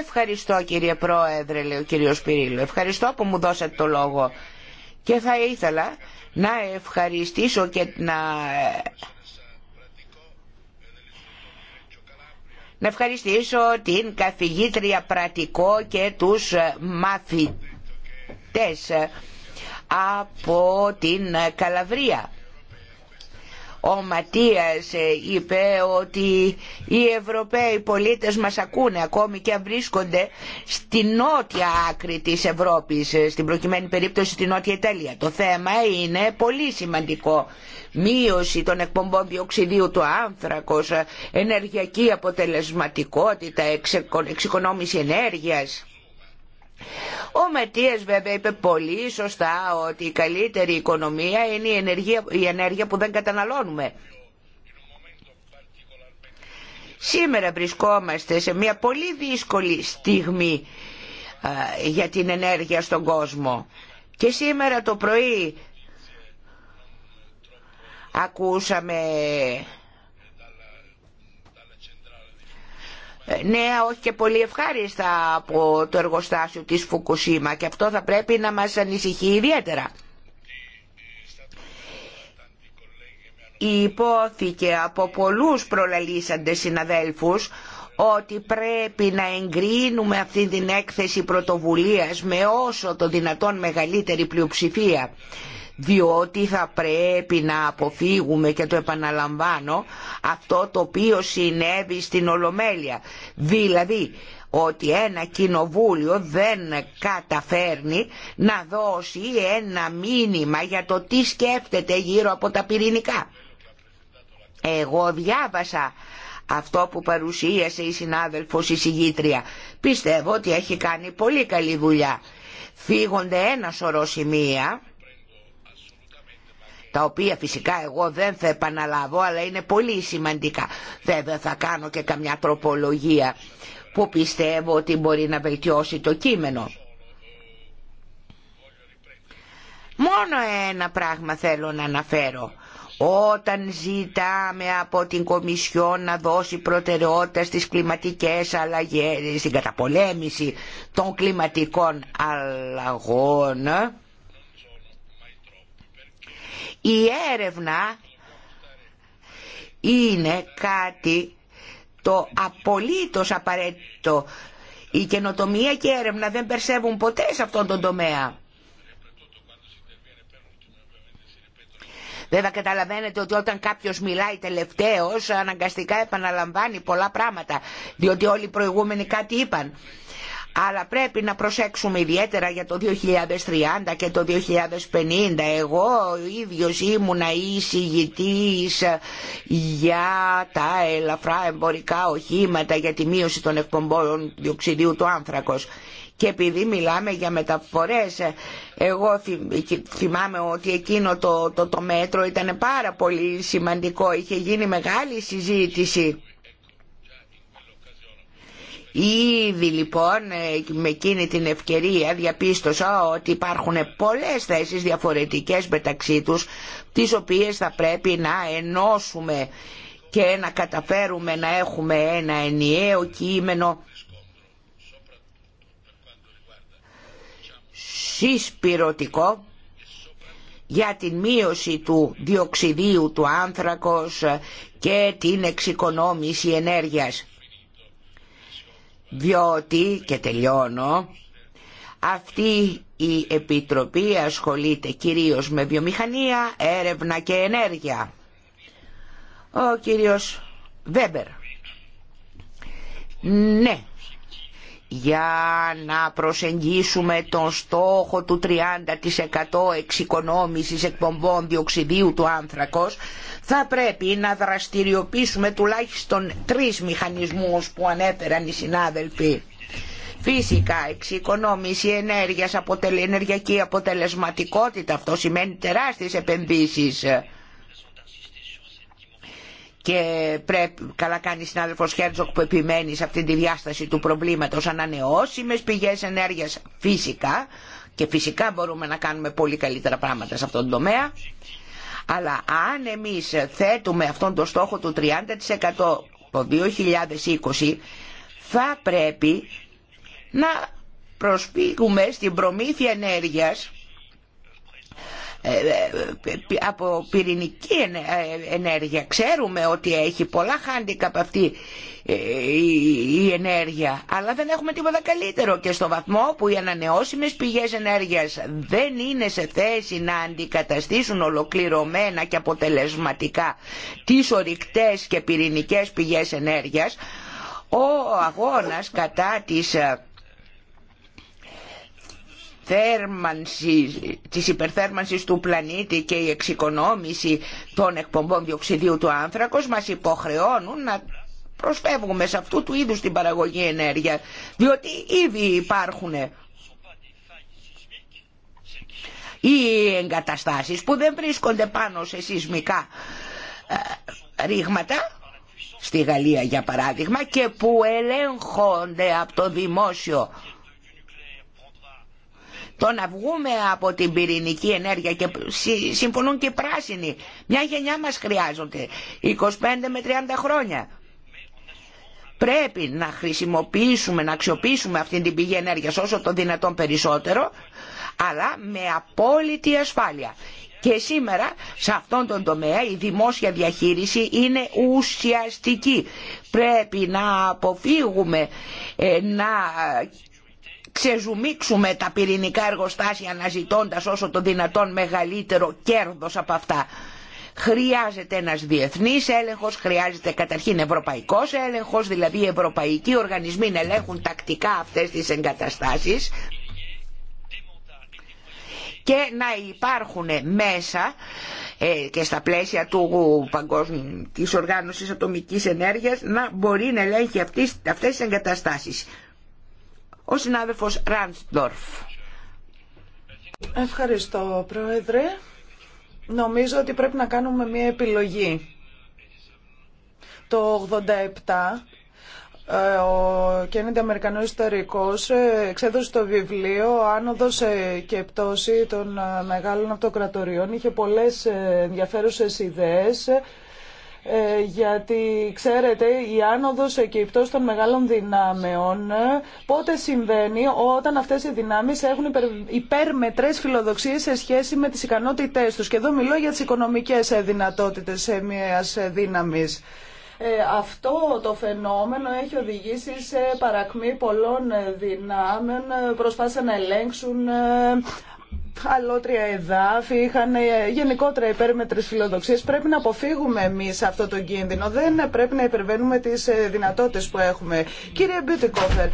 Ευχαριστώ κύριε Πρόεδρε, λέει ο κύριος Πυρίλο. Ευχαριστώ που μου δώσατε το λόγο. Και θα ήθελα να ευχαριστήσω και να... Να ευχαριστήσω την καθηγήτρια Πρατικό και τους μαθητές από την Καλαβρία. Ο Ματίας είπε ότι οι Ευρωπαίοι πολίτες μας ακούνε ακόμη και αν βρίσκονται στη νότια άκρη της Ευρώπης, στην προκειμένη περίπτωση στη νότια Ιταλία. Το θέμα είναι πολύ σημαντικό. Μείωση των εκπομπών διοξιδίου του άνθρακος, ενεργειακή αποτελεσματικότητα, εξοικονόμηση ενέργειας. Ο Ματίας βέβαια είπε πολύ σωστά ότι η καλύτερη οικονομία είναι η ενέργεια, η ενέργεια που δεν καταναλώνουμε. Σήμερα βρισκόμαστε σε μια πολύ δύσκολη στιγμή για την ενέργεια στον κόσμο. Και σήμερα το πρωί ακούσαμε νέα όχι και πολύ ευχάριστα από το εργοστάσιο της Φουκουσίμα και αυτό θα πρέπει να μας ανησυχεί ιδιαίτερα. Υπόθηκε από πολλούς προλαλήσαντες συναδέλφους ότι πρέπει να εγκρίνουμε αυτή την έκθεση πρωτοβουλίας με όσο το δυνατόν μεγαλύτερη πλειοψηφία διότι θα πρέπει να αποφύγουμε και το επαναλαμβάνω αυτό το οποίο συνέβη στην Ολομέλεια. Δηλαδή ότι ένα κοινοβούλιο δεν καταφέρνει να δώσει ένα μήνυμα για το τι σκέφτεται γύρω από τα πυρηνικά. Εγώ διάβασα αυτό που παρουσίασε η συνάδελφος η συγγήτρια. Πιστεύω ότι έχει κάνει πολύ καλή δουλειά. Φύγονται ένα σωρό σημεία τα οποία φυσικά εγώ δεν θα επαναλάβω αλλά είναι πολύ σημαντικά. Βέβαια θα κάνω και καμιά τροπολογία που πιστεύω ότι μπορεί να βελτιώσει το κείμενο. Μόνο ένα πράγμα θέλω να αναφέρω. Όταν ζητάμε από την Κομισιόν να δώσει προτεραιότητα στις κλιματικές αλλαγές, στην καταπολέμηση των κλιματικών αλλαγών, η έρευνα είναι κάτι το απολύτως απαραίτητο. Η καινοτομία και η έρευνα δεν περσεύουν ποτέ σε αυτόν τον τομέα. Βέβαια καταλαβαίνετε ότι όταν κάποιος μιλάει τελευταίος αναγκαστικά επαναλαμβάνει πολλά πράγματα διότι όλοι οι προηγούμενοι κάτι είπαν αλλά πρέπει να προσέξουμε ιδιαίτερα για το 2030 και το 2050. Εγώ ο ίδιος ήμουνα εισηγητής για τα ελαφρά εμπορικά οχήματα για τη μείωση των εκπομπών διοξιδίου του άνθρακος. Και επειδή μιλάμε για μεταφορές, εγώ θυμάμαι ότι εκείνο το, το, το μέτρο ήταν πάρα πολύ σημαντικό, είχε γίνει μεγάλη συζήτηση Ήδη λοιπόν ε, με εκείνη την ευκαιρία διαπίστωσα ότι υπάρχουν πολλές θέσεις διαφορετικές μεταξύ τους τις οποίες θα πρέπει να ενώσουμε και να καταφέρουμε να έχουμε ένα ενιαίο κείμενο συσπηρωτικό για την μείωση του διοξιδίου του άνθρακος και την εξοικονόμηση ενέργειας διότι και τελειώνω αυτή η Επιτροπή ασχολείται κυρίως με βιομηχανία, έρευνα και ενέργεια. Ο κύριος Βέμπερ. Ναι, για να προσεγγίσουμε τον στόχο του 30% εξοικονόμησης εκπομπών διοξιδίου του άνθρακος θα πρέπει να δραστηριοποιήσουμε τουλάχιστον τρεις μηχανισμούς που ανέφεραν οι συνάδελφοι. Φυσικά, εξοικονόμηση ενέργειας, ενεργειακή αποτελεσματικότητα, αυτό σημαίνει τεράστιες επενδύσεις και πρέπει, καλά κάνει η Χέρτζοκ που επιμένει σε αυτή τη διάσταση του προβλήματος ανανεώσιμες πηγές ενέργειας φυσικά και φυσικά μπορούμε να κάνουμε πολύ καλύτερα πράγματα σε αυτόν τον τομέα αλλά αν εμείς θέτουμε αυτόν τον στόχο του 30% το 2020 θα πρέπει να προσφύγουμε στην προμήθεια ενέργειας ε, ε, από πυρηνική ε, ενέργεια. Ξέρουμε ότι έχει πολλά από αυτή η ενέργεια, αλλά δεν έχουμε τίποτα καλύτερο και στο βαθμό που οι ανανεώσιμες πηγές ενέργειας δεν είναι σε θέση να αντικαταστήσουν ολοκληρωμένα και αποτελεσματικά τις ορυκτές και πυρηνικές πηγές ενέργειας, ο αγώνας κατά της θέρμανση, της υπερθέρμανσης του πλανήτη και η εξοικονόμηση των εκπομπών διοξιδίου του άνθρακος μας υποχρεώνουν να προσφεύγουμε σε αυτού του είδους την παραγωγή ενέργεια διότι ήδη υπάρχουν οι εγκαταστάσεις που δεν βρίσκονται πάνω σε σεισμικά ε, ρήγματα στη Γαλλία για παράδειγμα και που ελέγχονται από το δημόσιο το να βγούμε από την πυρηνική ενέργεια και συμφωνούν και οι πράσινοι. Μια γενιά μας χρειάζονται, 25 με 30 χρόνια. Πρέπει να χρησιμοποιήσουμε, να αξιοποιήσουμε αυτή την πηγή ενέργειας όσο το δυνατόν περισσότερο, αλλά με απόλυτη ασφάλεια. Και σήμερα σε αυτόν τον τομέα η δημόσια διαχείριση είναι ουσιαστική. Πρέπει να αποφύγουμε ε, να ξεζουμίξουμε τα πυρηνικά εργοστάσια αναζητώντας όσο το δυνατόν μεγαλύτερο κέρδος από αυτά. Χρειάζεται ένας διεθνής έλεγχος, χρειάζεται καταρχήν ευρωπαϊκός έλεγχος, δηλαδή οι ευρωπαϊκοί οργανισμοί να ελέγχουν τακτικά αυτές τις εγκαταστάσεις και να υπάρχουν μέσα ε, και στα πλαίσια του παγκόσμιου της οργάνωσης ατομικής ενέργειας να μπορεί να ελέγχει αυτές, αυτές τις εγκαταστάσεις ο συνάδελφος Ράνστορφ. Ευχαριστώ Πρόεδρε. Νομίζω ότι πρέπει να κάνουμε μια επιλογή. Το 87 ε, ο Κέννιντ Αμερικανός ιστορικός ε, εξέδωσε το βιβλίο «Άνοδος ε, και πτώση των μεγάλων αυτοκρατοριών». Είχε πολλές ενδιαφέρουσες ιδέες. Ε, γιατί ξέρετε η άνοδος και η πτώση των μεγάλων δυνάμεων ε, πότε συμβαίνει όταν αυτές οι δυνάμεις έχουν υπέρμετρες φιλοδοξίες σε σχέση με τις ικανότητές τους. Και εδώ μιλώ για τις οικονομικές ε, δυνατότητες μιας δύναμης. Αυτό το φαινόμενο έχει οδηγήσει σε παρακμή πολλών δυνάμεων, προσπάθησαν να ελέγξουν αλότρια εδάφη, είχαν ε, γενικότερα υπέρμετρε φιλοδοξίες. Πρέπει να αποφύγουμε εμείς αυτό το κίνδυνο. Δεν πρέπει να υπερβαίνουμε τις ε, δυνατότητες που έχουμε. Κύριε Μπιουτικόφερ, ε,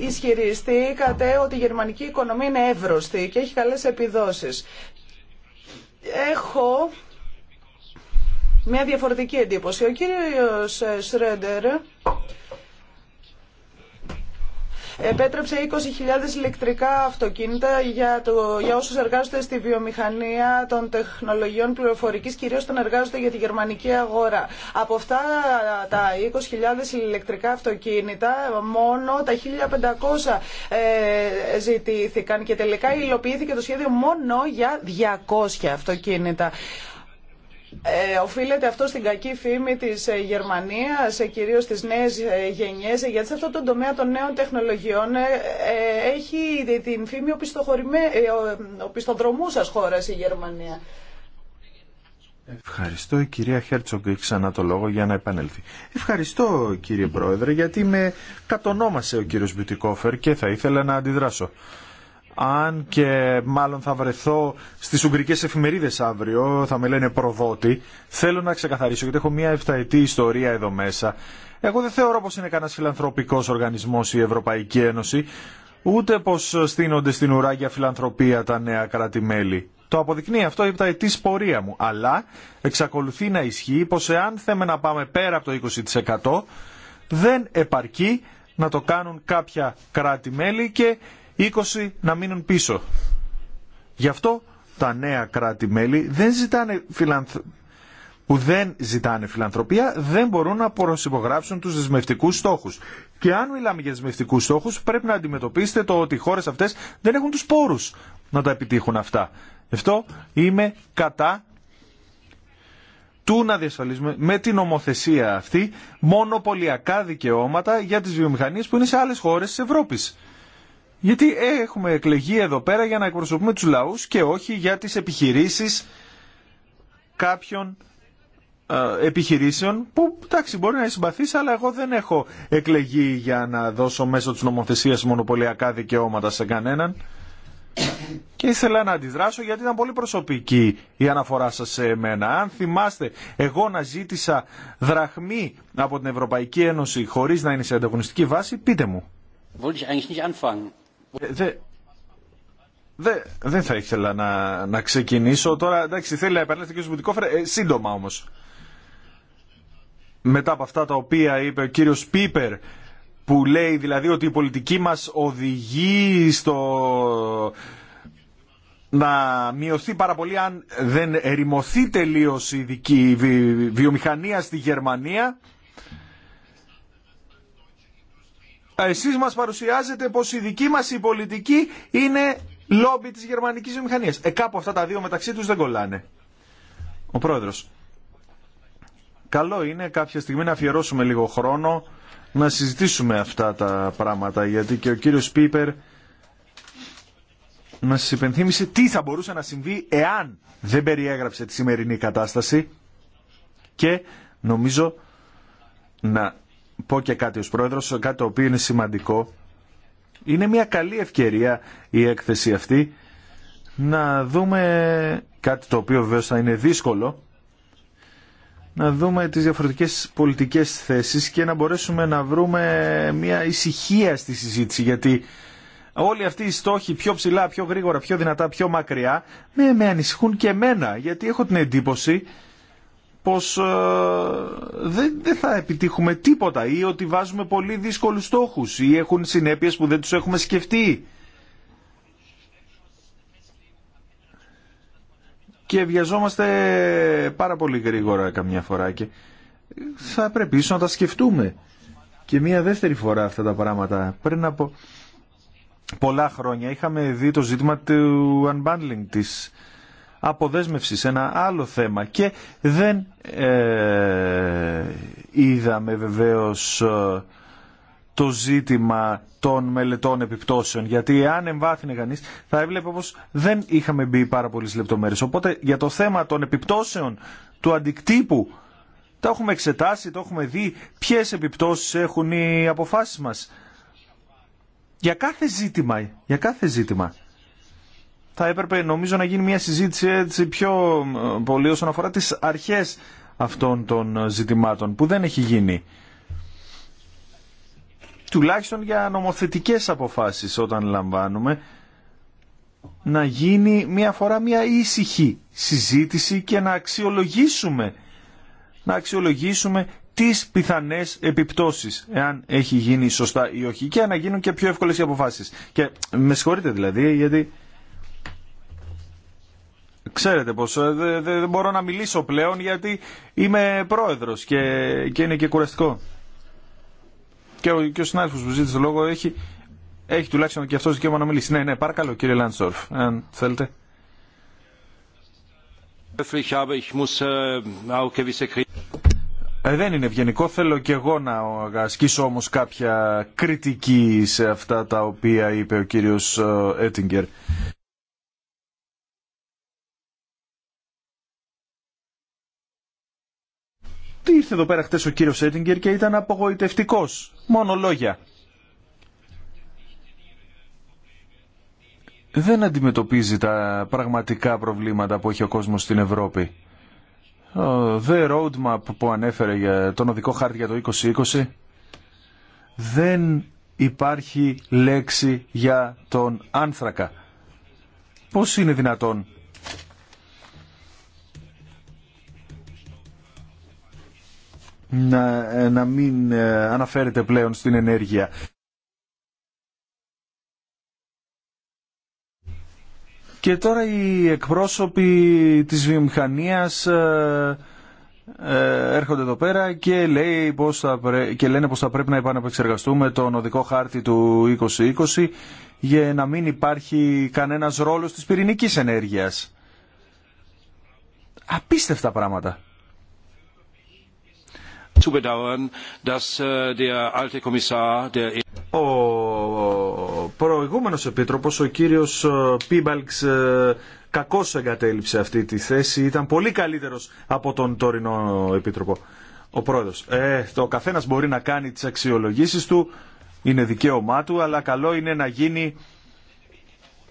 ισχυριστήκατε ότι η γερμανική οικονομία είναι εύρωστη και έχει καλές επιδόσεις. Έχω μια διαφορετική εντύπωση. Ο κύριος Σρέντερ επέτρεψε 20.000 ηλεκτρικά αυτοκίνητα για, το, για όσους εργάζονται στη βιομηχανία των τεχνολογιών πληροφορικής, κυρίως τον εργάζονται για τη γερμανική αγορά. Από αυτά τα 20.000 ηλεκτρικά αυτοκίνητα, μόνο τα 1.500 ε, ζητήθηκαν και τελικά υλοποιήθηκε το σχέδιο μόνο για 200 αυτοκίνητα. Ε, οφείλεται αυτό στην κακή φήμη της ε, Γερμανίας, ε, κυρίως στις νέες γενιές, γιατί σε αυτό το τομέα των νέων τεχνολογιών έχει την φήμη σας χώρας η Γερμανία. Ευχαριστώ η κυρία Χέρτσογκ ξανά το λόγο για να επανέλθει. Ευχαριστώ κύριε Πρόεδρε γιατί με κατονόμασε ο κύριος Μπιουτικόφερ και θα ήθελα να αντιδράσω αν και μάλλον θα βρεθώ στις ουγγρικές εφημερίδες αύριο, θα με λένε προδότη, θέλω να ξεκαθαρίσω, γιατί έχω μια εφταετή ιστορία εδώ μέσα. Εγώ δεν θεωρώ πως είναι κανένας φιλανθρωπικός οργανισμός η Ευρωπαϊκή Ένωση, ούτε πως στείνονται στην ουρά για φιλανθρωπία τα νέα Το αποδεικνύει αυτό η επταετής πορεία μου, αλλά εξακολουθεί να ισχύει πως εάν θέμε να πάμε πέρα από το 20% δεν επαρκεί να το κάνουν κάποια κράτη-μέλη και 20 να μείνουν πίσω. Γι' αυτό τα νέα κράτη-μέλη δεν ζητάνε φιλανθ... που δεν ζητάνε φιλανθρωπία δεν μπορούν να προσυπογράψουν τους δεσμευτικούς στόχους. Και αν μιλάμε για δεσμευτικούς στόχους πρέπει να αντιμετωπίσετε το ότι οι χώρες αυτές δεν έχουν τους πόρους να τα επιτύχουν αυτά. Γι' αυτό είμαι κατά του να διασφαλίσουμε με την νομοθεσία αυτή μονοπωλιακά δικαιώματα για τις βιομηχανίες που είναι σε άλλες χώρες της Ευρώπης. Γιατί έχουμε εκλεγεί εδώ πέρα για να εκπροσωπούμε τους λαούς και όχι για τις επιχειρήσεις κάποιων ε, επιχειρήσεων που εντάξει μπορεί να είναι αλλά εγώ δεν έχω εκλεγεί για να δώσω μέσω της νομοθεσίας μονοπωλιακά δικαιώματα σε κανέναν και ήθελα να αντιδράσω γιατί ήταν πολύ προσωπική η αναφορά σας σε εμένα. Αν θυμάστε, εγώ να ζήτησα δραχμή από την Ευρωπαϊκή Ένωση χωρίς να είναι σε ανταγωνιστική βάση, πείτε μου. Δεν δε, θα ήθελα να, να ξεκινήσω. Τώρα εντάξει θέλει να επανέλθει ο κ. Μπουτικόφερ. Ε, σύντομα όμως. Μετά από αυτά τα οποία είπε ο κύριος Πίπερ που λέει δηλαδή ότι η πολιτική μας οδηγεί στο να μειωθεί πάρα πολύ αν δεν ερημωθεί τελείως η, δική, βιομηχανία στη Γερμανία εσείς μας παρουσιάζετε πως η δική μας η πολιτική είναι λόμπι της γερμανικής βιομηχανίας. Ε, κάπου αυτά τα δύο μεταξύ τους δεν κολλάνε. Ο πρόεδρος. Καλό είναι κάποια στιγμή να αφιερώσουμε λίγο χρόνο να συζητήσουμε αυτά τα πράγματα γιατί και ο κύριος Πίπερ να σας υπενθύμησε τι θα μπορούσε να συμβεί εάν δεν περιέγραψε τη σημερινή κατάσταση και νομίζω να πω και κάτι ως πρόεδρος, κάτι το οποίο είναι σημαντικό. Είναι μια καλή ευκαιρία η έκθεση αυτή να δούμε κάτι το οποίο βέβαια θα είναι δύσκολο, να δούμε τις διαφορετικές πολιτικές θέσεις και να μπορέσουμε να βρούμε μια ησυχία στη συζήτηση γιατί όλοι αυτοί οι στόχοι πιο ψηλά, πιο γρήγορα, πιο δυνατά, πιο μακριά με, ναι, με ανησυχούν και εμένα γιατί έχω την εντύπωση πως ε, δεν, θα επιτύχουμε τίποτα ή ότι βάζουμε πολύ δύσκολους στόχους ή έχουν συνέπειες που δεν τους έχουμε σκεφτεί. Και βιαζόμαστε πάρα πολύ γρήγορα καμιά φορά και θα πρέπει ίσως να τα σκεφτούμε. Και μία δεύτερη φορά αυτά τα πράγματα. Πριν από πολλά χρόνια είχαμε δει το ζήτημα του unbundling της αποδέσμευση σε ένα άλλο θέμα και δεν ε, είδαμε βεβαίως ε, το ζήτημα των μελετών επιπτώσεων. Γιατί αν εμβάθυνε κανείς θα έβλεπε πω δεν είχαμε μπει πάρα πολλές λεπτομέρειε. Οπότε για το θέμα των επιπτώσεων του αντικτύπου, τα έχουμε εξετάσει, το έχουμε δει, ποιε επιπτώσεις έχουν οι αποφάσεις μας. Για κάθε ζήτημα, για κάθε ζήτημα θα έπρεπε νομίζω να γίνει μια συζήτηση έτσι πιο πολύ όσον αφορά τις αρχές αυτών των ε, ζητημάτων που δεν έχει γίνει. Τουλάχιστον για νομοθετικές αποφάσεις όταν λαμβάνουμε να γίνει μια φορά μια ήσυχη συζήτηση και να αξιολογήσουμε να αξιολογήσουμε τις πιθανές επιπτώσεις εάν έχει γίνει σωστά ή όχι και να γίνουν και πιο εύκολες οι αποφάσεις. Και με συγχωρείτε δηλαδή γιατί Ξέρετε πως ε, δεν μπορώ να μιλήσω πλέον γιατί είμαι πρόεδρος και, και είναι και κουραστικό. Και ο, και ο συνάδελφος που ζήτησε λόγο έχει, έχει τουλάχιστον και αυτός δικαίωμα να μιλήσει. Ναι, ναι, παρακαλώ κύριε Λάντσορφ, αν θέλετε. Äh, ε, δεν είναι ευγενικό, θέλω και εγώ να ασκήσω όμως κάποια κριτική σε αυτά τα οποία είπε ο κύριος Έτιγκερ. Τι ήρθε εδώ πέρα χτες ο κύριος Έτιγκερ και ήταν απογοητευτικός. Μόνο λόγια. Δεν αντιμετωπίζει τα πραγματικά προβλήματα που έχει ο κόσμος στην Ευρώπη. The roadmap που ανέφερε για τον οδικό χάρτη για το 2020 δεν υπάρχει λέξη για τον άνθρακα. Πώς είναι δυνατόν να, ε, να μην ε, αναφέρεται πλέον στην ενέργεια. Και τώρα οι εκπρόσωποι της βιομηχανίας ε, έρχονται εδώ πέρα και, λέει πώς θα πρέ... και λένε πως και λενε πως θα πρεπει να επαναπεξεργαστούμε τον οδικό χάρτη του 2020 για να μην υπάρχει κανένας ρόλος της πυρηνικής ενέργειας. Απίστευτα πράγματα zu bedauern, dass äh, der alte Kommissar, der ο προηγούμενος επίτροπος, ο κύριος ε, Πίμπαλξ, ε, κακώς εγκατέλειψε αυτή τη θέση. Ήταν πολύ καλύτερος από τον τωρινό επίτροπο, ο πρόεδρος. Ε, το καθένας μπορεί να κάνει τις αξιολογήσεις του, είναι δικαίωμά του, αλλά καλό είναι να γίνει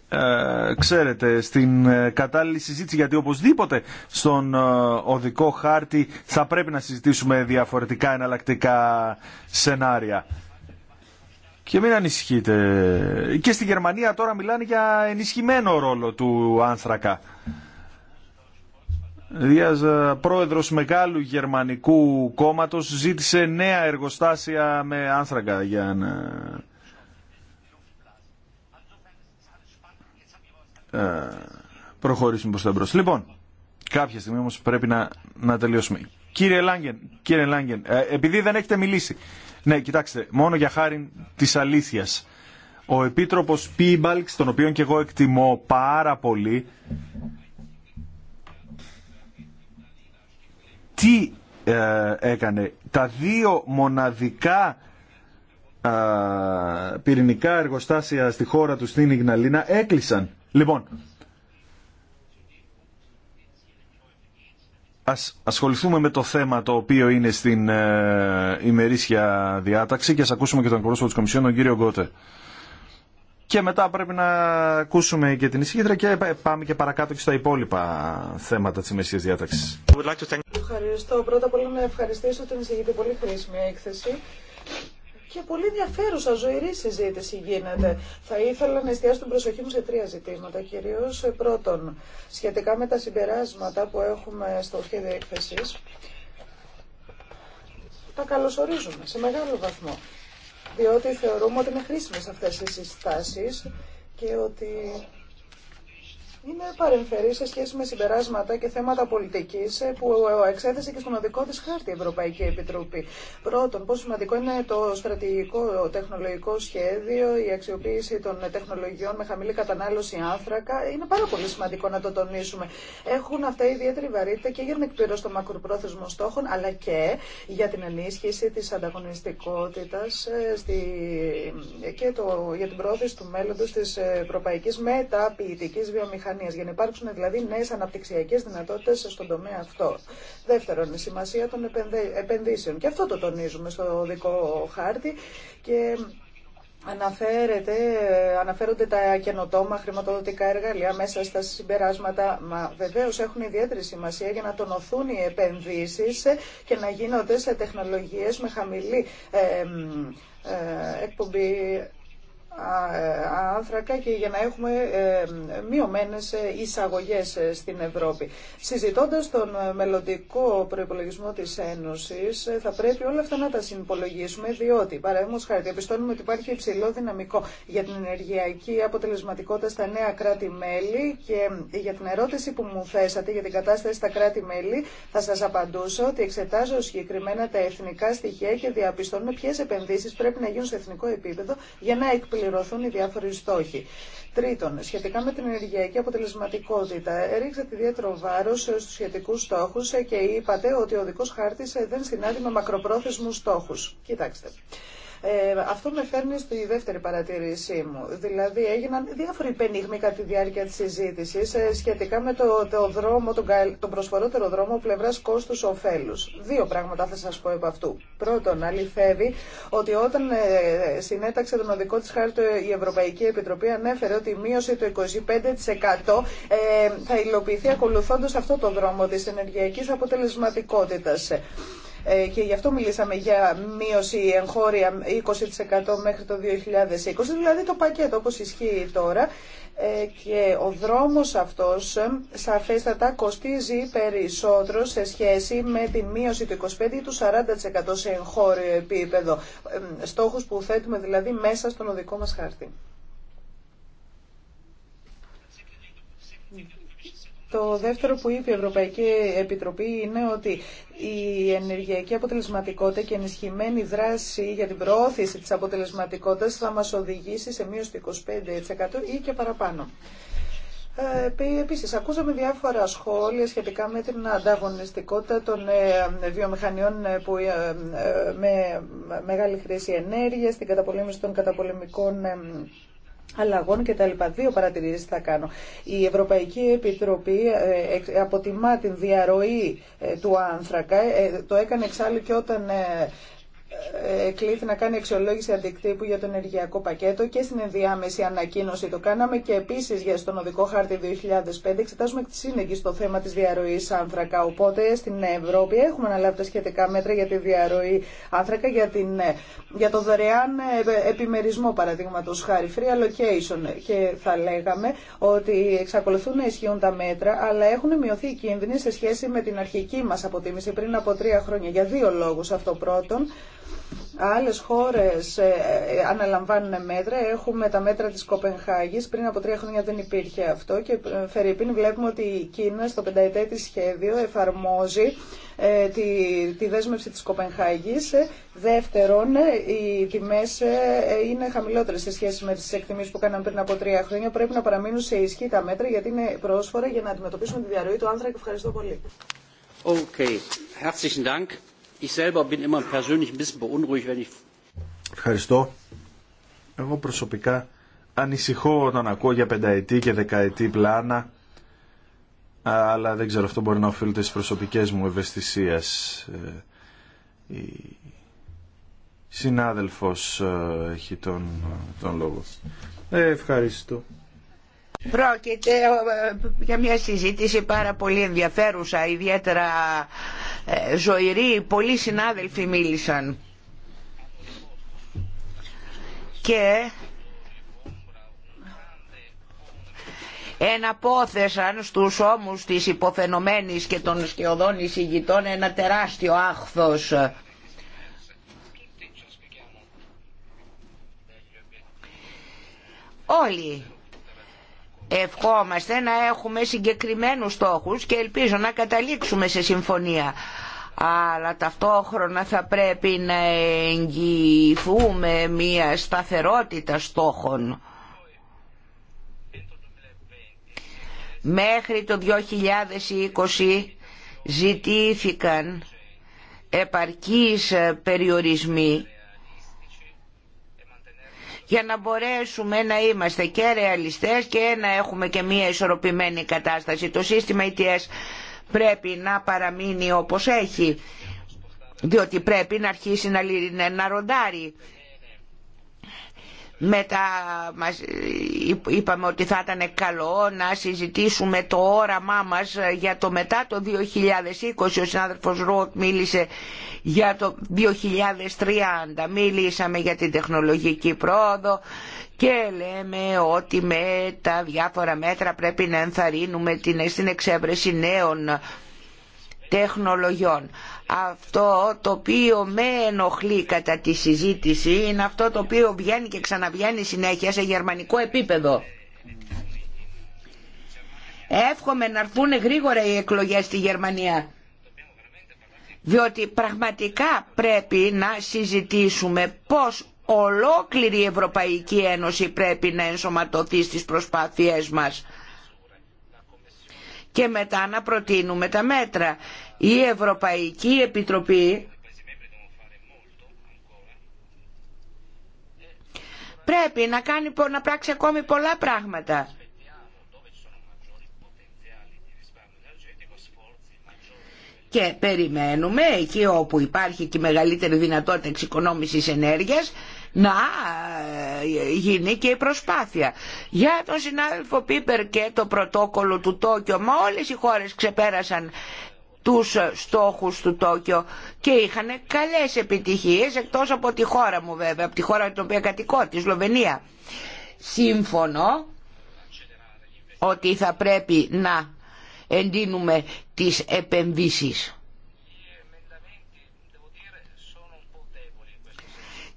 ε, ξέρετε, στην ε, κατάλληλη συζήτηση, γιατί οπωσδήποτε στον ε, οδικό χάρτη θα πρέπει να συζητήσουμε διαφορετικά εναλλακτικά σενάρια. Και μην ανησυχείτε. Και στη Γερμανία τώρα μιλάνε για ενισχυμένο ρόλο του άνθρακα. Δίας, πρόεδρος μεγάλου γερμανικού κόμματος, ζήτησε νέα εργοστάσια με άνθρακα για να Ε, προχωρήσουμε προς τα μπρος. Λοιπόν, κάποια στιγμή όμως πρέπει να, να τελειώσουμε. Κύριε Λάγκεν, κύριε Λάγκεν ε, επειδή δεν έχετε μιλήσει. Ναι, κοιτάξτε, μόνο για χάρη της αλήθειας. Ο Επίτροπος Πίμπαλξ, τον οποίο και εγώ εκτιμώ πάρα πολύ, τι ε, έκανε. Τα δύο μοναδικά πυρηνικά εργοστάσια στη χώρα του στην Ιγναλίνα έκλεισαν. Λοιπόν, ας ασχοληθούμε με το θέμα το οποίο είναι στην ε, ημερήσια διάταξη και ας ακούσουμε και τον εκπρόσωπο της Κομισιόν, τον κύριο Γκότε. Και μετά πρέπει να ακούσουμε και την εισηγήτρια και πάμε και παρακάτω και στα υπόλοιπα θέματα της ημερησίας διάταξης. Ευχαριστώ. Πρώτα απ' όλα να ευχαριστήσω την εισηγήτη πολύ χρήσιμη έκθεση και πολύ ενδιαφέρουσα ζωηρή συζήτηση γίνεται. Θα ήθελα να εστιάσω την προσοχή μου σε τρία ζητήματα. Κυρίω ε, πρώτον, σχετικά με τα συμπεράσματα που έχουμε στο σχέδιο έκθεση. Τα καλωσορίζουμε σε μεγάλο βαθμό. Διότι θεωρούμε ότι είναι χρήσιμε αυτέ οι συστάσει και ότι είναι παρεμφερή σε σχέση με συμπεράσματα και θέματα πολιτική ε, που εξέθεσε και στον οδικό τη χάρτη η Ευρωπαϊκή Επιτροπή. Πρώτον, πόσο σημαντικό είναι το στρατηγικό τεχνολογικό σχέδιο, η αξιοποίηση των τεχνολογιών με χαμηλή κατανάλωση άνθρακα. Είναι πάρα πολύ σημαντικό να το τονίσουμε. Έχουν αυτά ιδιαίτερη βαρύτητα και για την εκπλήρωση των μακροπρόθεσμων στόχων, αλλά και για την ενίσχυση τη ανταγωνιστικότητα ε, στη... και το... για την πρόθεση του μέλλοντο τη ευρωπαϊκή μεταποιητική βιομηχανία για να υπάρξουν δηλαδή νέε αναπτυξιακέ δυνατότητε στον τομέα αυτό. Δεύτερον, η σημασία των επενδύσεων. Και αυτό το τονίζουμε στο δικό χάρτη και αναφέρονται τα καινοτόμα χρηματοδοτικά εργαλεία μέσα στα συμπεράσματα, μα βεβαίω έχουν ιδιαίτερη σημασία για να τονωθούν οι επενδύσει και να γίνονται σε τεχνολογίε με χαμηλή ε, ε, ε εκπομπή ε, άνθρακα και για να έχουμε ε, μειωμένες ε, εισαγωγές στην Ευρώπη. Συζητώντας τον μελλοντικό προϋπολογισμό της Ένωσης θα πρέπει όλα αυτά να τα συμπολογίσουμε διότι παραδείγματος χάρη διαπιστώνουμε ότι υπάρχει υψηλό δυναμικό για την ενεργειακή αποτελεσματικότητα στα νέα κράτη-μέλη και για την ερώτηση που μου θέσατε για την κατάσταση στα κράτη-μέλη θα σας απαντούσα ότι εξετάζω συγκεκριμένα τα εθνικά στοιχεία και διαπιστώνουμε ποιε επενδύσει πρέπει να γίνουν σε εθνικό επίπεδο για να εκπληρώσουμε ολοκληρωθούν οι διάφοροι στόχοι. Τρίτον, σχετικά με την ενεργειακή αποτελεσματικότητα, ρίξατε ιδιαίτερο βάρο στου σχετικού στόχου και είπατε ότι ο δικό χάρτη δεν συνάδει με μακροπρόθεσμου στόχου. Κοιτάξτε. Ε, αυτό με φέρνει στη δεύτερη παρατήρησή μου. Δηλαδή έγιναν διάφοροι πενιγμοί κατά τη διάρκεια της συζήτησης ε, σχετικά με το, το δρόμο, τον, τον προσφορότερο δρόμο πλευρά κόστου κόστου-οφέλου. Δύο πράγματα θα σα πω από αυτού. Πρώτον, αληθεύει ότι όταν ε, συνέταξε τον οδικό τη χάρτη η Ευρωπαϊκή Επιτροπή ανέφερε ότι η μείωση του 25% θα υλοποιηθεί ακολουθώντα αυτό το δρόμο τη ενεργειακή αποτελεσματικότητα. Ε, και γι' αυτό μιλήσαμε για μείωση εγχώρια 20% μέχρι το 2020, δηλαδή το πακέτο όπως ισχύει τώρα ε, και ο δρόμος αυτός ε, σαφέστατα κοστίζει περισσότερο σε σχέση με τη μείωση του 25% ή του 40% σε εγχώριο επίπεδο. Στόχους που θέτουμε δηλαδή μέσα στον οδικό μας χάρτη. Το δεύτερο που είπε η Ευρωπαϊκή Επιτροπή είναι ότι η ενεργειακή αποτελεσματικότητα και ενισχυμένη δράση για την προώθηση της αποτελεσματικότητας θα μας οδηγήσει σε μείωση του 25% ή και παραπάνω. Ε, επίσης, ακούσαμε διάφορα σχόλια σχετικά με την ανταγωνιστικότητα των ε, βιομηχανιών ε, που, με μεγάλη χρήση ενέργειας, την καταπολέμηση των καταπολεμικών αλλαγών κτλ. Δύο παρατηρήσεις θα κάνω. Η Ευρωπαϊκή Επιτροπή ε, αποτιμά την διαρροή ε, του άνθρακα. Ε, το έκανε εξάλλου και όταν κλείθη να κάνει αξιολόγηση αντικτύπου για το ενεργειακό πακέτο και στην ενδιάμεση ανακοίνωση το κάναμε και επίση για στον οδικό χάρτη 2005 εξετάζουμε εκ τη σύνεγγυ στο θέμα τη διαρροή άνθρακα. Οπότε στην Ευρώπη έχουμε αναλάβει τα σχετικά μέτρα για τη διαρροή άνθρακα για, την, ε, για το δωρεάν ε, επιμερισμό παραδείγματο χάρη free allocation και θα λέγαμε ότι εξακολουθούν να ισχύουν τα μέτρα αλλά έχουν μειωθεί οι κίνδυνοι σε σχέση με την αρχική μα αποτίμηση πριν από τρία χρόνια για δύο λόγου αυτό πρώτον Άλλες χώρες ε, ε, αναλαμβάνουν μέτρα. Έχουμε τα μέτρα της Κοπενχάγης. Πριν από τρία χρόνια δεν υπήρχε αυτό και ε, φερειπίν βλέπουμε ότι η Κίνα στο πενταετέ σχέδιο εφαρμόζει τη, τη δέσμευση της Κοπενχάγης. Δεύτερον, οι τιμές είναι χαμηλότερες σε σχέση με τις εκτιμήσεις που κάναμε πριν από τρία χρόνια. Πρέπει να παραμείνουν σε ισχύ τα μέτρα γιατί είναι πρόσφορα για να αντιμετωπίσουμε τη διαρροή του άνθρακα. Ευχαριστώ πολύ. Okay. Ich Ευχαριστώ. Εγώ προσωπικά ανησυχώ όταν ακούω για πενταετή και δεκαετή πλάνα αλλά δεν ξέρω αυτό μπορεί να οφείλεται στι προσωπικές μου ευαισθησίες. Ε, η συνάδελφος ε, έχει τον, τον λόγο. Ε, ευχαριστώ. Πρόκειται ε, για μια συζήτηση πάρα πολύ ενδιαφέρουσα, ιδιαίτερα ε, ζωηρή. Πολλοί συνάδελφοι μίλησαν. Και εναπόθεσαν στους ώμους της υποφαινομένης και των σκιωδών εισηγητών ένα τεράστιο άχθος. Όλοι Ευχόμαστε να έχουμε συγκεκριμένους στόχους και ελπίζω να καταλήξουμε σε συμφωνία. Αλλά ταυτόχρονα θα πρέπει να εγγυηθούμε μια σταθερότητα στόχων. Μέχρι το 2020 ζητήθηκαν επαρκείς περιορισμοί για να μπορέσουμε να είμαστε και ρεαλιστές και να έχουμε και μια ισορροπημένη κατάσταση. Το σύστημα ETS πρέπει να παραμείνει όπως έχει, διότι πρέπει να αρχίσει να, να ροντάρει μετά μας είπαμε ότι θα ήταν καλό να συζητήσουμε το όραμά μας για το μετά το 2020. Ο συνάδελφος Ροκ μίλησε για το 2030. Μίλησαμε για την τεχνολογική πρόοδο και λέμε ότι με τα διάφορα μέτρα πρέπει να ενθαρρύνουμε την, στην εξέβρεση νέων τεχνολογιών. Αυτό το οποίο με ενοχλεί κατά τη συζήτηση είναι αυτό το οποίο βγαίνει και ξαναβγαίνει συνέχεια σε γερμανικό επίπεδο. Εύχομαι να έρθουν γρήγορα οι εκλογές στη Γερμανία. Διότι πραγματικά πρέπει να συζητήσουμε πώς ολόκληρη η Ευρωπαϊκή Ένωση πρέπει να ενσωματωθεί στις προσπάθειές μας και μετά να προτείνουμε τα μέτρα. Η Ευρωπαϊκή Επιτροπή πρέπει να, κάνει, να πράξει ακόμη πολλά πράγματα. Και περιμένουμε εκεί όπου υπάρχει και μεγαλύτερη δυνατότητα εξοικονόμησης ενέργειας να ε, γίνει και η προσπάθεια. Για τον συνάδελφο Πίπερ και το πρωτόκολλο του Τόκιο, μα όλες οι χώρες ξεπέρασαν τους στόχους του Τόκιο και είχαν καλές επιτυχίες εκτός από τη χώρα μου βέβαια, από τη χώρα την οποία κατοικώ, τη Σλοβενία. Σύμφωνο ότι θα πρέπει να εντείνουμε τις επενδύσεις.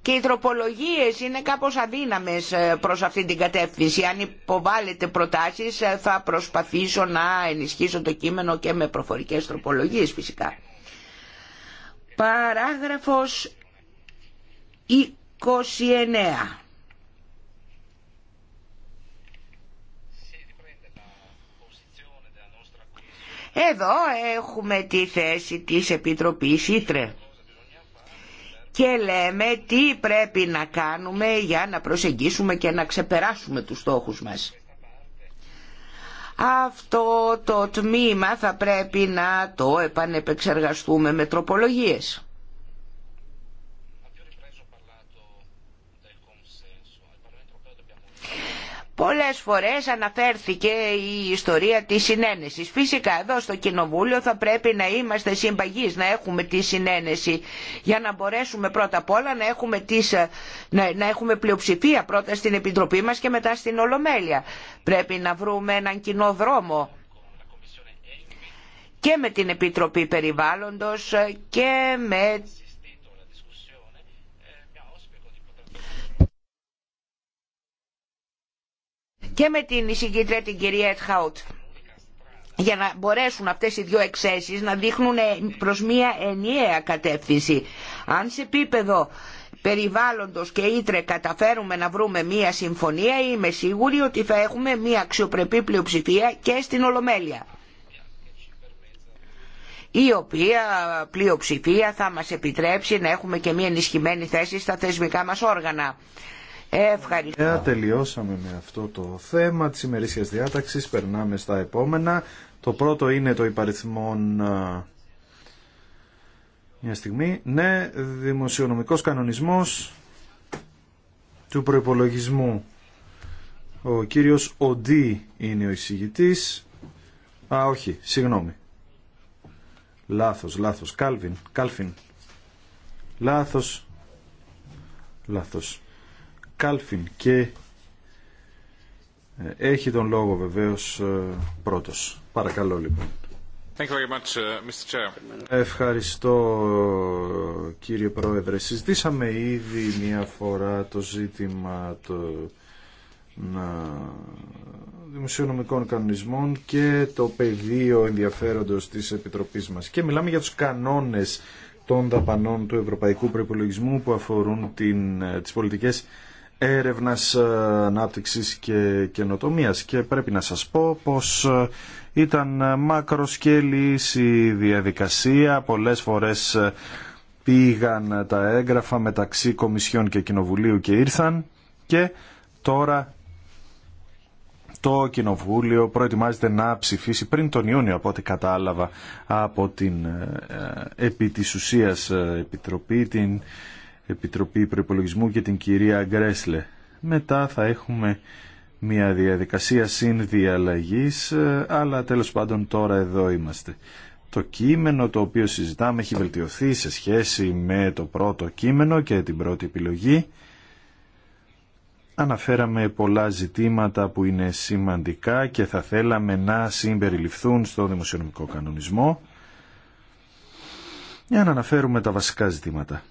και οι τροπολογίες είναι κάπως αδύναμες ε, προς αυτή την κατεύθυνση. Αν υποβάλλετε προτάσεις ε, θα προσπαθήσω να ενισχύσω το κείμενο και με προφορικές τροπολογίες φυσικά. Παράγραφος 29. Εδώ έχουμε τη θέση της Επιτροπής Ήτρε και λέμε τι πρέπει να κάνουμε για να προσεγγίσουμε και να ξεπεράσουμε τους στόχους μας. Αυτό το τμήμα θα πρέπει να το επανεπεξεργαστούμε με τροπολογίες. Πολλές φορές αναφέρθηκε η ιστορία της συνένεσης. Φυσικά εδώ στο Κοινοβούλιο θα πρέπει να είμαστε συμπαγείς, να έχουμε τη συνένεση για να μπορέσουμε πρώτα απ' όλα να έχουμε, τις, να, έχουμε πλειοψηφία πρώτα στην Επιτροπή μας και μετά στην Ολομέλεια. Πρέπει να βρούμε έναν κοινό δρόμο και με την Επιτροπή Περιβάλλοντος και με και με την εισηγήτρια την κυρία Ετχαούτ για να μπορέσουν αυτές οι δύο εξέσεις να δείχνουν ε, προς μία ενιαία κατεύθυνση. Αν σε επίπεδο περιβάλλοντος και ήτρε καταφέρουμε να βρούμε μία συμφωνία είμαι σίγουρη ότι θα έχουμε μία αξιοπρεπή πλειοψηφία και στην Ολομέλεια η οποία πλειοψηφία θα μας επιτρέψει να έχουμε και μία ενισχυμένη θέση στα θεσμικά μας όργανα. Ευχαριστώ. Τελειώσαμε με αυτό το θέμα της ημερήσιας διάταξης. Περνάμε στα επόμενα. Το πρώτο είναι το υπαριθμόν... Μια στιγμή. Ναι, δημοσιονομικός κανονισμός του προϋπολογισμού. Ο κύριος Οντί είναι ο εισηγητής. Α, όχι, συγγνώμη. Λάθος, λάθος. Κάλβιν, Κάλφιν. Λάθος, λάθος. Κάλφιν και ε, έχει τον λόγο βεβαίως ε, πρώτος. Παρακαλώ λοιπόν. Thank you very much, uh, Mr. Chair. Ευχαριστώ κύριε Πρόεδρε. Συζητήσαμε ήδη μια φορά το ζήτημα του δημοσιονομικών κανονισμών και το πεδίο ενδιαφέροντος της Επιτροπής μας. Και μιλάμε για τους κανόνες των δαπανών του Ευρωπαϊκού Προϋπολογισμού που αφορούν την, ε, τις πολιτικές έρευνας, ε, ανάπτυξης και καινοτομίας και πρέπει να σας πω πως ε, ήταν μακροσκελής η διαδικασία, πολλές φορές ε, πήγαν τα έγγραφα μεταξύ Κομισιών και Κοινοβουλίου και ήρθαν και τώρα το Κοινοβούλιο προετοιμάζεται να ψηφίσει πριν τον Ιούνιο από ό,τι κατάλαβα από την επί της ουσίας, Επιτροπή την Επιτροπή Προπολογισμού και την κυρία Γκρέσλε. Μετά θα έχουμε μια διαδικασία συνδιαλλαγής, ε, αλλά τέλος πάντων τώρα εδώ είμαστε. Το κείμενο το οποίο συζητάμε έχει βελτιωθεί σε σχέση με το πρώτο κείμενο και την πρώτη επιλογή. Αναφέραμε πολλά ζητήματα που είναι σημαντικά και θα θέλαμε να συμπεριληφθούν στο δημοσιονομικό κανονισμό για να αναφέρουμε τα βασικά ζητήματα.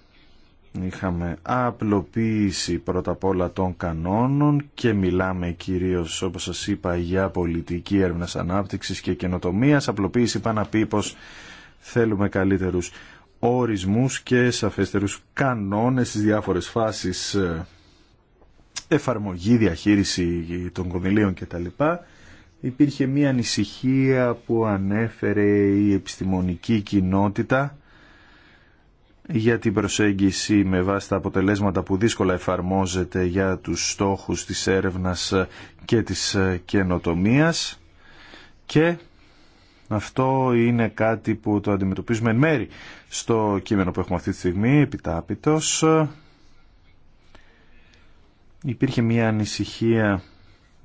Είχαμε απλοποίηση πρώτα απ' όλα των κανόνων και μιλάμε κυρίως όπως σας είπα για πολιτική έρευνα ανάπτυξης και καινοτομίας. Απλοποίηση είπα να πει πως θέλουμε καλύτερους ορισμούς και σαφέστερους κανόνες στις διάφορες φάσεις ε, εφαρμογή, διαχείριση των κονδυλίων κτλ. Υπήρχε μία ανησυχία που ανέφερε η επιστημονική κοινότητα για την προσέγγιση με βάση τα αποτελέσματα που δύσκολα εφαρμόζεται για τους στόχους της έρευνας και της καινοτομίας και αυτό είναι κάτι που το αντιμετωπίζουμε εν μέρη στο κείμενο που έχουμε αυτή τη στιγμή, επιτάπητος. Υπήρχε μια ανησυχία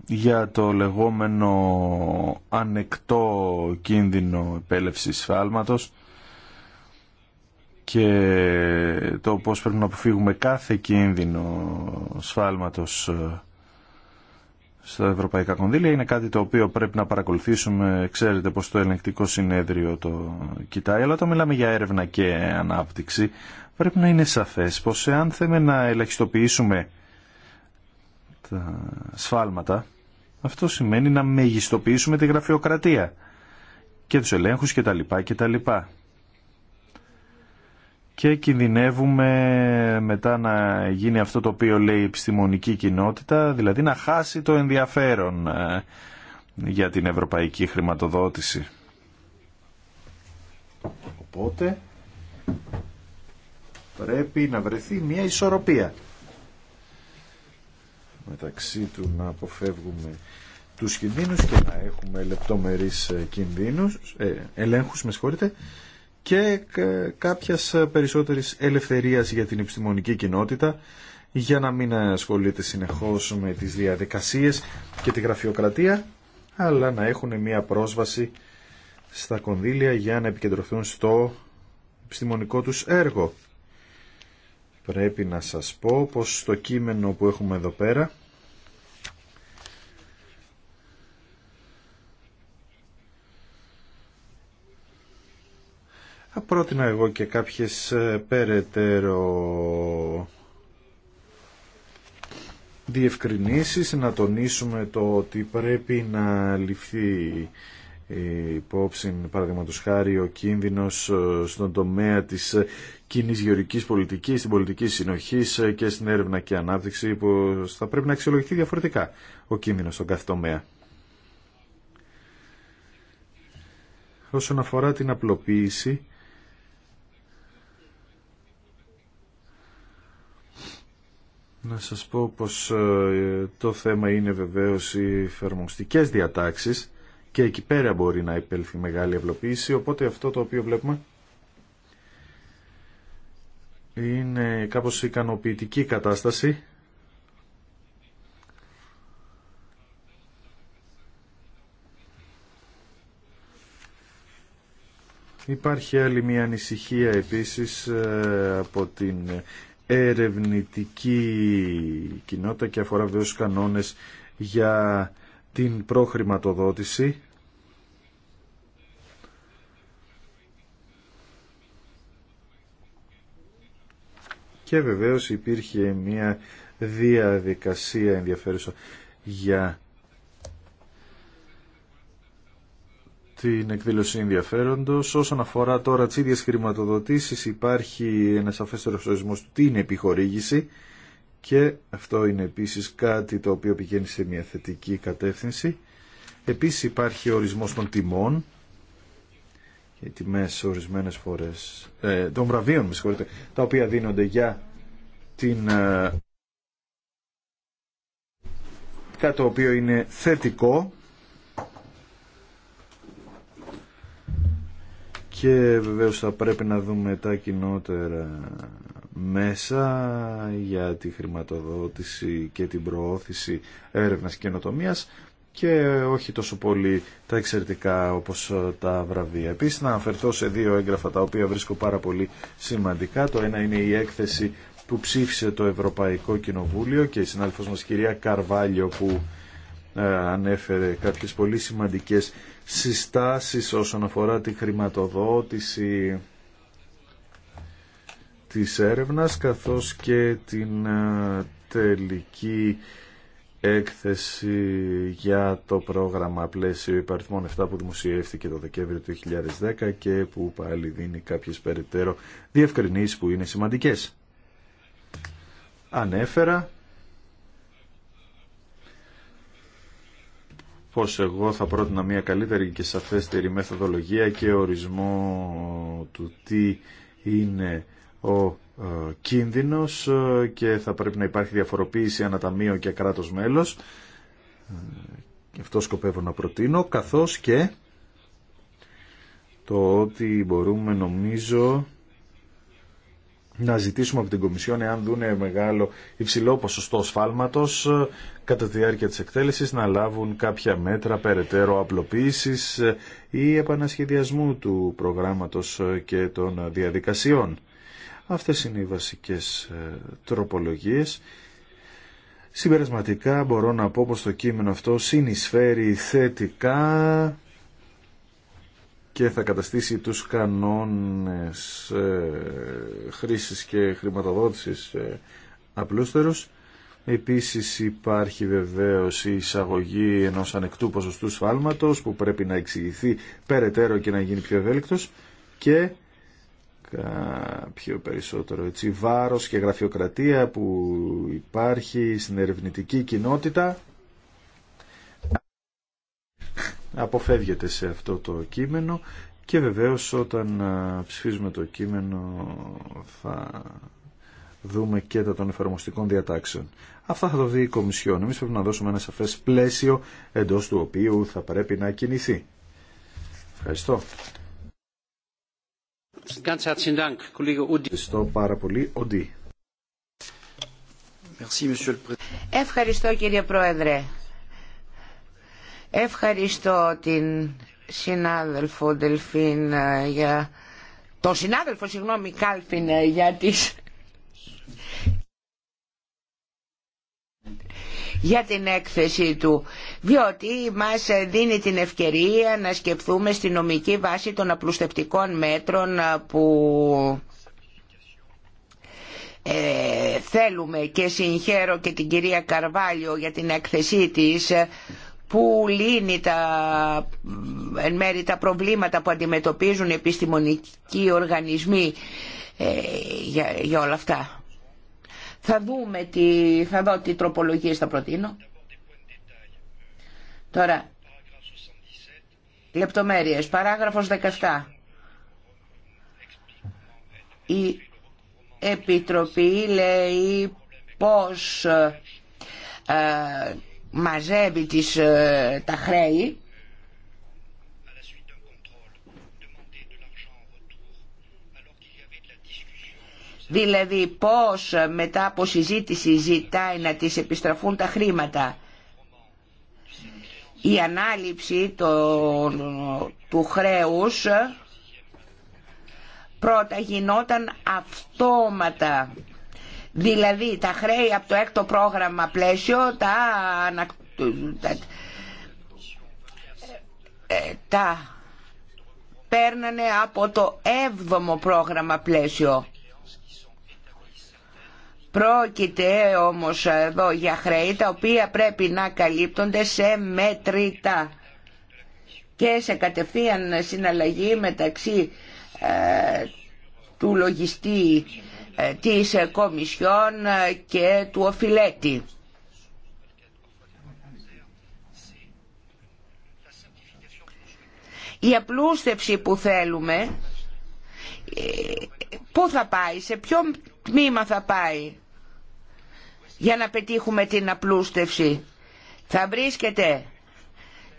για το λεγόμενο ανεκτό κίνδυνο επέλευσης φάλματος και το πώς πρέπει να αποφύγουμε κάθε κίνδυνο σφάλματος ε, στα ευρωπαϊκά κονδύλια είναι κάτι το οποίο πρέπει να παρακολουθήσουμε. Ξέρετε πως το ελεγκτικό συνέδριο το κοιτάει, αλλά όταν μιλάμε για έρευνα και ανάπτυξη πρέπει να είναι σαφές πως εάν θέμε να ελαχιστοποιήσουμε τα σφάλματα, αυτό σημαίνει να μεγιστοποιήσουμε τη γραφειοκρατία και τους ελέγχους τα λοιπά και κινδυνεύουμε μετά να γίνει αυτό το οποίο λέει η επιστημονική κοινότητα, δηλαδή να χάσει το ενδιαφέρον ε, για την ευρωπαϊκή χρηματοδότηση. Οπότε πρέπει να βρεθεί μια ισορροπία μεταξύ του να αποφεύγουμε τους κινδύνους και να έχουμε λεπτομερείς ε, κινδύνους, ε, ελέγχους με συγχωρείτε, και ε, κάποιας περισσότερης ελευθερίας για την επιστημονική κοινότητα για να μην ασχολείται συνεχώς με τις διαδικασίες και τη γραφειοκρατία αλλά να έχουν μια πρόσβαση στα κονδύλια για να επικεντρωθούν στο επιστημονικό τους έργο. Πρέπει να σας πω πως το κείμενο που έχουμε εδώ πέρα Θα πρότεινα εγώ και κάποιες ε, περαιτέρω διευκρινήσεις, να τονίσουμε το ότι πρέπει να ληφθεί υπόψη, παραδείγματο χάρη, ο κίνδυνος ε, στον τομέα της ε, κοινή γεωρικής πολιτικής, στην πολιτική συνοχής και στην έρευνα και ανάπτυξη που θα πρέπει να αξιολογηθεί διαφορετικά ο κίνδυνος στον κάθε τομέα. Όσον αφορά την απλοποίηση, Να σας πω πως ε, το θέμα είναι βεβαίως οι διατάξεις και εκεί πέρα μπορεί να υπέλθει μεγάλη ευλοποίηση, οπότε αυτό το οποίο βλέπουμε είναι κάπως ικανοποιητική κατάσταση. Υπάρχει άλλη μια ανησυχία επίσης ε, από την ερευνητική κοινότητα και αφορά βεβαίως κανόνες για την προχρηματοδότηση και βεβαίως υπήρχε μια διαδικασία ενδιαφέρουσα για την εκδήλωση ενδιαφέροντος. Όσον αφορά τώρα τις ίδιε χρηματοδοτήσεις υπάρχει ένα σαφέστερο ορισμός του τι είναι επιχορήγηση και αυτό είναι επίσης κάτι το οποίο πηγαίνει σε μια θετική κατεύθυνση. Επίσης υπάρχει ορισμός των τιμών και τιμέ ορισμένε φορές ε, των βραβείων, με τα οποία δίνονται για την ε, κάτι το οποίο είναι θετικό και βεβαίως θα πρέπει να δούμε τα κοινότερα μέσα για τη χρηματοδότηση και την προώθηση έρευνας και καινοτομίας και όχι τόσο πολύ τα εξαιρετικά όπως τα βραβεία. Επίσης να αναφερθώ σε δύο έγγραφα τα οποία βρίσκω πάρα πολύ σημαντικά. Το ένα είναι η έκθεση που ψήφισε το Ευρωπαϊκό Κοινοβούλιο και η συνάδελφος μας κυρία Καρβάλιο που ε, ανέφερε κάποιες πολύ σημαντικές συστάσεις όσον αφορά τη χρηματοδότηση της έρευνας καθώς και την ε, τελική έκθεση για το πρόγραμμα πλαίσιο υπαριθμών 7 που δημοσιεύτηκε το Δεκέμβριο του 2010 και που πάλι δίνει κάποιες περιττέρω διευκρινήσεις που είναι σημαντικές. Ανέφερα πως εγώ θα πρότεινα μια καλύτερη και σαφέστερη μεθοδολογία και ορισμό του τι είναι ο ε, κίνδυνος ε, και θα πρέπει να υπάρχει διαφοροποίηση αναταμείο και κράτος μέλος. Ε, αυτό σκοπεύω να προτείνω, καθώς και το ότι μπορούμε νομίζω να ζητήσουμε από την Κομισιόν, εάν δούνε μεγάλο υψηλό ποσοστό σφάλματος ε, κατά τη διάρκεια της εκτέλεσης, να λάβουν κάποια μέτρα περαιτέρω απλοποίησης ε, ή επανασχεδιασμού του προγράμματος ε, και των διαδικασιών. Αυτές είναι οι βασικές τροπολογίες. Συμπερασματικά μπορώ να πω πως το κείμενο αυτό συνεισφέρει θετικά και θα καταστήσει τους κανόνες ε, χρήσης και χρηματοδότησης ε, απλούστερους. Επίσης υπάρχει βεβαίως η εισαγωγή ενός ανεκτού ποσοστού σφάλματος που πρέπει να εξηγηθεί περαιτέρω και να γίνει πιο ευέλικτος και κάποιο περισσότερο έτσι, βάρος και γραφειοκρατία που υπάρχει στην ερευνητική κοινότητα αποφεύγεται σε αυτό το κείμενο και βεβαίως όταν ψηφίζουμε το κείμενο θα δούμε και τα των εφαρμοστικών διατάξεων. Αυτά θα το δει η Κομισιόν. Εμείς πρέπει να δώσουμε ένα σαφές πλαίσιο εντός του οποίου θα πρέπει να κινηθεί. Ευχαριστώ. Ευχαριστώ πάρα πολύ. Ευχαριστώ κύριε Πρόεδρε. Ευχαριστώ την συνάδελφο Δελφίν ε, για... Το συνάδελφο, συγγνώμη, Κάλφιν ε, για τις... για την έκθεση του, διότι μας δίνει την ευκαιρία να σκεφτούμε στη νομική βάση των απλουστευτικών μέτρων ε, που θέλουμε και συγχαίρω και την κυρία Καρβάλιο για την έκθεσή της που λύνει τα, εν μέρη τα προβλήματα που αντιμετωπίζουν οι επιστημονικοί οργανισμοί ε, για, όλα αυτά. Θα δούμε τι, θα δω τι τροπολογίες θα προτείνω. Τώρα, λεπτομέρειες, παράγραφος 17. Η Επιτροπή λέει πως ε, μαζεύει τις, ε, τα χρέη δηλαδή πώς ε, μετά από συζήτηση ζητάει να τις επιστραφούν τα χρήματα η ανάληψη το, του χρέους ε, πρώτα γινόταν αυτόματα Δηλαδή τα χρέη από το έκτο πρόγραμμα πλαίσιο τα, ε, τα, παίρνανε από το έβδομο πρόγραμμα πλαίσιο. Πρόκειται όμως εδώ για χρέη τα οποία πρέπει να καλύπτονται σε μετρητά και σε κατευθείαν συναλλαγή μεταξύ ε, του λογιστή ε, της ε, Κομισιόν ε, και του Οφιλέτη. Η απλούστευση που θέλουμε, πού θα πάει, σε ποιο τμήμα θα πάει για να πετύχουμε την απλούστευση. Θα βρίσκεται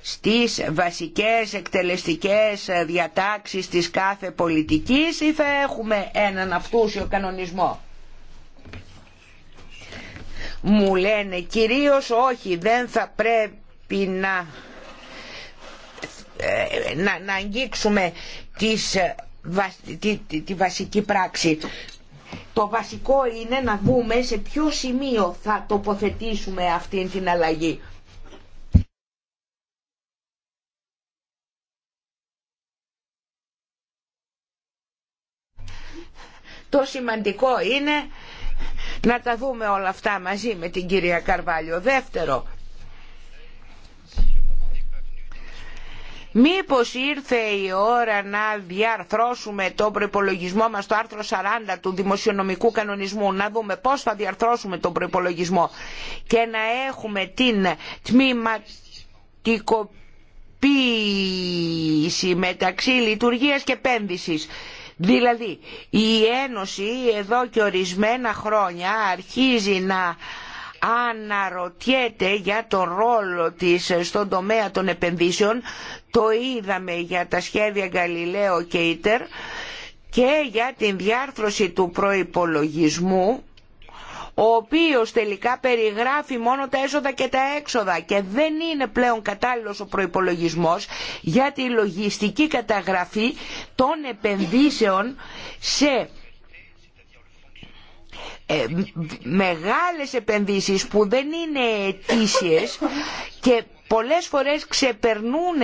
στις βασικές εκτελεστικές διατάξεις της κάθε πολιτικής ή θα έχουμε έναν αυτούσιο κανονισμό. Μου λένε κυρίως όχι δεν θα πρέπει να, ε, να, να αγγίξουμε τις, ε, τη, τη βασική πράξη. Το βασικό είναι να δούμε σε ποιο σημείο θα τοποθετήσουμε αυτή την αλλαγή. Το σημαντικό είναι να τα δούμε όλα αυτά μαζί με την κυρία Καρβάλιο. Δεύτερο, Μήπως ήρθε η ώρα να διαρθρώσουμε τον προπολογισμό μας, το άρθρο 40 του δημοσιονομικού κανονισμού, να δούμε πώς θα διαρθρώσουμε τον προπολογισμό και να έχουμε την τμήματικοποίηση μεταξύ λειτουργίας και επένδυσης. Δηλαδή η Ένωση εδώ και ορισμένα χρόνια αρχίζει να αναρωτιέται για τον ρόλο της στον τομέα των επενδύσεων. Το είδαμε για τα σχέδια Γαλιλαίο και Ήτερ και για την διάρθρωση του προϋπολογισμού ο οποίος τελικά περιγράφει μόνο τα έσοδα και τα έξοδα και δεν είναι πλέον κατάλληλος ο προϋπολογισμός για τη λογιστική καταγραφή των επενδύσεων σε ε, μεγάλες επενδύσεις που δεν είναι αιτήσιες και πολλές φορές ξεπερνούν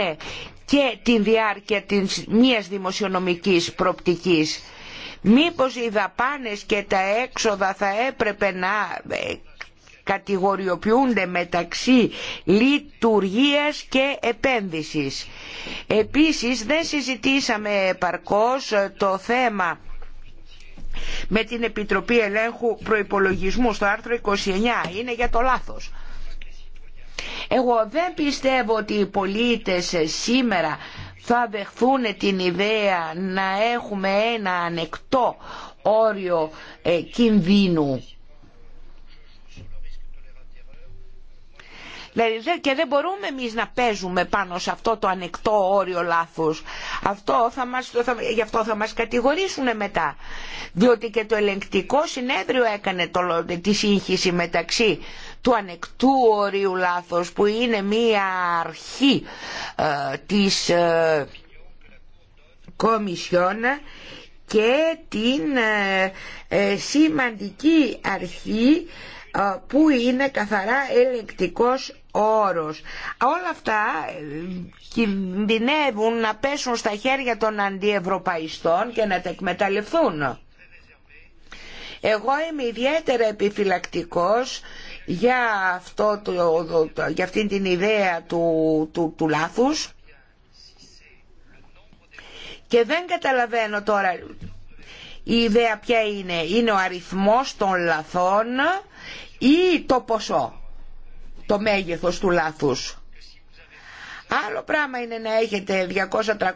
και την διάρκεια της μιας δημοσιονομικής προπτικής. Μήπως οι δαπάνες και τα έξοδα θα έπρεπε να ε, κατηγοριοποιούνται μεταξύ λειτουργίας και επένδυσης. Επίσης δεν συζητήσαμε επαρκώς ε, το θέμα με την Επιτροπή Ελέγχου Προϋπολογισμού στο άρθρο 29. Είναι για το λάθος. Εγώ δεν πιστεύω ότι οι πολίτες ε, σήμερα θα δεχθούν την ιδέα να έχουμε ένα ανεκτό όριο ε, κινδύνου. Δηλαδή και δεν μπορούμε εμείς να παίζουμε πάνω σε αυτό το ανεκτό όριο λάθος. Αυτό θα μας, θα, γι' αυτό θα μας κατηγορήσουν μετά. Διότι και το ελεγκτικό συνέδριο έκανε το, τη σύγχυση μεταξύ του ανεκτού ορίου λάθος που είναι μία αρχή ε, της ε, Κομισιόν και την ε, ε, σημαντική αρχή ε, που είναι καθαρά ελεκτικός όρος. Όλα αυτά κινδυνεύουν να πέσουν στα χέρια των αντιευρωπαϊστών και να τα εκμεταλλευτούν. Εγώ είμαι ιδιαίτερα επιφυλακτικός για, αυτό το, για αυτήν την ιδέα του, του, του λάθους και δεν καταλαβαίνω τώρα η ιδέα ποια είναι. Είναι ο αριθμός των λαθών ή το ποσό, το μέγεθος του λάθους. Άλλο πράγμα είναι να έχετε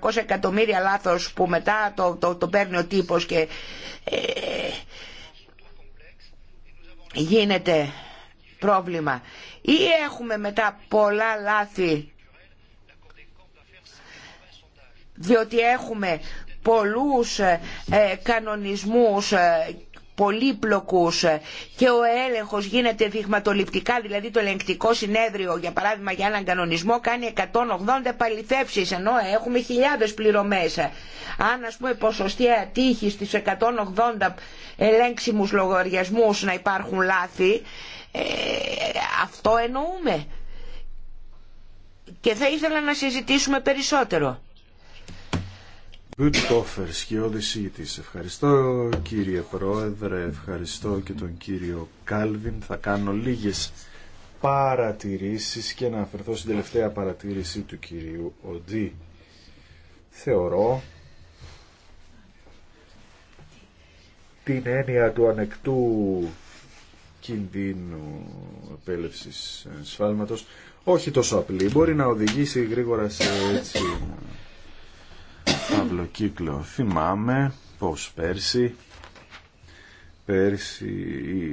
200-300 εκατομμύρια λάθος που μετά το, το, το παίρνει ο τύπος και ε, ε γίνεται πρόβλημα ή έχουμε μετά πολλά λάθη διότι έχουμε πολλούς ε, κανονισμούς ε, πολύπλοκους ε, και ο έλεγχος γίνεται δειγματοληπτικά, δηλαδή το ελεγκτικό συνέδριο για παράδειγμα για έναν κανονισμό κάνει 180 παληθεύσεις ενώ έχουμε χιλιάδες πληρωμές. Αν ας πούμε ποσοστία τύχης στις 180 ελέγξιμους λογαριασμούς να υπάρχουν λάθη ε, αυτό εννοούμε. Και θα ήθελα να συζητήσουμε περισσότερο. Ευχαριστώ κύριε Πρόεδρε, ευχαριστώ και τον κύριο Κάλβιν. Θα κάνω λίγες παρατηρήσεις και να αφαιρθώ στην τελευταία παρατήρηση του κυρίου Οντί. Θεωρώ την έννοια του ανεκτού κινδύνου επέλευση σφάλματος όχι τόσο απλή. Μπορεί να οδηγήσει γρήγορα σε έτσι παύλο κύκλο. Θυμάμαι πως πέρσι Πέρσι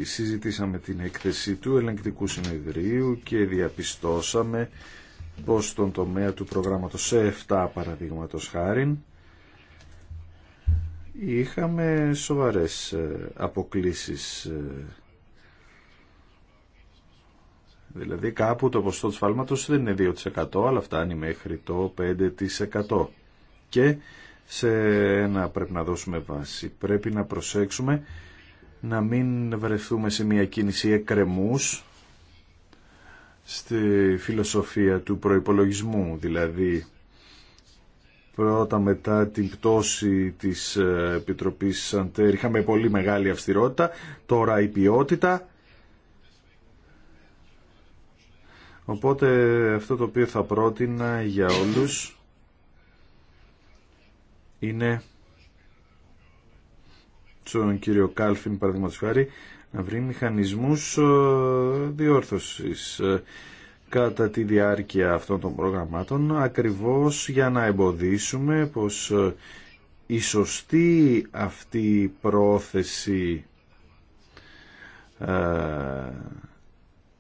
συζητήσαμε την έκθεση του ελεγκτικού συνεδρίου και διαπιστώσαμε πως στον τομέα του προγραμματος σε C7 παραδείγματος χάριν είχαμε σοβαρές ε, αποκλίσεις ε, Δηλαδή κάπου το ποσοστό του σφάλματος δεν είναι 2% αλλά φτάνει μέχρι το 5%. Και σε ένα πρέπει να δώσουμε βάση. Πρέπει να προσέξουμε να μην βρεθούμε σε μια κίνηση εκκρεμούς στη φιλοσοφία του προϋπολογισμού. Δηλαδή πρώτα μετά την πτώση της ε, Επιτροπής Σαντέρ είχαμε πολύ μεγάλη αυστηρότητα, τώρα η ποιότητα Οπότε αυτό το οποίο θα πρότεινα για όλους είναι στον κύριο Κάλφιν παραδείγματος χάρη να βρει μηχανισμούς ε, διόρθωσης ε, κατά τη διάρκεια αυτών των προγραμμάτων ακριβώς για να εμποδίσουμε πως ε, η σωστή αυτή πρόθεση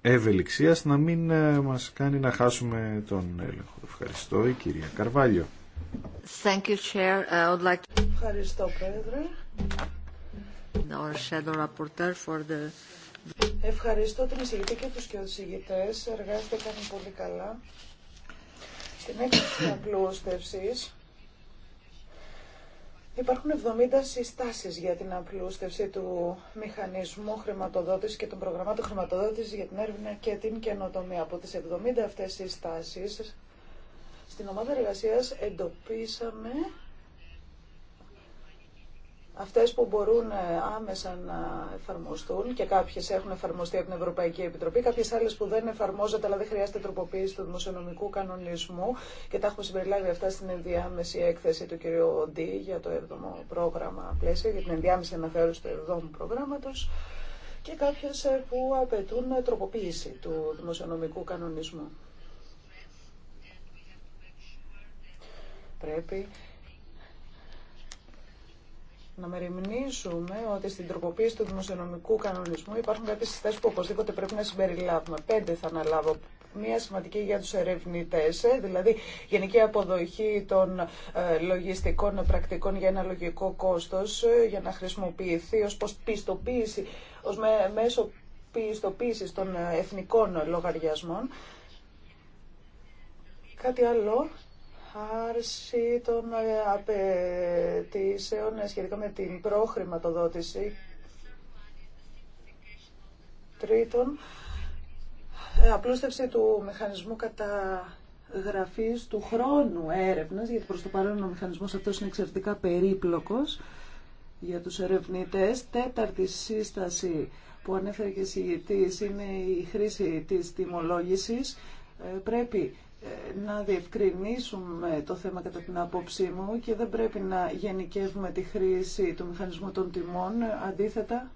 ευελιξίας να μην ε, μας κάνει να χάσουμε τον έλεγχο. Ευχαριστώ η κυρία Καρβάλιο. Thank you, Chair. Uh, I would like to... Ευχαριστώ, Πρόεδρε. Our shadow for the... Ευχαριστώ την εισηγητή και τους και τους εισηγητές. Εργάστηκαν πολύ καλά. Στην έκθεση απλούστευσης Υπάρχουν 70 συστάσεις για την απλούστευση του μηχανισμού χρηματοδότησης και των προγραμμάτων χρηματοδότησης για την έρευνα και την καινοτομία. Από τι 70 αυτές συστάσεις, στην ομάδα εργασία εντοπίσαμε Αυτές που μπορούν ε, άμεσα να εφαρμοστούν και κάποιες έχουν εφαρμοστεί από την Ευρωπαϊκή Επιτροπή, κάποιες άλλες που δεν εφαρμόζονται αλλά δεν χρειάζεται τροποποίηση του δημοσιονομικού κανονισμού και τα έχουμε συμπεριλάβει αυτά στην ενδιάμεση έκθεση του κ. Ντί για το 7ο πρόγραμμα πλαίσια, για την ενδιάμεση αναθεώρηση του 7ου προγράμματος και κάποιες ε, που απαιτούν τροποποίηση του δημοσιονομικού κανονισμού. Πρέπει να μεριμνήσουμε ότι στην τροποποίηση του δημοσιονομικού κανονισμού υπάρχουν κάποιες συστάσεις που οπωσδήποτε πρέπει να συμπεριλάβουμε. Πέντε θα αναλάβω. Μία σημαντική για του ερευνητέ, ε, δηλαδή γενική αποδοχή των ε, λογιστικών πρακτικών για ένα λογικό κόστος, ε, για να χρησιμοποιηθεί ω προ πιστοποίηση, ως μέσο των εθνικών λογαριασμών. Κάτι άλλο χάρση των ε, απαιτήσεων ε, σχετικά με την προχρηματοδότηση. Τρίτον, ε, απλούστευση του μηχανισμού κατά του χρόνου έρευνας, γιατί προς το παρόν ο μηχανισμός αυτός είναι εξαιρετικά περίπλοκος για τους ερευνητές. Τέταρτη σύσταση που ανέφερε και η είναι η χρήση της τιμολόγησης. Πρέπει να διευκρινίσουμε το θέμα κατά την άποψή μου και δεν πρέπει να γενικεύουμε τη χρήση του μηχανισμού των τιμών. Αντίθετα,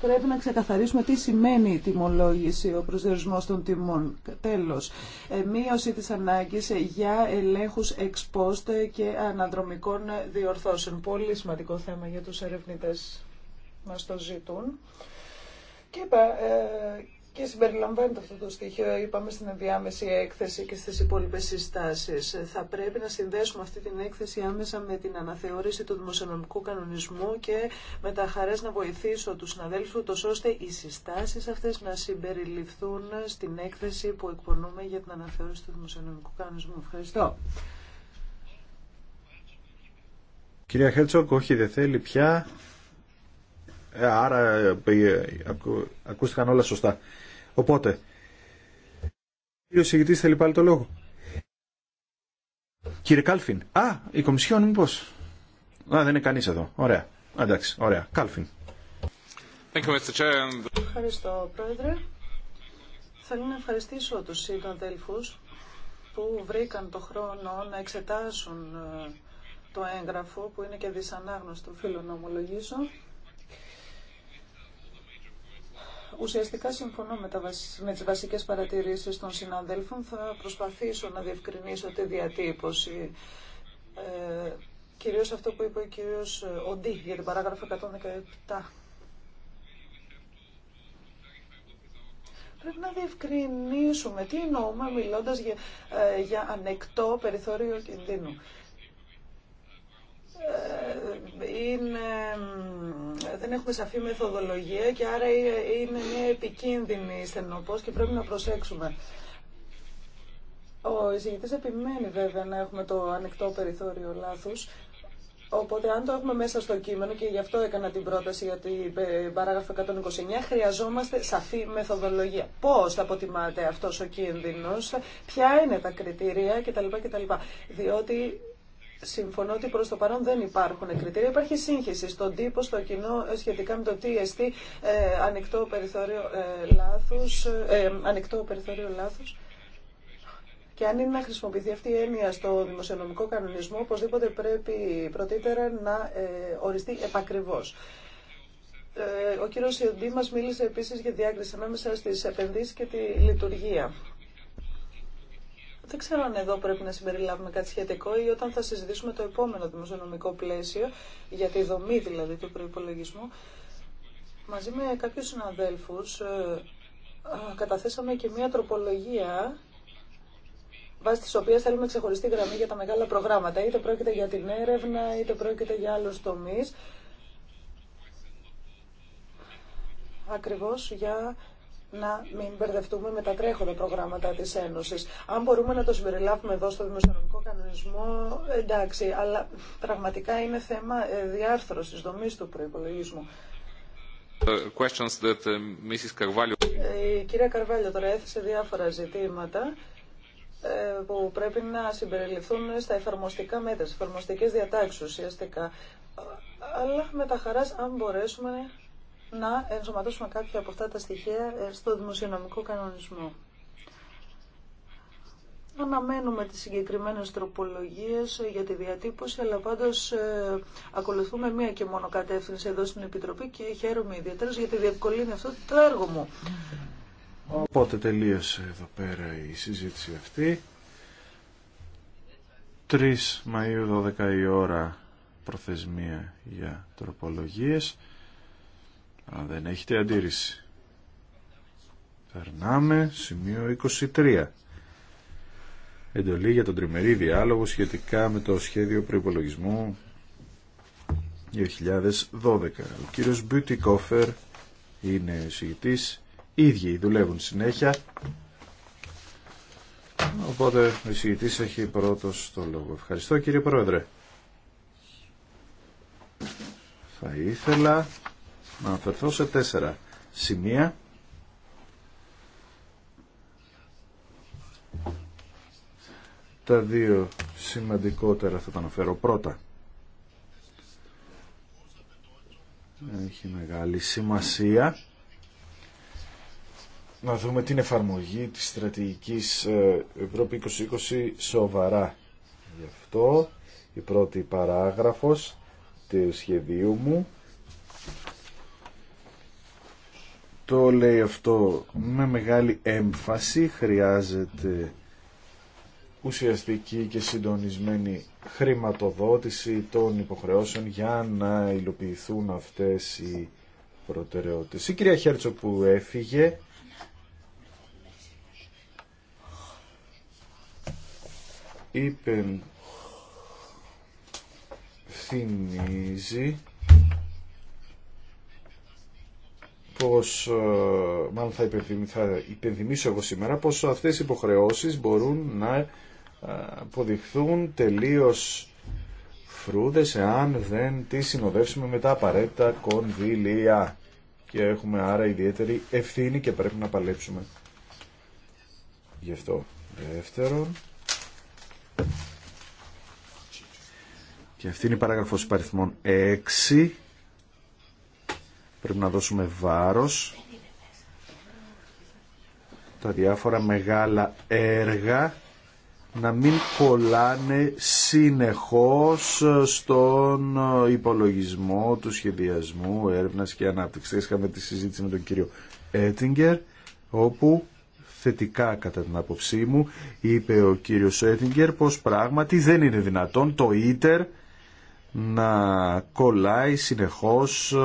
πρέπει να ξεκαθαρίσουμε τι σημαίνει η τιμολόγηση, ο προσδιορισμός των τιμών. Τέλος, ε, μείωση της ανάγκης για ελέγχους εξπόστε και αναδρομικών διορθώσεων. Πολύ σημαντικό θέμα για τους ερευνητές μας το ζητούν. Και ε, και συμπεριλαμβάνεται αυτό το στοιχείο, είπαμε, στην ενδιάμεση έκθεση και στις υπόλοιπες συστάσεις. Θα πρέπει να συνδέσουμε αυτή την έκθεση άμεσα με την αναθεώρηση του δημοσιονομικού κανονισμού και με τα χαρές να βοηθήσω τους συναδέλφους, τόσο ώστε οι συστάσεις αυτές να συμπεριληφθούν στην έκθεση που εκπονούμε για την αναθεώρηση του δημοσιονομικού κανονισμού. Ευχαριστώ. Κυρία Χέρτσοκ, όχι δεν θέλει πια. Ε, άρα ε, ε, ακούστηκαν όλα σωστά. Οπότε, κύριο ηγητή θέλει πάλι το λόγο. Κύριε Κάλφιν. Α, η Κομισιόν μήπω. Α, δεν είναι κανεί εδώ. Ωραία. Εντάξει, ωραία. Κάλφιν. Ευχαριστώ, Πρόεδρε. Θέλω να ευχαριστήσω τους συναδέλφου που βρήκαν το χρόνο να εξετάσουν ε, το έγγραφο που είναι και δυσανάγνωστο, φίλο να ομολογήσω. Ουσιαστικά συμφωνώ με, τα, με τις βασικές παρατηρήσεις των συναδέλφων. Θα προσπαθήσω να διευκρινίσω τη διατύπωση. Ε, κυρίως αυτό που είπε ο κύριος ε, Οντί για την παράγραφο 117. Πρέπει να διευκρινίσουμε τι εννοούμε μιλώντας για, ε, για ανεκτό περιθώριο κινδύνου είναι, δεν έχουμε σαφή μεθοδολογία και άρα είναι μια επικίνδυνη στενοπός και πρέπει να προσέξουμε. Ο εισηγητής επιμένει βέβαια να έχουμε το ανοιχτό περιθώριο λάθους, Οπότε αν το έχουμε μέσα στο κείμενο και γι' αυτό έκανα την πρόταση για την ε, παράγραφο 129, χρειαζόμαστε σαφή μεθοδολογία. Πώς θα αποτιμάται αυτός ο κίνδυνος, ποια είναι τα κριτήρια κτλ. κτλ. Διότι Συμφωνώ ότι προ το παρόν δεν υπάρχουν κριτήρια. Υπάρχει σύγχυση στον τύπο, στο κοινό, ε, σχετικά με το τι εστί ε, ανοιχτό περιθώριο ε, λάθους, ε, ε περιθώριο λάθους. Και αν είναι να χρησιμοποιηθεί αυτή η έννοια στο δημοσιονομικό κανονισμό, οπωσδήποτε πρέπει πρωτήτερα να οριστεί επακριβώς. ο κύριος Σιοντή μας μίλησε επίσης για διάκριση ανάμεσα στις επενδύσεις και τη λειτουργία. Δεν ξέρω αν εδώ πρέπει να συμπεριλάβουμε κάτι σχετικό ή όταν θα συζητήσουμε το επόμενο δημοσιονομικό πλαίσιο, για τη δομή δηλαδή του προϋπολογισμού. Μαζί με κάποιους συναδέλφους ε, καταθέσαμε και μία τροπολογία βάσει της οποίας θέλουμε ξεχωριστή γραμμή για τα μεγάλα προγράμματα. Είτε πρόκειται για την έρευνα, είτε πρόκειται για άλλους τομείς. Ακριβώς για να μην μπερδευτούμε με τα τρέχοντα προγράμματα της Ένωσης. Αν μπορούμε να το συμπεριλάβουμε εδώ στο δημοσιονομικό κανονισμό, εντάξει, αλλά πραγματικά είναι θέμα ε, διάρθρωσης δομής του προϋπολογισμού. Ε, that, ε, Mrs. Η κυρία Καρβάλιο τώρα έθεσε διάφορα ζητήματα που πρέπει να συμπεριληφθούν στα εφαρμοστικά μέτρα, στις εφαρμοστικές διατάξεις ουσιαστικά. Αλλά με τα χαράς αν μπορέσουμε να ενσωματώσουμε κάποια από αυτά τα στοιχεία ε, στο δημοσιονομικό κανονισμό. Αναμένουμε τις συγκεκριμένες τροπολογίες ε, για τη διατύπωση, αλλά πάντως ε, ακολουθούμε μία και μόνο κατεύθυνση εδώ στην Επιτροπή και χαίρομαι ιδιαίτερα γιατί διευκολύνει αυτό το έργο μου. Οπότε τελείωσε εδώ πέρα η συζήτηση αυτή. 3 Μαΐου 12 η ώρα προθεσμία για τροπολογίες. Αν δεν έχετε αντίρρηση. Περνάμε σημείο 23. Εντολή για τον τριμερή διάλογο σχετικά με το σχέδιο προϋπολογισμού 2012. Ο κύριος Μπιουτικόφερ είναι συγητής. ίδιοι δουλεύουν συνέχεια. Οπότε ο συγητής έχει πρώτος το λόγο. Ευχαριστώ κύριε Πρόεδρε. Θα ήθελα να αναφερθώ σε τέσσερα σημεία. Τα δύο σημαντικότερα θα τα αναφέρω πρώτα. Έχει μεγάλη σημασία να δούμε την εφαρμογή της στρατηγικής ε, Ευρώπη 2020 σοβαρά. Γι' αυτό η πρώτη παράγραφος του σχεδίου μου το λέει αυτό με μεγάλη έμφαση χρειάζεται ουσιαστική και συντονισμένη χρηματοδότηση των υποχρεώσεων για να υλοποιηθούν αυτές οι προτεραιότητες. Η κυρία Χέρτσο που έφυγε είπε θυμίζει πως, ε, μάλλον θα, θα υπενθυμίσω εγώ σήμερα, πως αυτές οι υποχρεώσεις μπορούν να ε, αποδειχθούν τελείως φρούδες εάν δεν τις συνοδεύσουμε με τα απαραίτητα κονδύλια. Και έχουμε άρα ιδιαίτερη ευθύνη και πρέπει να παλέψουμε. Γι' αυτό. Δεύτερον. Και αυτή είναι η παράγραφος παριθμών 6 Πρέπει να δώσουμε βάρος τα διάφορα μεγάλα έργα να μην κολλάνε συνεχώς στον υπολογισμό του σχεδιασμού έρευνας και ανάπτυξης. Είχαμε τη συζήτηση με τον κύριο Έτιγκερ, όπου θετικά κατά την άποψή μου είπε ο κύριος Έτιγκερ πως πράγματι δεν είναι δυνατόν το ίτερ να κολλάει συνεχώς ε,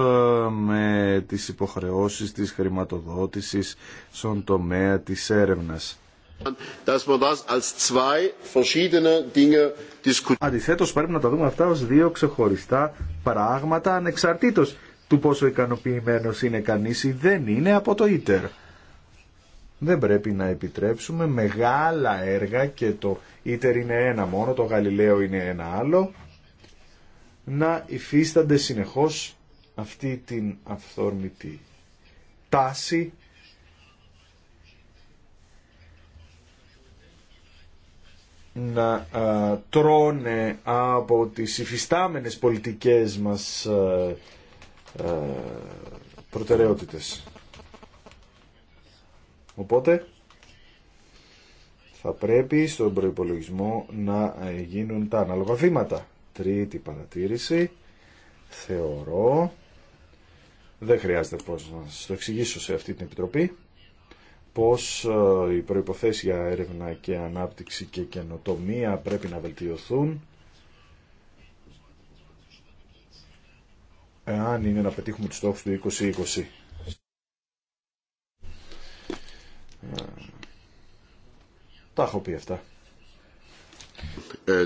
με τις υποχρεώσεις της χρηματοδότησης στον τομέα της έρευνας. Αντιθέτως πρέπει να τα δούμε αυτά ως δύο ξεχωριστά πράγματα ανεξαρτήτως του πόσο ικανοποιημένος είναι κανείς ή δεν είναι από το ίτερ. Δεν πρέπει να επιτρέψουμε μεγάλα έργα και το ίτερ είναι ένα μόνο, το Γαλιλαίο είναι ένα άλλο να υφίστανται συνεχώς αυτή την αυθόρμητη τάση να τρώνε από τις υφιστάμενες πολιτικές μας α, προτεραιότητες. Οπότε θα πρέπει στον προϋπολογισμό να γίνουν τα ανάλογα τρίτη παρατήρηση. Θεωρώ, δεν χρειάζεται πώς να σας το εξηγήσω σε αυτή την επιτροπή, πως ε, οι προϋποθέσεις για έρευνα και ανάπτυξη και καινοτομία πρέπει να βελτιωθούν εάν είναι να πετύχουμε τους στόχους του 2020. Ε, τα έχω πει αυτά. Ε,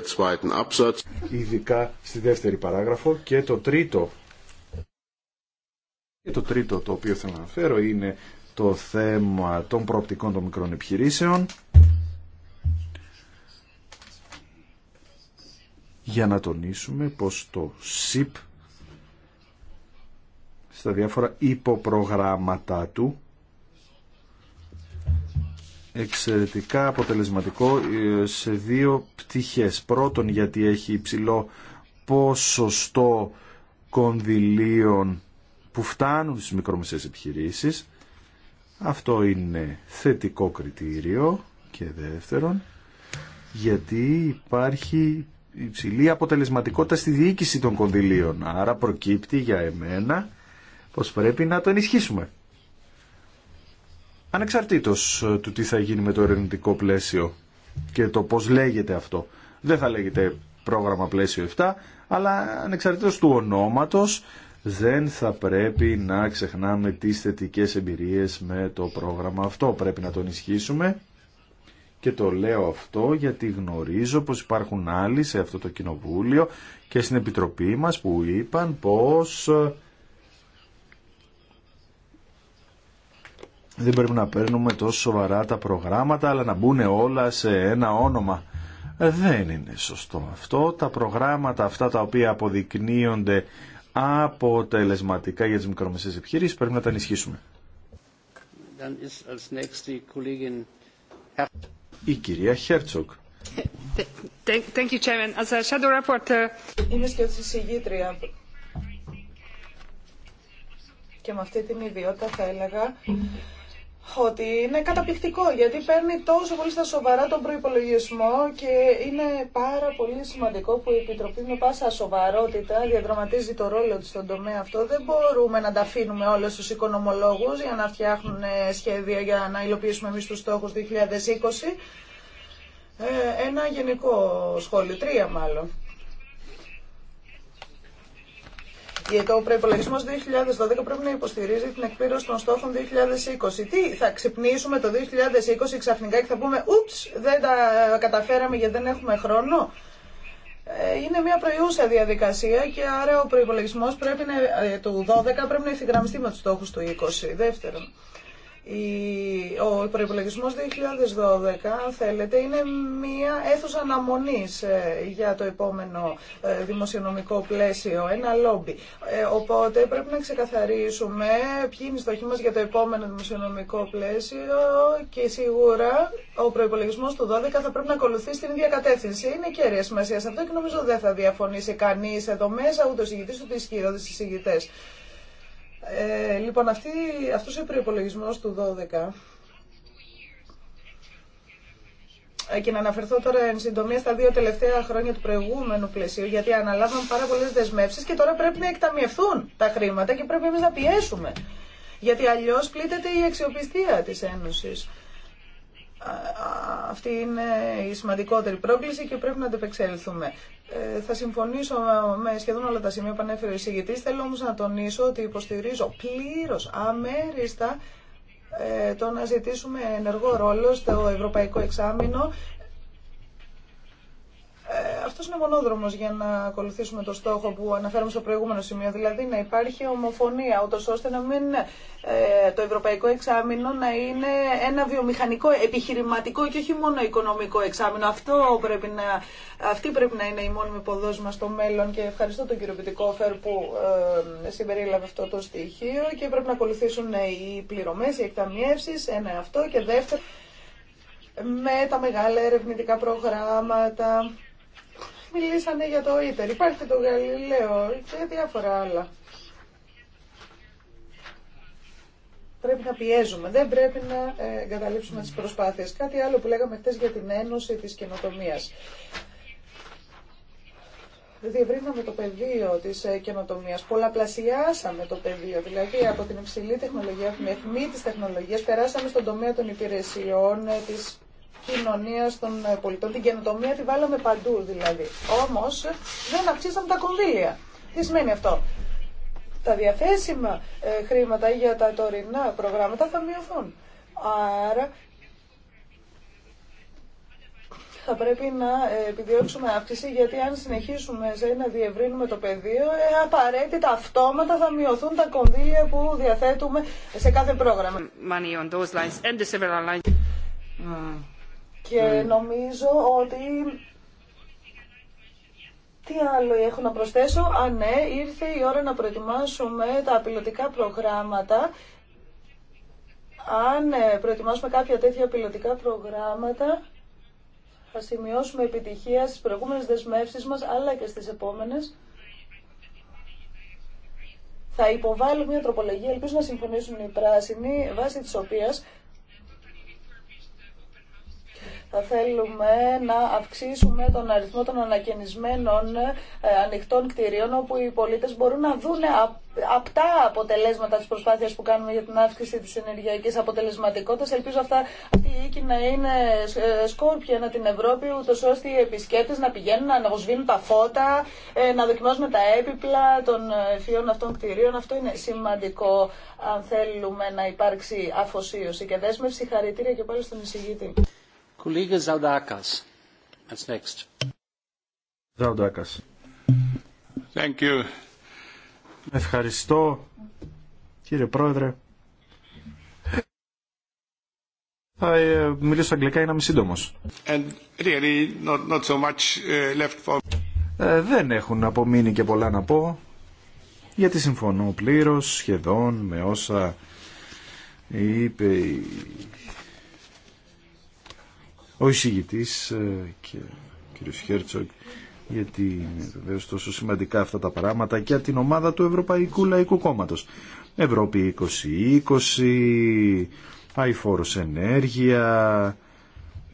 Ειδικά στη δεύτερη παράγραφο και το τρίτο. το τρίτο το οποίο θέλω να αναφέρω είναι το θέμα των προοπτικών των μικρών επιχειρήσεων. Για να τονίσουμε πως το ΣΥΠ στα διάφορα υποπρογράμματα του εξαιρετικά αποτελεσματικό ε, σε δύο πτυχές. Πρώτον γιατί έχει υψηλό ποσοστό κονδυλίων που φτάνουν στις μικρομεσαίες επιχειρήσεις. Αυτό είναι θετικό κριτήριο και δεύτερον γιατί υπάρχει υψηλή αποτελεσματικότητα στη διοίκηση των κονδυλίων. Άρα προκύπτει για εμένα πως πρέπει να το ενισχύσουμε ανεξαρτήτως ε, του τι θα γίνει με το ερευνητικό πλαίσιο και το πώς λέγεται αυτό. Δεν θα λέγεται πρόγραμμα πλαίσιο 7, αλλά ανεξαρτήτως του ονόματος δεν θα πρέπει να ξεχνάμε τις θετικές εμπειρίες με το πρόγραμμα αυτό. Πρέπει να τον ισχύσουμε και το λέω αυτό γιατί γνωρίζω πως υπάρχουν άλλοι σε αυτό το κοινοβούλιο και στην Επιτροπή μας που είπαν πως ε, δεν πρέπει να παίρνουμε τόσο σοβαρά τα προγράμματα αλλά να μπουν όλα σε ένα όνομα. Ε, δεν είναι σωστό αυτό. Τα προγράμματα αυτά τα οποία αποδεικνύονται αποτελεσματικά για τις μικρομεσαίες επιχειρήσεις πρέπει να τα ενισχύσουμε. Η κυρία Χέρτσοκ. Είμαι και με αυτή την ιδιότητα θα έλεγα ότι είναι καταπληκτικό γιατί παίρνει τόσο πολύ στα σοβαρά τον προϋπολογισμό και είναι πάρα πολύ σημαντικό που η Επιτροπή με πάσα σοβαρότητα διαδραματίζει το ρόλο της στον τομέα αυτό. Δεν μπορούμε να τα αφήνουμε όλους τους οικονομολόγους για να φτιάχνουν ε, σχέδια για να υλοποιήσουμε εμείς τους στόχους 2020. Ε, ένα γενικό σχόλιο, τρία μάλλον. Γιατί ο προπολογισμό 2012 πρέπει να υποστηρίζει την εκπλήρωση των στόχων 2020. Τι θα ξυπνήσουμε το 2020 ξαφνικά και θα πούμε ουτς δεν τα καταφέραμε γιατί δεν έχουμε χρόνο. Ε, είναι μια προϊούσα διαδικασία και άρα ο προπολογισμό ε, του 12 πρέπει να ευθυγραμμιστεί με του στόχου του 20. Δεύτερον, ο προπολογισμό 2012, αν θέλετε, είναι μία αίθουσα αναμονής ε, για το επόμενο ε, δημοσιονομικό πλαίσιο, ένα λόμπι. Ε, οπότε πρέπει να ξεκαθαρίσουμε ποιοι είναι οι στόχοι μα για το επόμενο δημοσιονομικό πλαίσιο και σίγουρα ο προπολογισμό του 2012 θα πρέπει να ακολουθεί στην ίδια κατεύθυνση. Είναι κέρια σημασία σε αυτό και νομίζω δεν θα διαφωνήσει κανεί εδώ μέσα, ούτε ο συγητή ούτε οι συγητέ. Ε, λοιπόν, αυτή, αυτός ο προπολογισμό του 12 ε, και να αναφερθώ τώρα εν συντομία στα δύο τελευταία χρόνια του προηγούμενου πλαισίου, γιατί αναλάβαμε πάρα πολλέ δεσμεύσει και τώρα πρέπει να εκταμιευθούν τα χρήματα και πρέπει εμείς να πιέσουμε. Γιατί αλλιώς πλήττεται η αξιοπιστία της Ένωσης αυτή είναι η σημαντικότερη πρόκληση και πρέπει να αντεπεξέλθουμε. Ε, θα συμφωνήσω με σχεδόν όλα τα σημεία που ανέφερε ο εισηγητή. Θέλω όμω να τονίσω ότι υποστηρίζω πλήρω, αμέριστα, ε, το να ζητήσουμε ενεργό ρόλο στο Ευρωπαϊκό Εξάμεινο ε, αυτό είναι ο μονόδρομος για να ακολουθήσουμε το στόχο που αναφέραμε στο προηγούμενο σημείο, δηλαδή να υπάρχει ομοφωνία, ούτω ώστε να μην ε, το ευρωπαϊκό εξάμεινο να είναι ένα βιομηχανικό, επιχειρηματικό και όχι μόνο οικονομικό εξάμεινο. Αυτό πρέπει να, αυτή πρέπει να είναι η μόνιμη ποδόσμα στο μέλλον και ευχαριστώ τον κύριο Πιτικόφερ που ε, συμπερίλαβε αυτό το στοιχείο και πρέπει να ακολουθήσουν οι πληρωμέ, οι εκταμιεύσει, ένα αυτό και δεύτερο με τα μεγάλα ερευνητικά προγράμματα Μιλήσανε για το ίτερ, υπάρχει και το Γαλιλαίο και διάφορα άλλα. Πρέπει να πιέζουμε, δεν πρέπει να ε, εγκαταλείψουμε τις προσπάθειες. Κάτι άλλο που λέγαμε χτες για την Ένωση της Καινοτομίας. Διευρύναμε το πεδίο της ε, καινοτομίας, πολλαπλασιάσαμε το πεδίο, δηλαδή από την υψηλή τεχνολογία, την αιχμή τη τεχνολογίας, περάσαμε στον τομέα των υπηρεσιών, ε, της κοινωνία των ε, πολιτών, την καινοτομία τη βάλαμε παντού δηλαδή. Όμω, δεν αυξήσαμε τα κονδύλια. Τι σημαίνει αυτό. Τα διαθέσιμα ε, χρήματα για τα τωρινά προγράμματα θα μειωθούν. Άρα θα πρέπει να ε, επιδιώξουμε αύξηση, γιατί αν συνεχίσουμε σε να διευρύνουμε το πεδίο, ε, απαραίτητα αυτόματα θα μειωθούν τα κονδύλια που διαθέτουμε σε κάθε πρόγραμμα. Και ναι. νομίζω ότι... Τι άλλο έχω να προσθέσω. Α, ναι, ήρθε η ώρα να προετοιμάσουμε τα πιλωτικά προγράμματα. Αν ε, προετοιμάσουμε κάποια τέτοια πιλωτικά προγράμματα, θα σημειώσουμε επιτυχία στις προηγούμενες δεσμεύσεις μας, αλλά και στις επόμενες. Θα υποβάλουμε μια τροπολογία, ελπίζω να συμφωνήσουν οι πράσινοι, βάσει της οποίας θα θέλουμε να αυξήσουμε τον αριθμό των ανακαινισμένων ε, ανοιχτών κτηρίων όπου οι πολίτες μπορούν να δουν απτά αποτελέσματα της προσπάθειας που κάνουμε για την αύξηση της ενεργειακής αποτελεσματικότητας. Ελπίζω αυτά, αυτή η οίκη να είναι ε, σκόρπια ανά την Ευρώπη, ούτως ώστε οι επισκέπτες να πηγαίνουν, να αναβοσβήνουν τα φώτα, ε, να δοκιμάζουμε τα έπιπλα των φιών αυτών κτηρίων. Αυτό είναι σημαντικό αν θέλουμε να υπάρξει αφοσίωση και δέσμευση. Χαρητήρια και πάλι στον εισηγήτη. Kollege Saudakas als next. Saudakas. Ευχαριστώ, κύριε Πρόεδρε. Θα ε, μιλήσω αγγλικά για να είμαι σύντομο. not so ε, for... Ε, δεν έχουν απομείνει και πολλά να πω, γιατί συμφωνώ πλήρω σχεδόν με όσα είπε η ο εισηγητής ε, και ο κ. Χέρτσοκ γιατί είναι βεβαίως τόσο σημαντικά αυτά τα πράγματα και την ομάδα του Ευρωπαϊκού Λαϊκού Κόμματος. Ευρώπη 2020, αηφόρος ενέργεια,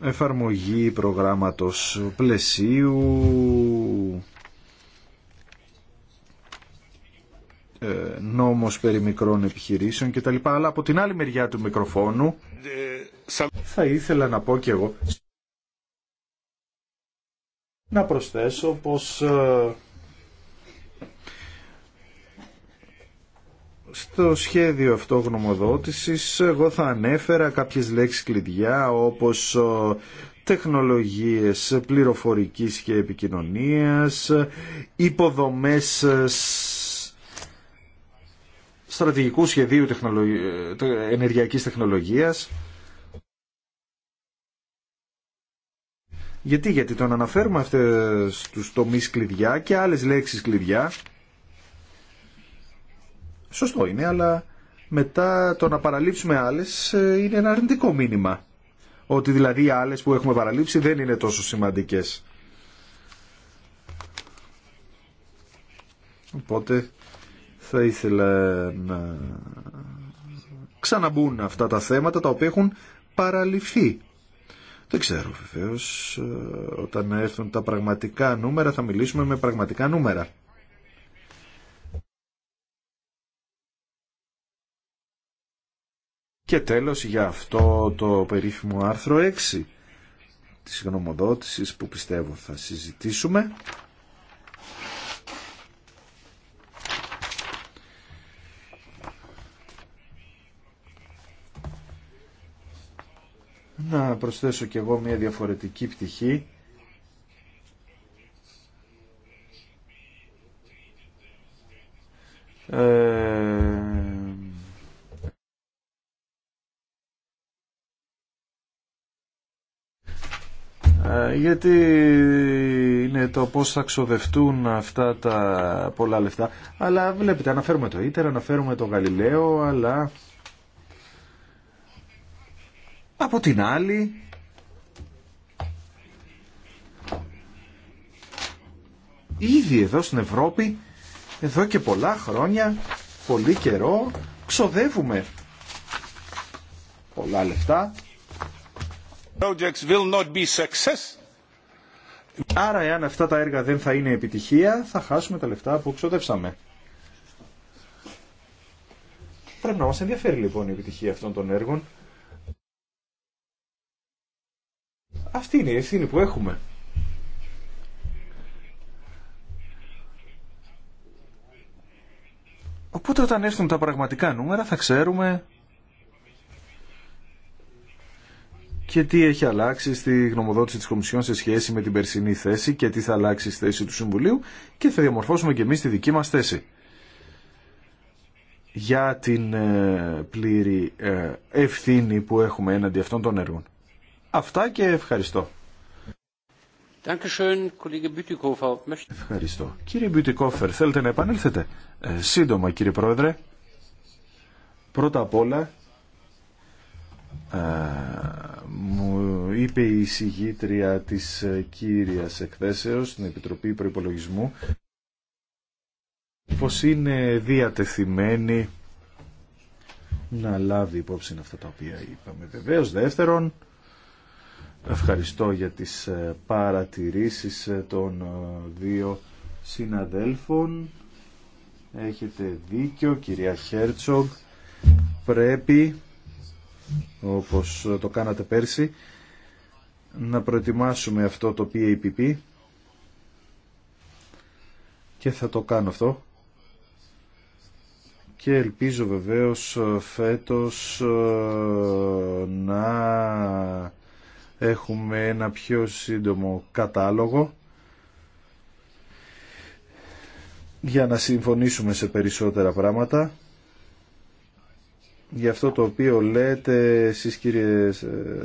εφαρμογή προγράμματος πλαισίου, Ε, νόμος περί μικρών επιχειρήσεων λοιπά. Αλλά από την άλλη μεριά του μικροφόνου θα ήθελα να πω και εγώ να προσθέσω πως ε, στο σχέδιο αυτό γνωμοδότησης εγώ θα ανέφερα κάποιες λέξεις κλειδιά όπως ε, τεχνολογίες πληροφορικής και επικοινωνίας, υποδομές στρατηγικού σχεδίου τεχνολογι... ενεργειακής τεχνολογίας. Γιατί, γιατί τον αναφέρουμε αυτές τους τομείς κλειδιά και άλλες λέξεις κλειδιά. Σωστό είναι, αλλά μετά το να παραλείψουμε άλλες ε, είναι ένα αρνητικό μήνυμα. Ότι δηλαδή οι άλλες που έχουμε παραλείψει δεν είναι τόσο σημαντικές. Οπότε θα ήθελα να ξαναμπούν αυτά τα θέματα τα οποία έχουν παραλυφθεί. Δεν ξέρω βεβαίω. Ε, όταν έρθουν τα πραγματικά νούμερα θα μιλήσουμε με πραγματικά νούμερα. Και τέλος για αυτό το περίφημο άρθρο 6 της γνωμοδότησης που πιστεύω θα συζητήσουμε να προσθέσω κι εγώ μια διαφορετική πτυχή ε, ε, γιατί είναι το πώς θα ξοδευτούν αυτά τα πολλά λεφτά. Αλλά βλέπετε, αναφέρουμε το Ίτερ, αναφέρουμε το Γαλιλαίο, αλλά από την άλλη, ήδη εδώ στην Ευρώπη, εδώ και πολλά χρόνια, πολύ καιρό, ξοδεύουμε πολλά λεφτά. will not be Άρα εάν αυτά τα έργα δεν θα είναι επιτυχία, θα χάσουμε τα λεφτά που ξοδεύσαμε. Πρέπει να μας ενδιαφέρει λοιπόν η επιτυχία αυτών των έργων Αυτή είναι η ευθύνη που έχουμε. Οπότε όταν έρθουν τα πραγματικά νούμερα θα ξέρουμε και τι έχει αλλάξει στη γνωμοδότηση της Κομισιόν σε σχέση με την περσινή θέση και τι θα αλλάξει στη θέση του Συμβουλίου και θα διαμορφώσουμε και εμείς τη δική μας θέση για την ε, πλήρη ε, ευθύνη που έχουμε έναντι αυτών των έργων. Αυτά και ευχαριστώ. Ευχαριστώ. Κύριε Μπιουτικόφερ, θέλετε να επανέλθετε. Ε, σύντομα, κύριε Πρόεδρε. Πρώτα απ' όλα, α, ε, μου είπε η συγγήτρια της ε, κύριας εκθέσεως στην Επιτροπή Προϋπολογισμού πως είναι διατεθειμένη να λάβει υπόψη αυτά τα οποία είπαμε. Βεβαίως, δεύτερον, Ευχαριστώ για τις ε, παρατηρήσεις ε, των ε, δύο συναδέλφων. Έχετε δίκιο, κυρία Χέρτσογκ. Πρέπει, όπως το κάνατε πέρσι, να προετοιμάσουμε αυτό το PAPP και θα το κάνω αυτό και ελπίζω βεβαίως φέτος να έχουμε ένα πιο σύντομο κατάλογο για να συμφωνήσουμε σε περισσότερα πράγματα. Για αυτό το οποίο λέτε εσείς κύριε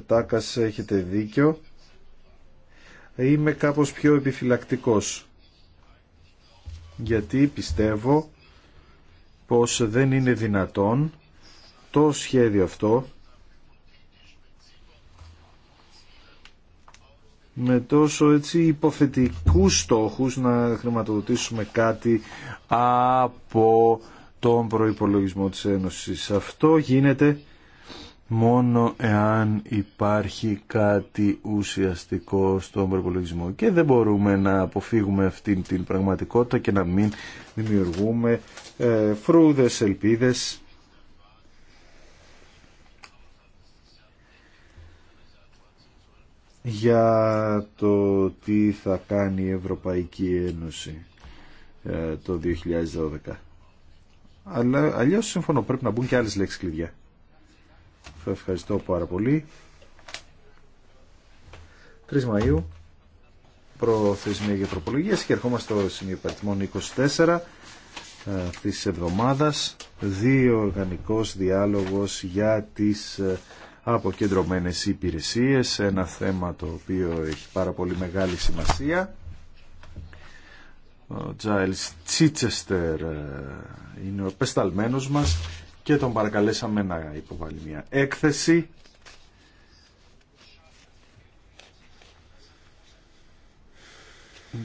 Τάκας έχετε δίκιο. Είμαι κάπως πιο επιφυλακτικός γιατί πιστεύω πως δεν είναι δυνατόν το σχέδιο αυτό με τόσο έτσι υποθετικούς στόχους να χρηματοδοτήσουμε κάτι από τον προϋπολογισμό της Ένωσης. Αυτό γίνεται μόνο εάν υπάρχει κάτι ουσιαστικό στον προϋπολογισμό. και δεν μπορούμε να αποφύγουμε αυτή την πραγματικότητα και να μην δημιουργούμε ε, φρούδες ελπίδες για το τι θα κάνει η Ευρωπαϊκή Ένωση ε, το 2012. Αλλά αλλιώς συμφωνώ, πρέπει να μπουν και άλλες λέξεις κλειδιά. ευχαριστώ πάρα πολύ. 3 Μαΐου, προθεσμία για τροπολογία. και ερχόμαστε στο σημείο 24 ε, της εβδομάδας, δύο οργανικός διάλογος για τις ε, αποκεντρωμένες υπηρεσίες, ένα θέμα το οποίο έχει πάρα πολύ μεγάλη σημασία. Ο Τζάιλς Τσίτσεστερ ε, είναι ο πεσταλμένος μας και τον παρακαλέσαμε να υποβάλει μια έκθεση.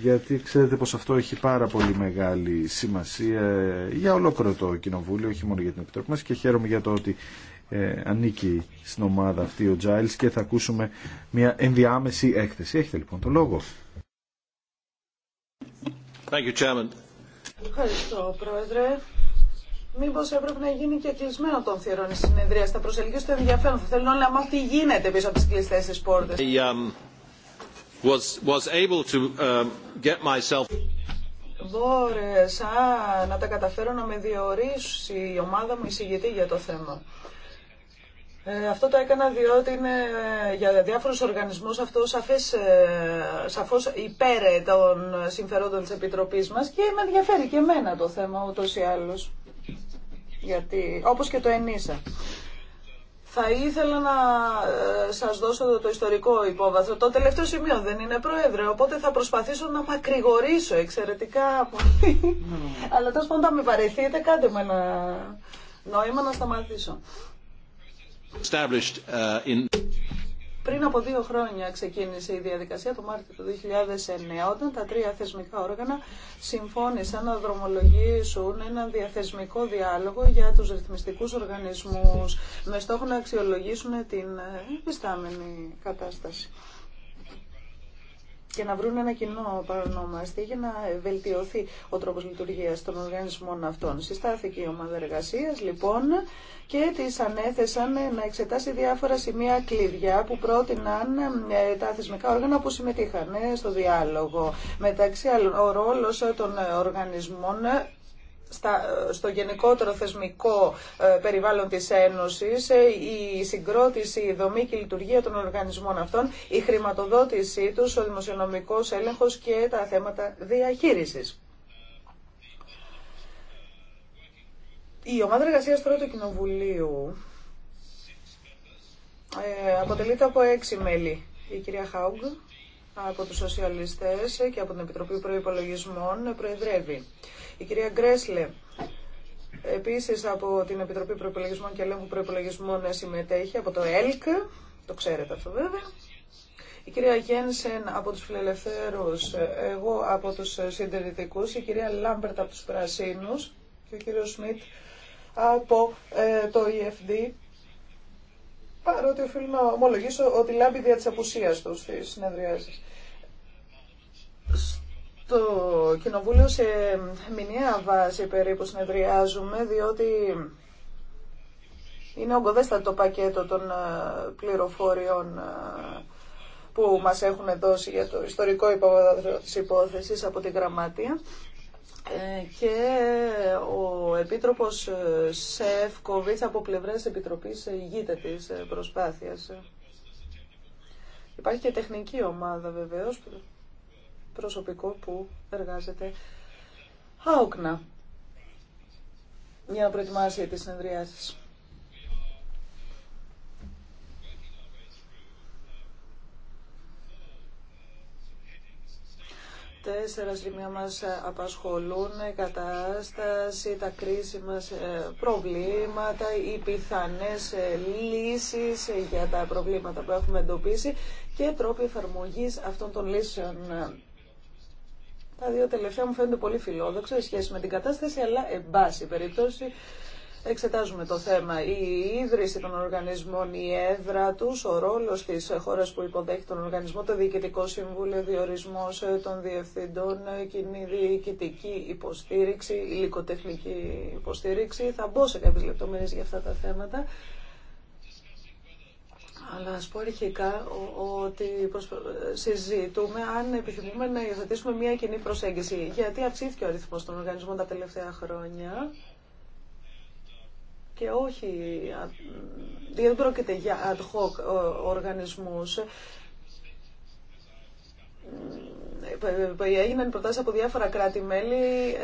Γιατί ξέρετε πως αυτό έχει πάρα πολύ μεγάλη σημασία για ολόκληρο το Κοινοβούλιο, όχι μόνο για την Επιτροπή μας και χαίρομαι για το ότι ε, ανήκει στην ομάδα αυτή ο Giles και θα ακούσουμε μια ενδιάμεση έκθεση. Έχετε λοιπόν το λόγο. Thank you, Ευχαριστώ, Πρόεδρε. Μήπω έπρεπε να γίνει και κλεισμένο των θηρών η συνεδρία. Θα προσελκύσω το ενδιαφέρον. Θα θέλω να μάθω τι γίνεται πίσω από τι κλειστέ τι πόρτε. Μπόρεσα να τα καταφέρω να με διορίσει η ομάδα μου εισηγητή για το θέμα. Ε, αυτό το έκανα διότι είναι ε, για διάφορους οργανισμούς αυτό σαφές, ε, σαφώς υπέρ των συμφερόντων της Επιτροπής μας και με ενδιαφέρει και εμένα το θέμα ούτως ή άλλως, Γιατί, όπως και το ενίσα. Θα ήθελα να σας δώσω το, το ιστορικό υπόβαθρο. Το τελευταίο σημείο δεν είναι πρόεδρε, οπότε θα προσπαθήσω να μακρηγορήσω εξαιρετικά ναι. Αλλά τόσο πάντα με βαρεθείτε, κάντε με ένα νόημα να σταματήσω. Uh, Πριν από δύο χρόνια ξεκίνησε η διαδικασία, το Μάρτιο του 2009, όταν τα τρία θεσμικά όργανα συμφώνησαν να δρομολογήσουν ένα διαθεσμικό διάλογο για τους ρυθμιστικούς οργανισμούς, με στόχο να αξιολογήσουν την ε, επιστάμενη κατάσταση και να βρουν ένα κοινό παρονόμαστη για να βελτιωθεί ο τρόπος λειτουργίας των οργανισμών αυτών. Συστάθηκε η ομάδα εργασίας λοιπόν και τη ανέθεσαν να εξετάσει διάφορα σημεία κλειδιά που πρότειναν ε, τα θεσμικά όργανα που συμμετείχαν ε, στο διάλογο. Μεταξύ άλλων, ο ρόλο των οργανισμών στο γενικότερο θεσμικό ε, περιβάλλον της Ένωσης, ε, η συγκρότηση, η δομή και η λειτουργία των οργανισμών αυτών, η χρηματοδότησή τους, ο δημοσιονομικός έλεγχος και τα θέματα διαχείρισης. Η ομάδα εργασίας τώρα του Κοινοβουλίου ε, αποτελείται από έξι μέλη. Η κυρία Χάουγκ από τους σοσιαλιστές και από την Επιτροπή Προϋπολογισμών προεδρεύει. Η κυρία Γκρέσλε, επίσης από την Επιτροπή Προπολογισμών και Ελέγχου Προπολογισμών συμμετέχει από το ΕΛΚ, το ξέρετε αυτό βέβαια. Η κυρία Γένσεν από τους Φιλελευθέρους, εγώ από τους Συντηρητικούς, η κυρία Λάμπερτ από τους Πρασίνους και ο κύριος Σμιτ από ε, το EFD. Παρότι οφείλω να ομολογήσω ότι λάμπει δια της απουσίας του στις συνεδριάσεις το Κοινοβούλιο σε μηνιαία βάση περίπου συνεδριάζουμε, διότι είναι ογκοδέστατο το πακέτο των ε, πληροφοριών ε, που μας έχουν δώσει για το ιστορικό της υπόθεσης από την Γραμμάτια ε, και ο Επίτροπος Σεφκοβίτς από πλευρές Επιτροπής ηγείται της προσπάθειας. Υπάρχει και τεχνική ομάδα βεβαίως προσωπικό που εργάζεται άοκνα για να προετοιμάσει τις συνεδριάσεις. Τέσσερα σημεία μας απασχολούν, κατάσταση, τα κρίσιμα προβλήματα, οι πιθανές λύσεις για τα προβλήματα που έχουμε εντοπίσει και τρόποι εφαρμογής αυτών των λύσεων. Τα δύο τελευταία μου φαίνονται πολύ φιλόδοξα σε σχέση με την κατάσταση, αλλά εν πάση περιπτώσει εξετάζουμε το θέμα. Η ίδρυση των οργανισμών, η έδρα τους, ο ρόλος της χώρας που υποδέχει τον οργανισμό, το Διοικητικό Συμβούλιο, διορισμός των διευθυντών, κοινή διοικητική υποστήριξη, υλικοτεχνική υποστήριξη. Θα μπω σε κάποιες λεπτομέρειες για αυτά τα θέματα αλλά ας πω αρχικά ότι συζητούμε αν επιθυμούμε να υιοθετήσουμε μια κοινή προσέγγιση. Γιατί αυξήθηκε ο αριθμό των οργανισμών τα τελευταία χρόνια και όχι, δεν πρόκειται για ad hoc οργανισμούς. Ε, ε, ε, έγιναν προτάσεις από διάφορα κράτη-μέλη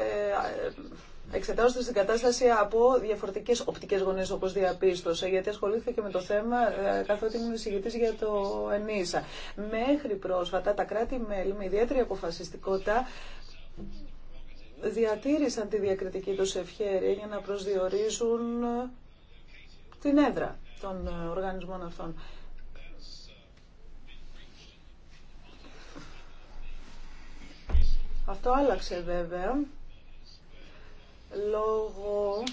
εξετάζοντας την κατάσταση από διαφορετικές οπτικές γωνίε, όπως διαπίστωσα, γιατί ασχολήθηκα και με το θέμα ε, καθότι ήμουν εισηγητή για το ΕΝΙΣΑ. Μέχρι πρόσφατα τα κράτη-μέλη με ιδιαίτερη αποφασιστικότητα διατήρησαν τη διακριτική τους ευχαίρεια για να προσδιορίζουν ε, την έδρα των ε, οργανισμών αυτών. Αυτό άλλαξε βέβαια λόγω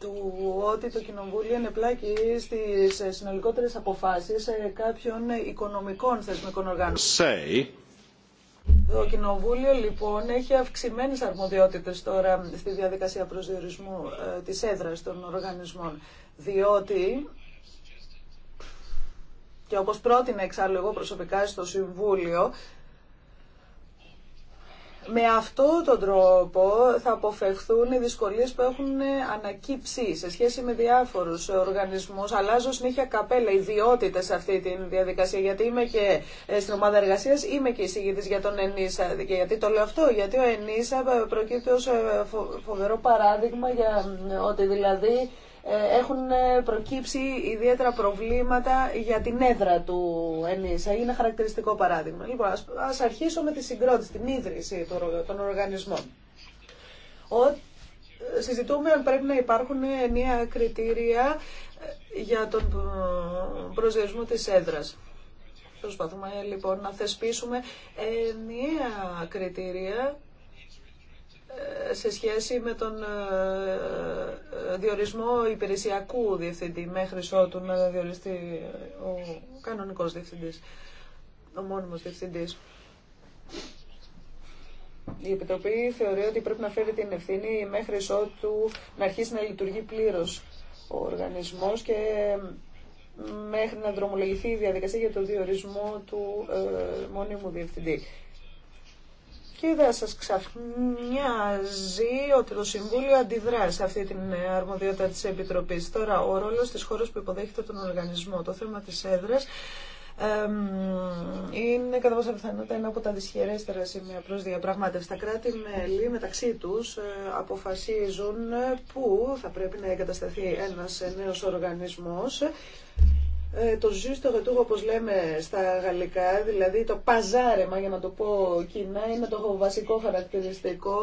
του ότι το Κοινοβούλιο είναι πλάκι στις συνολικότερες αποφάσεις ε, κάποιων οικονομικών θεσμικών οργάνων. Το Κοινοβούλιο λοιπόν έχει αυξημένες αρμοδιότητες τώρα στη διαδικασία προσδιορισμού ε, της έδρας των οργανισμών, διότι και όπως πρότεινε εξάλλου εγώ προσωπικά στο Συμβούλιο, με αυτό τον τρόπο θα αποφευχθούν οι δυσκολίες που έχουν ανακύψει σε σχέση με διάφορους οργανισμούς. Αλλάζω συνήθεια καπέλα, ιδιότητες σε αυτή τη διαδικασία, γιατί είμαι και ε, στην ομάδα εργασία, είμαι και εισηγητής για τον ΕΝΙΣΑ. Και γιατί το λέω αυτό, γιατί ο ΕΝΙΣΑ προκύπτει ως ε, φοβερό παράδειγμα για ε, ότι δηλαδή ε, έχουν ε, προκύψει ιδιαίτερα προβλήματα για την έδρα του ΕΝΙΣΑ. Είναι χαρακτηριστικό παράδειγμα. Λοιπόν, ας αρχίσω με τη συγκρότηση, την ίδρυση των οργανισμών. Ο... Συζητούμε αν πρέπει να υπάρχουν ενιαία κριτήρια ε, για τον προσδιορισμό της έδρας. Προσπαθούμε λοιπόν να θεσπίσουμε ενιαία κριτήρια σε σχέση με τον ε, ε, διορισμό υπηρεσιακού διευθυντή μέχρι ότου να διοριστεί ο κανονικός διευθυντής, ο μόνιμος διευθυντής. Η Επιτροπή θεωρεί ότι πρέπει να φέρει την ευθύνη μέχρι ότου να αρχίσει να λειτουργεί πλήρως ο οργανισμός και ε, μέχρι να δρομολογηθεί η διαδικασία για το διορισμό του ε, μόνιμου διευθυντή και δεν σας ξαφνιάζει ότι το Συμβούλιο αντιδρά σε αυτή την αρμοδιότητα τη Επιτροπή. Τώρα, ο ρόλο της χώρα που υποδέχεται τον οργανισμό, το θέμα της έδρα. είναι κατά πάσα πιθανότητα ένα από τα δυσχερέστερα σημεία προ διαπραγμάτευση. Τα κράτη-μέλη μεταξύ του ε, αποφασίζουν πού θα πρέπει να εγκατασταθεί ένα νέο οργανισμό ε, το το γετούγο, όπως λέμε στα γαλλικά, δηλαδή το παζάρεμα για να το πω κοινά, είναι το βασικό χαρακτηριστικό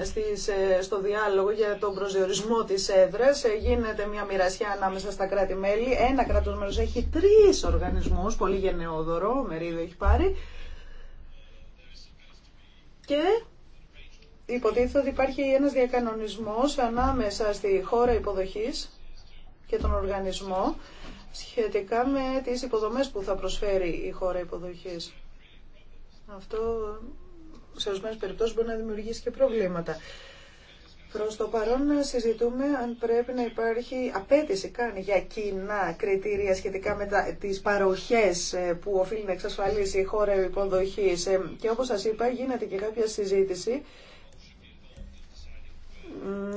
ε, στις, ε, στο διάλογο για τον προσδιορισμό της έδρας. γίνεται μια μοιρασιά ανάμεσα στα κράτη-μέλη. Ένα κράτος μέλος έχει τρεις οργανισμούς, πολύ γενναιόδωρο, μερίδιο έχει πάρει. Και υποτίθεται ότι υπάρχει ένας διακανονισμός ανάμεσα στη χώρα υποδοχής και τον οργανισμό σχετικά με τις υποδομές που θα προσφέρει η χώρα υποδοχής. Αυτό σε ορισμένε περιπτώσει μπορεί να δημιουργήσει και προβλήματα. Προς το παρόν να συζητούμε αν πρέπει να υπάρχει απέτηση καν για κοινά κριτήρια σχετικά με τα, τις παροχές ε, που οφείλει να εξασφαλίσει η χώρα υποδοχής. Ε, και όπως σας είπα γίνεται και κάποια συζήτηση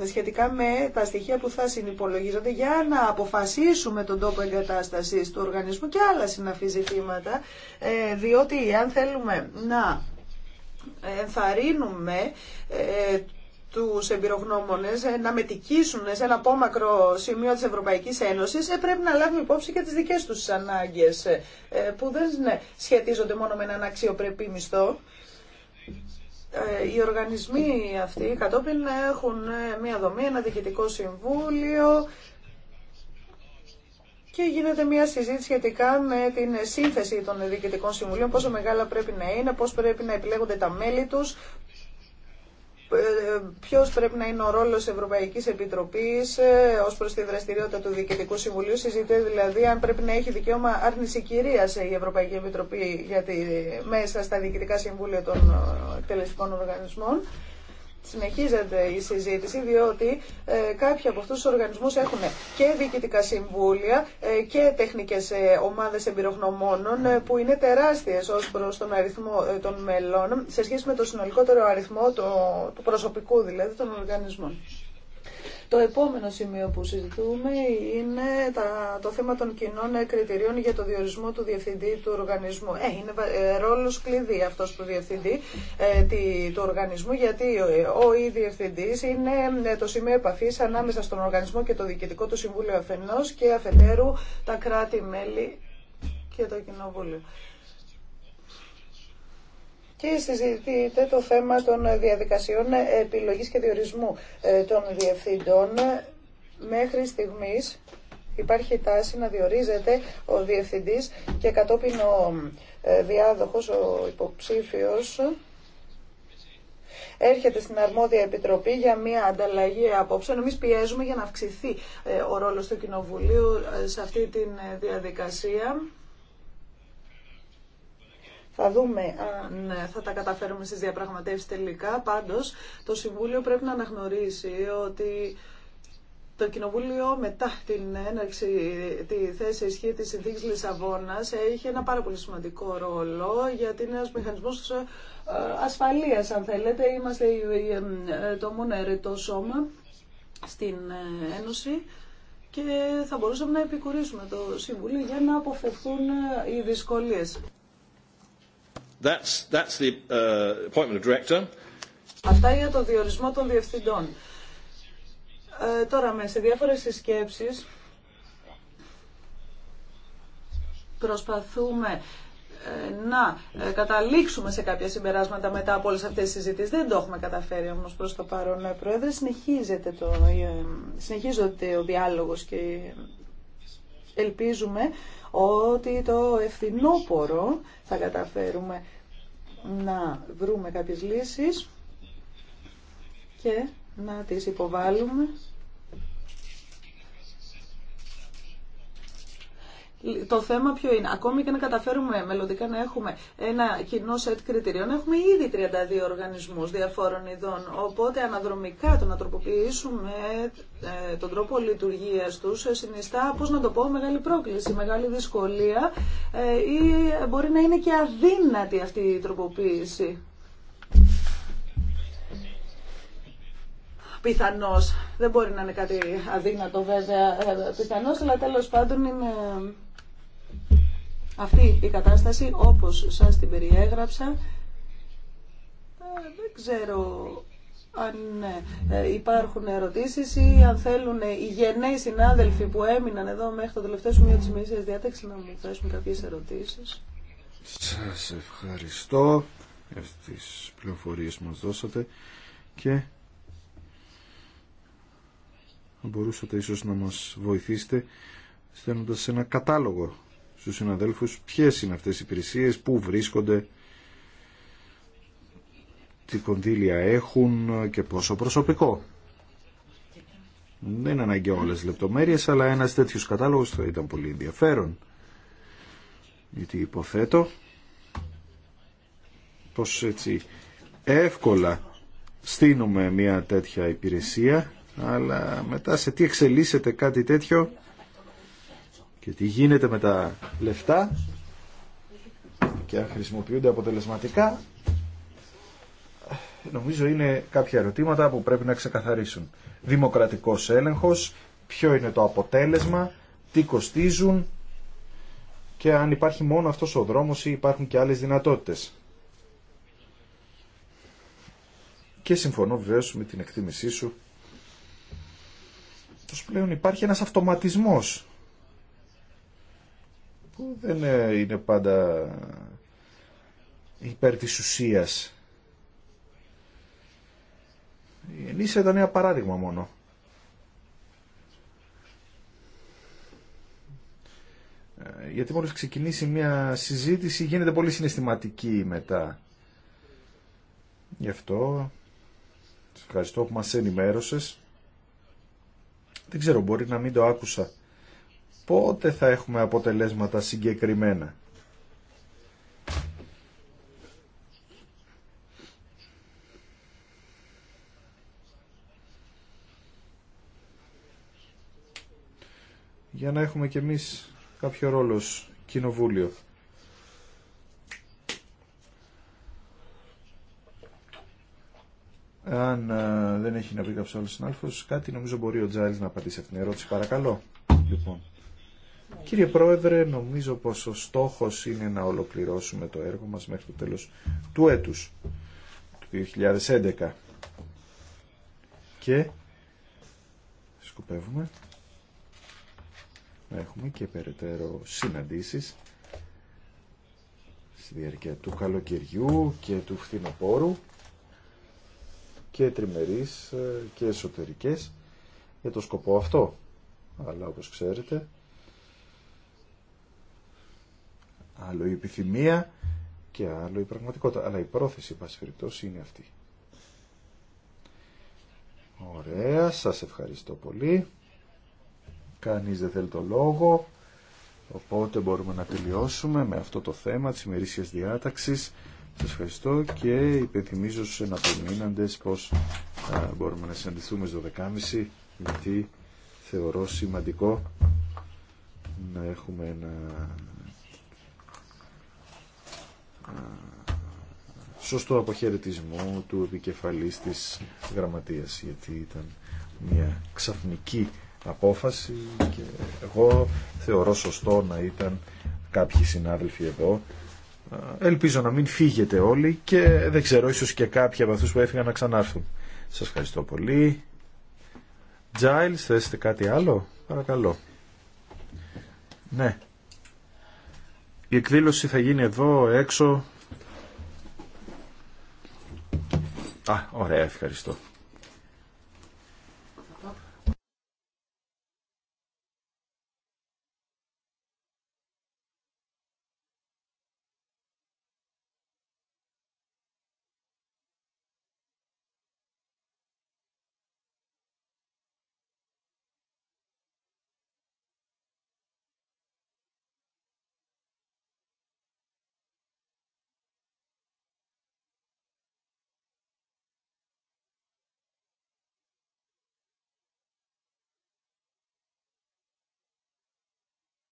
σχετικά με τα στοιχεία που θα συνυπολογίζονται για να αποφασίσουμε τον τόπο εγκατάστασης του οργανισμού και άλλα συναφή ζητήματα, ε, διότι αν θέλουμε να ενθαρρύνουμε ε, τους εμπειρογνώμονες ε, να μετικήσουν σε ένα απόμακρο σημείο της Ευρωπαϊκής Ένωσης πρέπει να λάβουμε υπόψη και τις δικές τους ανάγκες που δεν ναι, σχετίζονται μόνο με έναν αξιοπρεπή μισθό. Ε, οι οργανισμοί αυτοί κατόπιν έχουν ε, μια δομή, ένα διοικητικό συμβούλιο και γίνεται μια συζήτηση σχετικά με την σύνθεση των διοικητικών συμβουλίων, πόσο μεγάλα πρέπει να είναι, πώς πρέπει να επιλέγονται τα μέλη τους, ποιος πρέπει να είναι ο ρόλος Ευρωπαϊκής Επιτροπής ε, ως προς τη δραστηριότητα του Διοικητικού Συμβουλίου. Συζητεί δηλαδή αν πρέπει να έχει δικαίωμα άρνηση κυρίας ε, η Ευρωπαϊκή Επιτροπή για μέσα στα Διοικητικά Συμβούλια των ε, Εκτελεστικών Οργανισμών. Συνεχίζεται η συζήτηση διότι ε, κάποιοι από αυτούς τους οργανισμούς έχουν και διοικητικά συμβούλια ε, και τεχνικές ε, ομάδες εμπειρογνωμόνων ε, που είναι τεράστιες ως προς τον αριθμό ε, των μελών σε σχέση με το συνολικότερο αριθμό το, του προσωπικού δηλαδή των οργανισμών. Το επόμενο σημείο που συζητούμε είναι το θέμα των κοινών κριτηρίων για το διορισμό του διευθυντή του οργανισμού. Ε, είναι ε, ρόλος κλειδί αυτός του διευθυντή ε, του οργανισμού γιατί ο ή διευθυντής είναι το σημείο επαφής ανάμεσα στον οργανισμό και το διοικητικό του συμβούλιο Αφενό και αφετέρου τα κράτη-μέλη και το κοινοβούλιο και συζητείται το θέμα των διαδικασιών επιλογής και διορισμού ε, των διευθύντων. Μέχρι στιγμής υπάρχει τάση να διορίζεται ο διευθυντής και κατόπιν ο ε, διάδοχος, ο υποψήφιος, έρχεται στην αρμόδια επιτροπή για μια ανταλλαγή απόψεων. Εμεί πιέζουμε για να αυξηθεί ε, ο ρόλος του Κοινοβουλίου σε αυτή τη διαδικασία. Θα δούμε αν ε, θα τα καταφέρουμε στις διαπραγματεύσεις τελικά. Πάντως, το Συμβούλιο πρέπει να αναγνωρίσει ότι το Κοινοβούλιο μετά την έναρξη τη θέση ισχύ της συνθήκης Λισαβόνας έχει ένα πάρα πολύ σημαντικό ρόλο γιατί είναι ένας μηχανισμός ε, ασφαλείας αν θέλετε. Είμαστε ε, το μόνο αιρετό σώμα στην Ένωση και θα μπορούσαμε να επικουρήσουμε το Συμβούλιο για να αποφευθούν οι δυσκολίες. Uh, Αυτά για το διορισμό των διευθυντών. Ε, τώρα, με σε διάφορες συσκέψεις προσπαθούμε ε, να ε, καταλήξουμε σε κάποια συμπεράσματα μετά από όλες αυτές τις συζητήσεις. Δεν το έχουμε καταφέρει όμως προς το παρόν, ναι, Πρόεδρε. Συνεχίζεται το, συνεχίζονται ο διάλογος και ελπίζουμε ότι το ευθυνόπορο θα καταφέρουμε να βρούμε κάποιες λύσεις και να τις υποβάλουμε Το θέμα ποιο είναι, ακόμη και να καταφέρουμε μελλοντικά να έχουμε ένα κοινό σετ κριτηρίων, έχουμε ήδη 32 οργανισμούς διαφόρων ειδών, οπότε αναδρομικά το να τροποποιήσουμε ε, τον τρόπο λειτουργίας τους ε, συνιστά, πώς να το πω, μεγάλη πρόκληση, μεγάλη δυσκολία ε, ή μπορεί να είναι και αδύνατη αυτή η τροποποίηση. Πιθανώ. Δεν μπορεί να είναι κάτι αδύνατο βέβαια. Πιθανώ, αλλά τέλο πάντων είναι αυτή η κατάσταση, όπως σας την περιέγραψα, ε, δεν ξέρω αν ε, υπάρχουν ερωτήσεις ή αν θέλουν οι γενναίοι συνάδελφοι που έμειναν εδώ μέχρι το τελευταίο σημείο της μέσης διάταξης να μου θέσουν κάποιες ερωτήσεις. Σας ευχαριστώ για τις πληροφορίες που μας δώσατε και μπορούσατε ίσως να μας βοηθήσετε στέλνοντας ένα κατάλογο στους συναδέλφους ποιες είναι αυτές οι υπηρεσίες, πού βρίσκονται, τι κονδύλια έχουν και πόσο προσωπικό. Δεν είναι αναγκαίο όλες τις λεπτομέρειες, αλλά ένας τέτοιος κατάλογος θα ήταν πολύ ενδιαφέρον. Γιατί υποθέτω πως έτσι εύκολα στείνουμε μια τέτοια υπηρεσία, αλλά μετά σε τι εξελίσσεται κάτι τέτοιο και τι γίνεται με τα λεφτά και αν χρησιμοποιούνται αποτελεσματικά νομίζω είναι κάποια ερωτήματα που πρέπει να ξεκαθαρίσουν. Δημοκρατικός έλεγχος, ποιο είναι το αποτέλεσμα, τι κοστίζουν και αν υπάρχει μόνο αυτός ο δρόμος ή υπάρχουν και άλλες δυνατότητες. Και συμφωνώ βεβαίως με την εκτίμησή σου πως πλέον υπάρχει ένας αυτοματισμός που δεν ε, είναι πάντα υπέρ της ουσίας. Η Ενίσια ήταν ένα παράδειγμα μόνο. Ε, γιατί μόλις ξεκινήσει μια συζήτηση γίνεται πολύ συναισθηματική μετά. Γι' αυτό σας ευχαριστώ που μας ενημέρωσες. Δεν ξέρω, μπορεί να μην το άκουσα πότε θα έχουμε αποτελέσματα συγκεκριμένα. για να έχουμε κι εμείς κάποιο ρόλο κοινοβούλιο. Αν ε, δεν έχει να πει κάποιο άλλο συνάλφο, κάτι νομίζω μπορεί ο Τζάιλ να απαντήσει αυτήν την ερώτηση. Παρακαλώ. Λοιπόν. Κύριε Πρόεδρε, νομίζω πως ο στόχος είναι να ολοκληρώσουμε το έργο μας μέχρι το τέλος του έτους, του 2011. Και σκοπεύουμε να έχουμε και περαιτέρω συναντήσεις στη διάρκεια του καλοκαιριού και του φθινοπόρου και τριμερείς ε, και εσωτερικές για το σκοπό αυτό. Αλλά όπως ξέρετε άλλο η επιθυμία και άλλο η πραγματικότητα. Αλλά η πρόθεση, πάση περιπτώσει, είναι αυτή. Ωραία, σας ευχαριστώ πολύ. Κανείς δεν θέλει το λόγο, οπότε μπορούμε να τελειώσουμε με αυτό το θέμα της ημερήσιας διάταξης. Σας ευχαριστώ και υπενθυμίζω στους εναπομείναντες πως μπορούμε να συναντηθούμε στις 12.30 γιατί θεωρώ σημαντικό να έχουμε ένα σωστό αποχαιρετισμό του επικεφαλής της γραμματείας γιατί ήταν μια ξαφνική απόφαση και εγώ θεωρώ σωστό να ήταν κάποιοι συνάδελφοι εδώ ελπίζω να μην φύγετε όλοι και δεν ξέρω ίσως και κάποιοι από αυτούς που έφυγαν να ξανάρθουν σας ευχαριστώ πολύ Giles θέσετε κάτι άλλο παρακαλώ ναι η εκδήλωση θα γίνει εδώ, έξω. Α, ωραία, ευχαριστώ.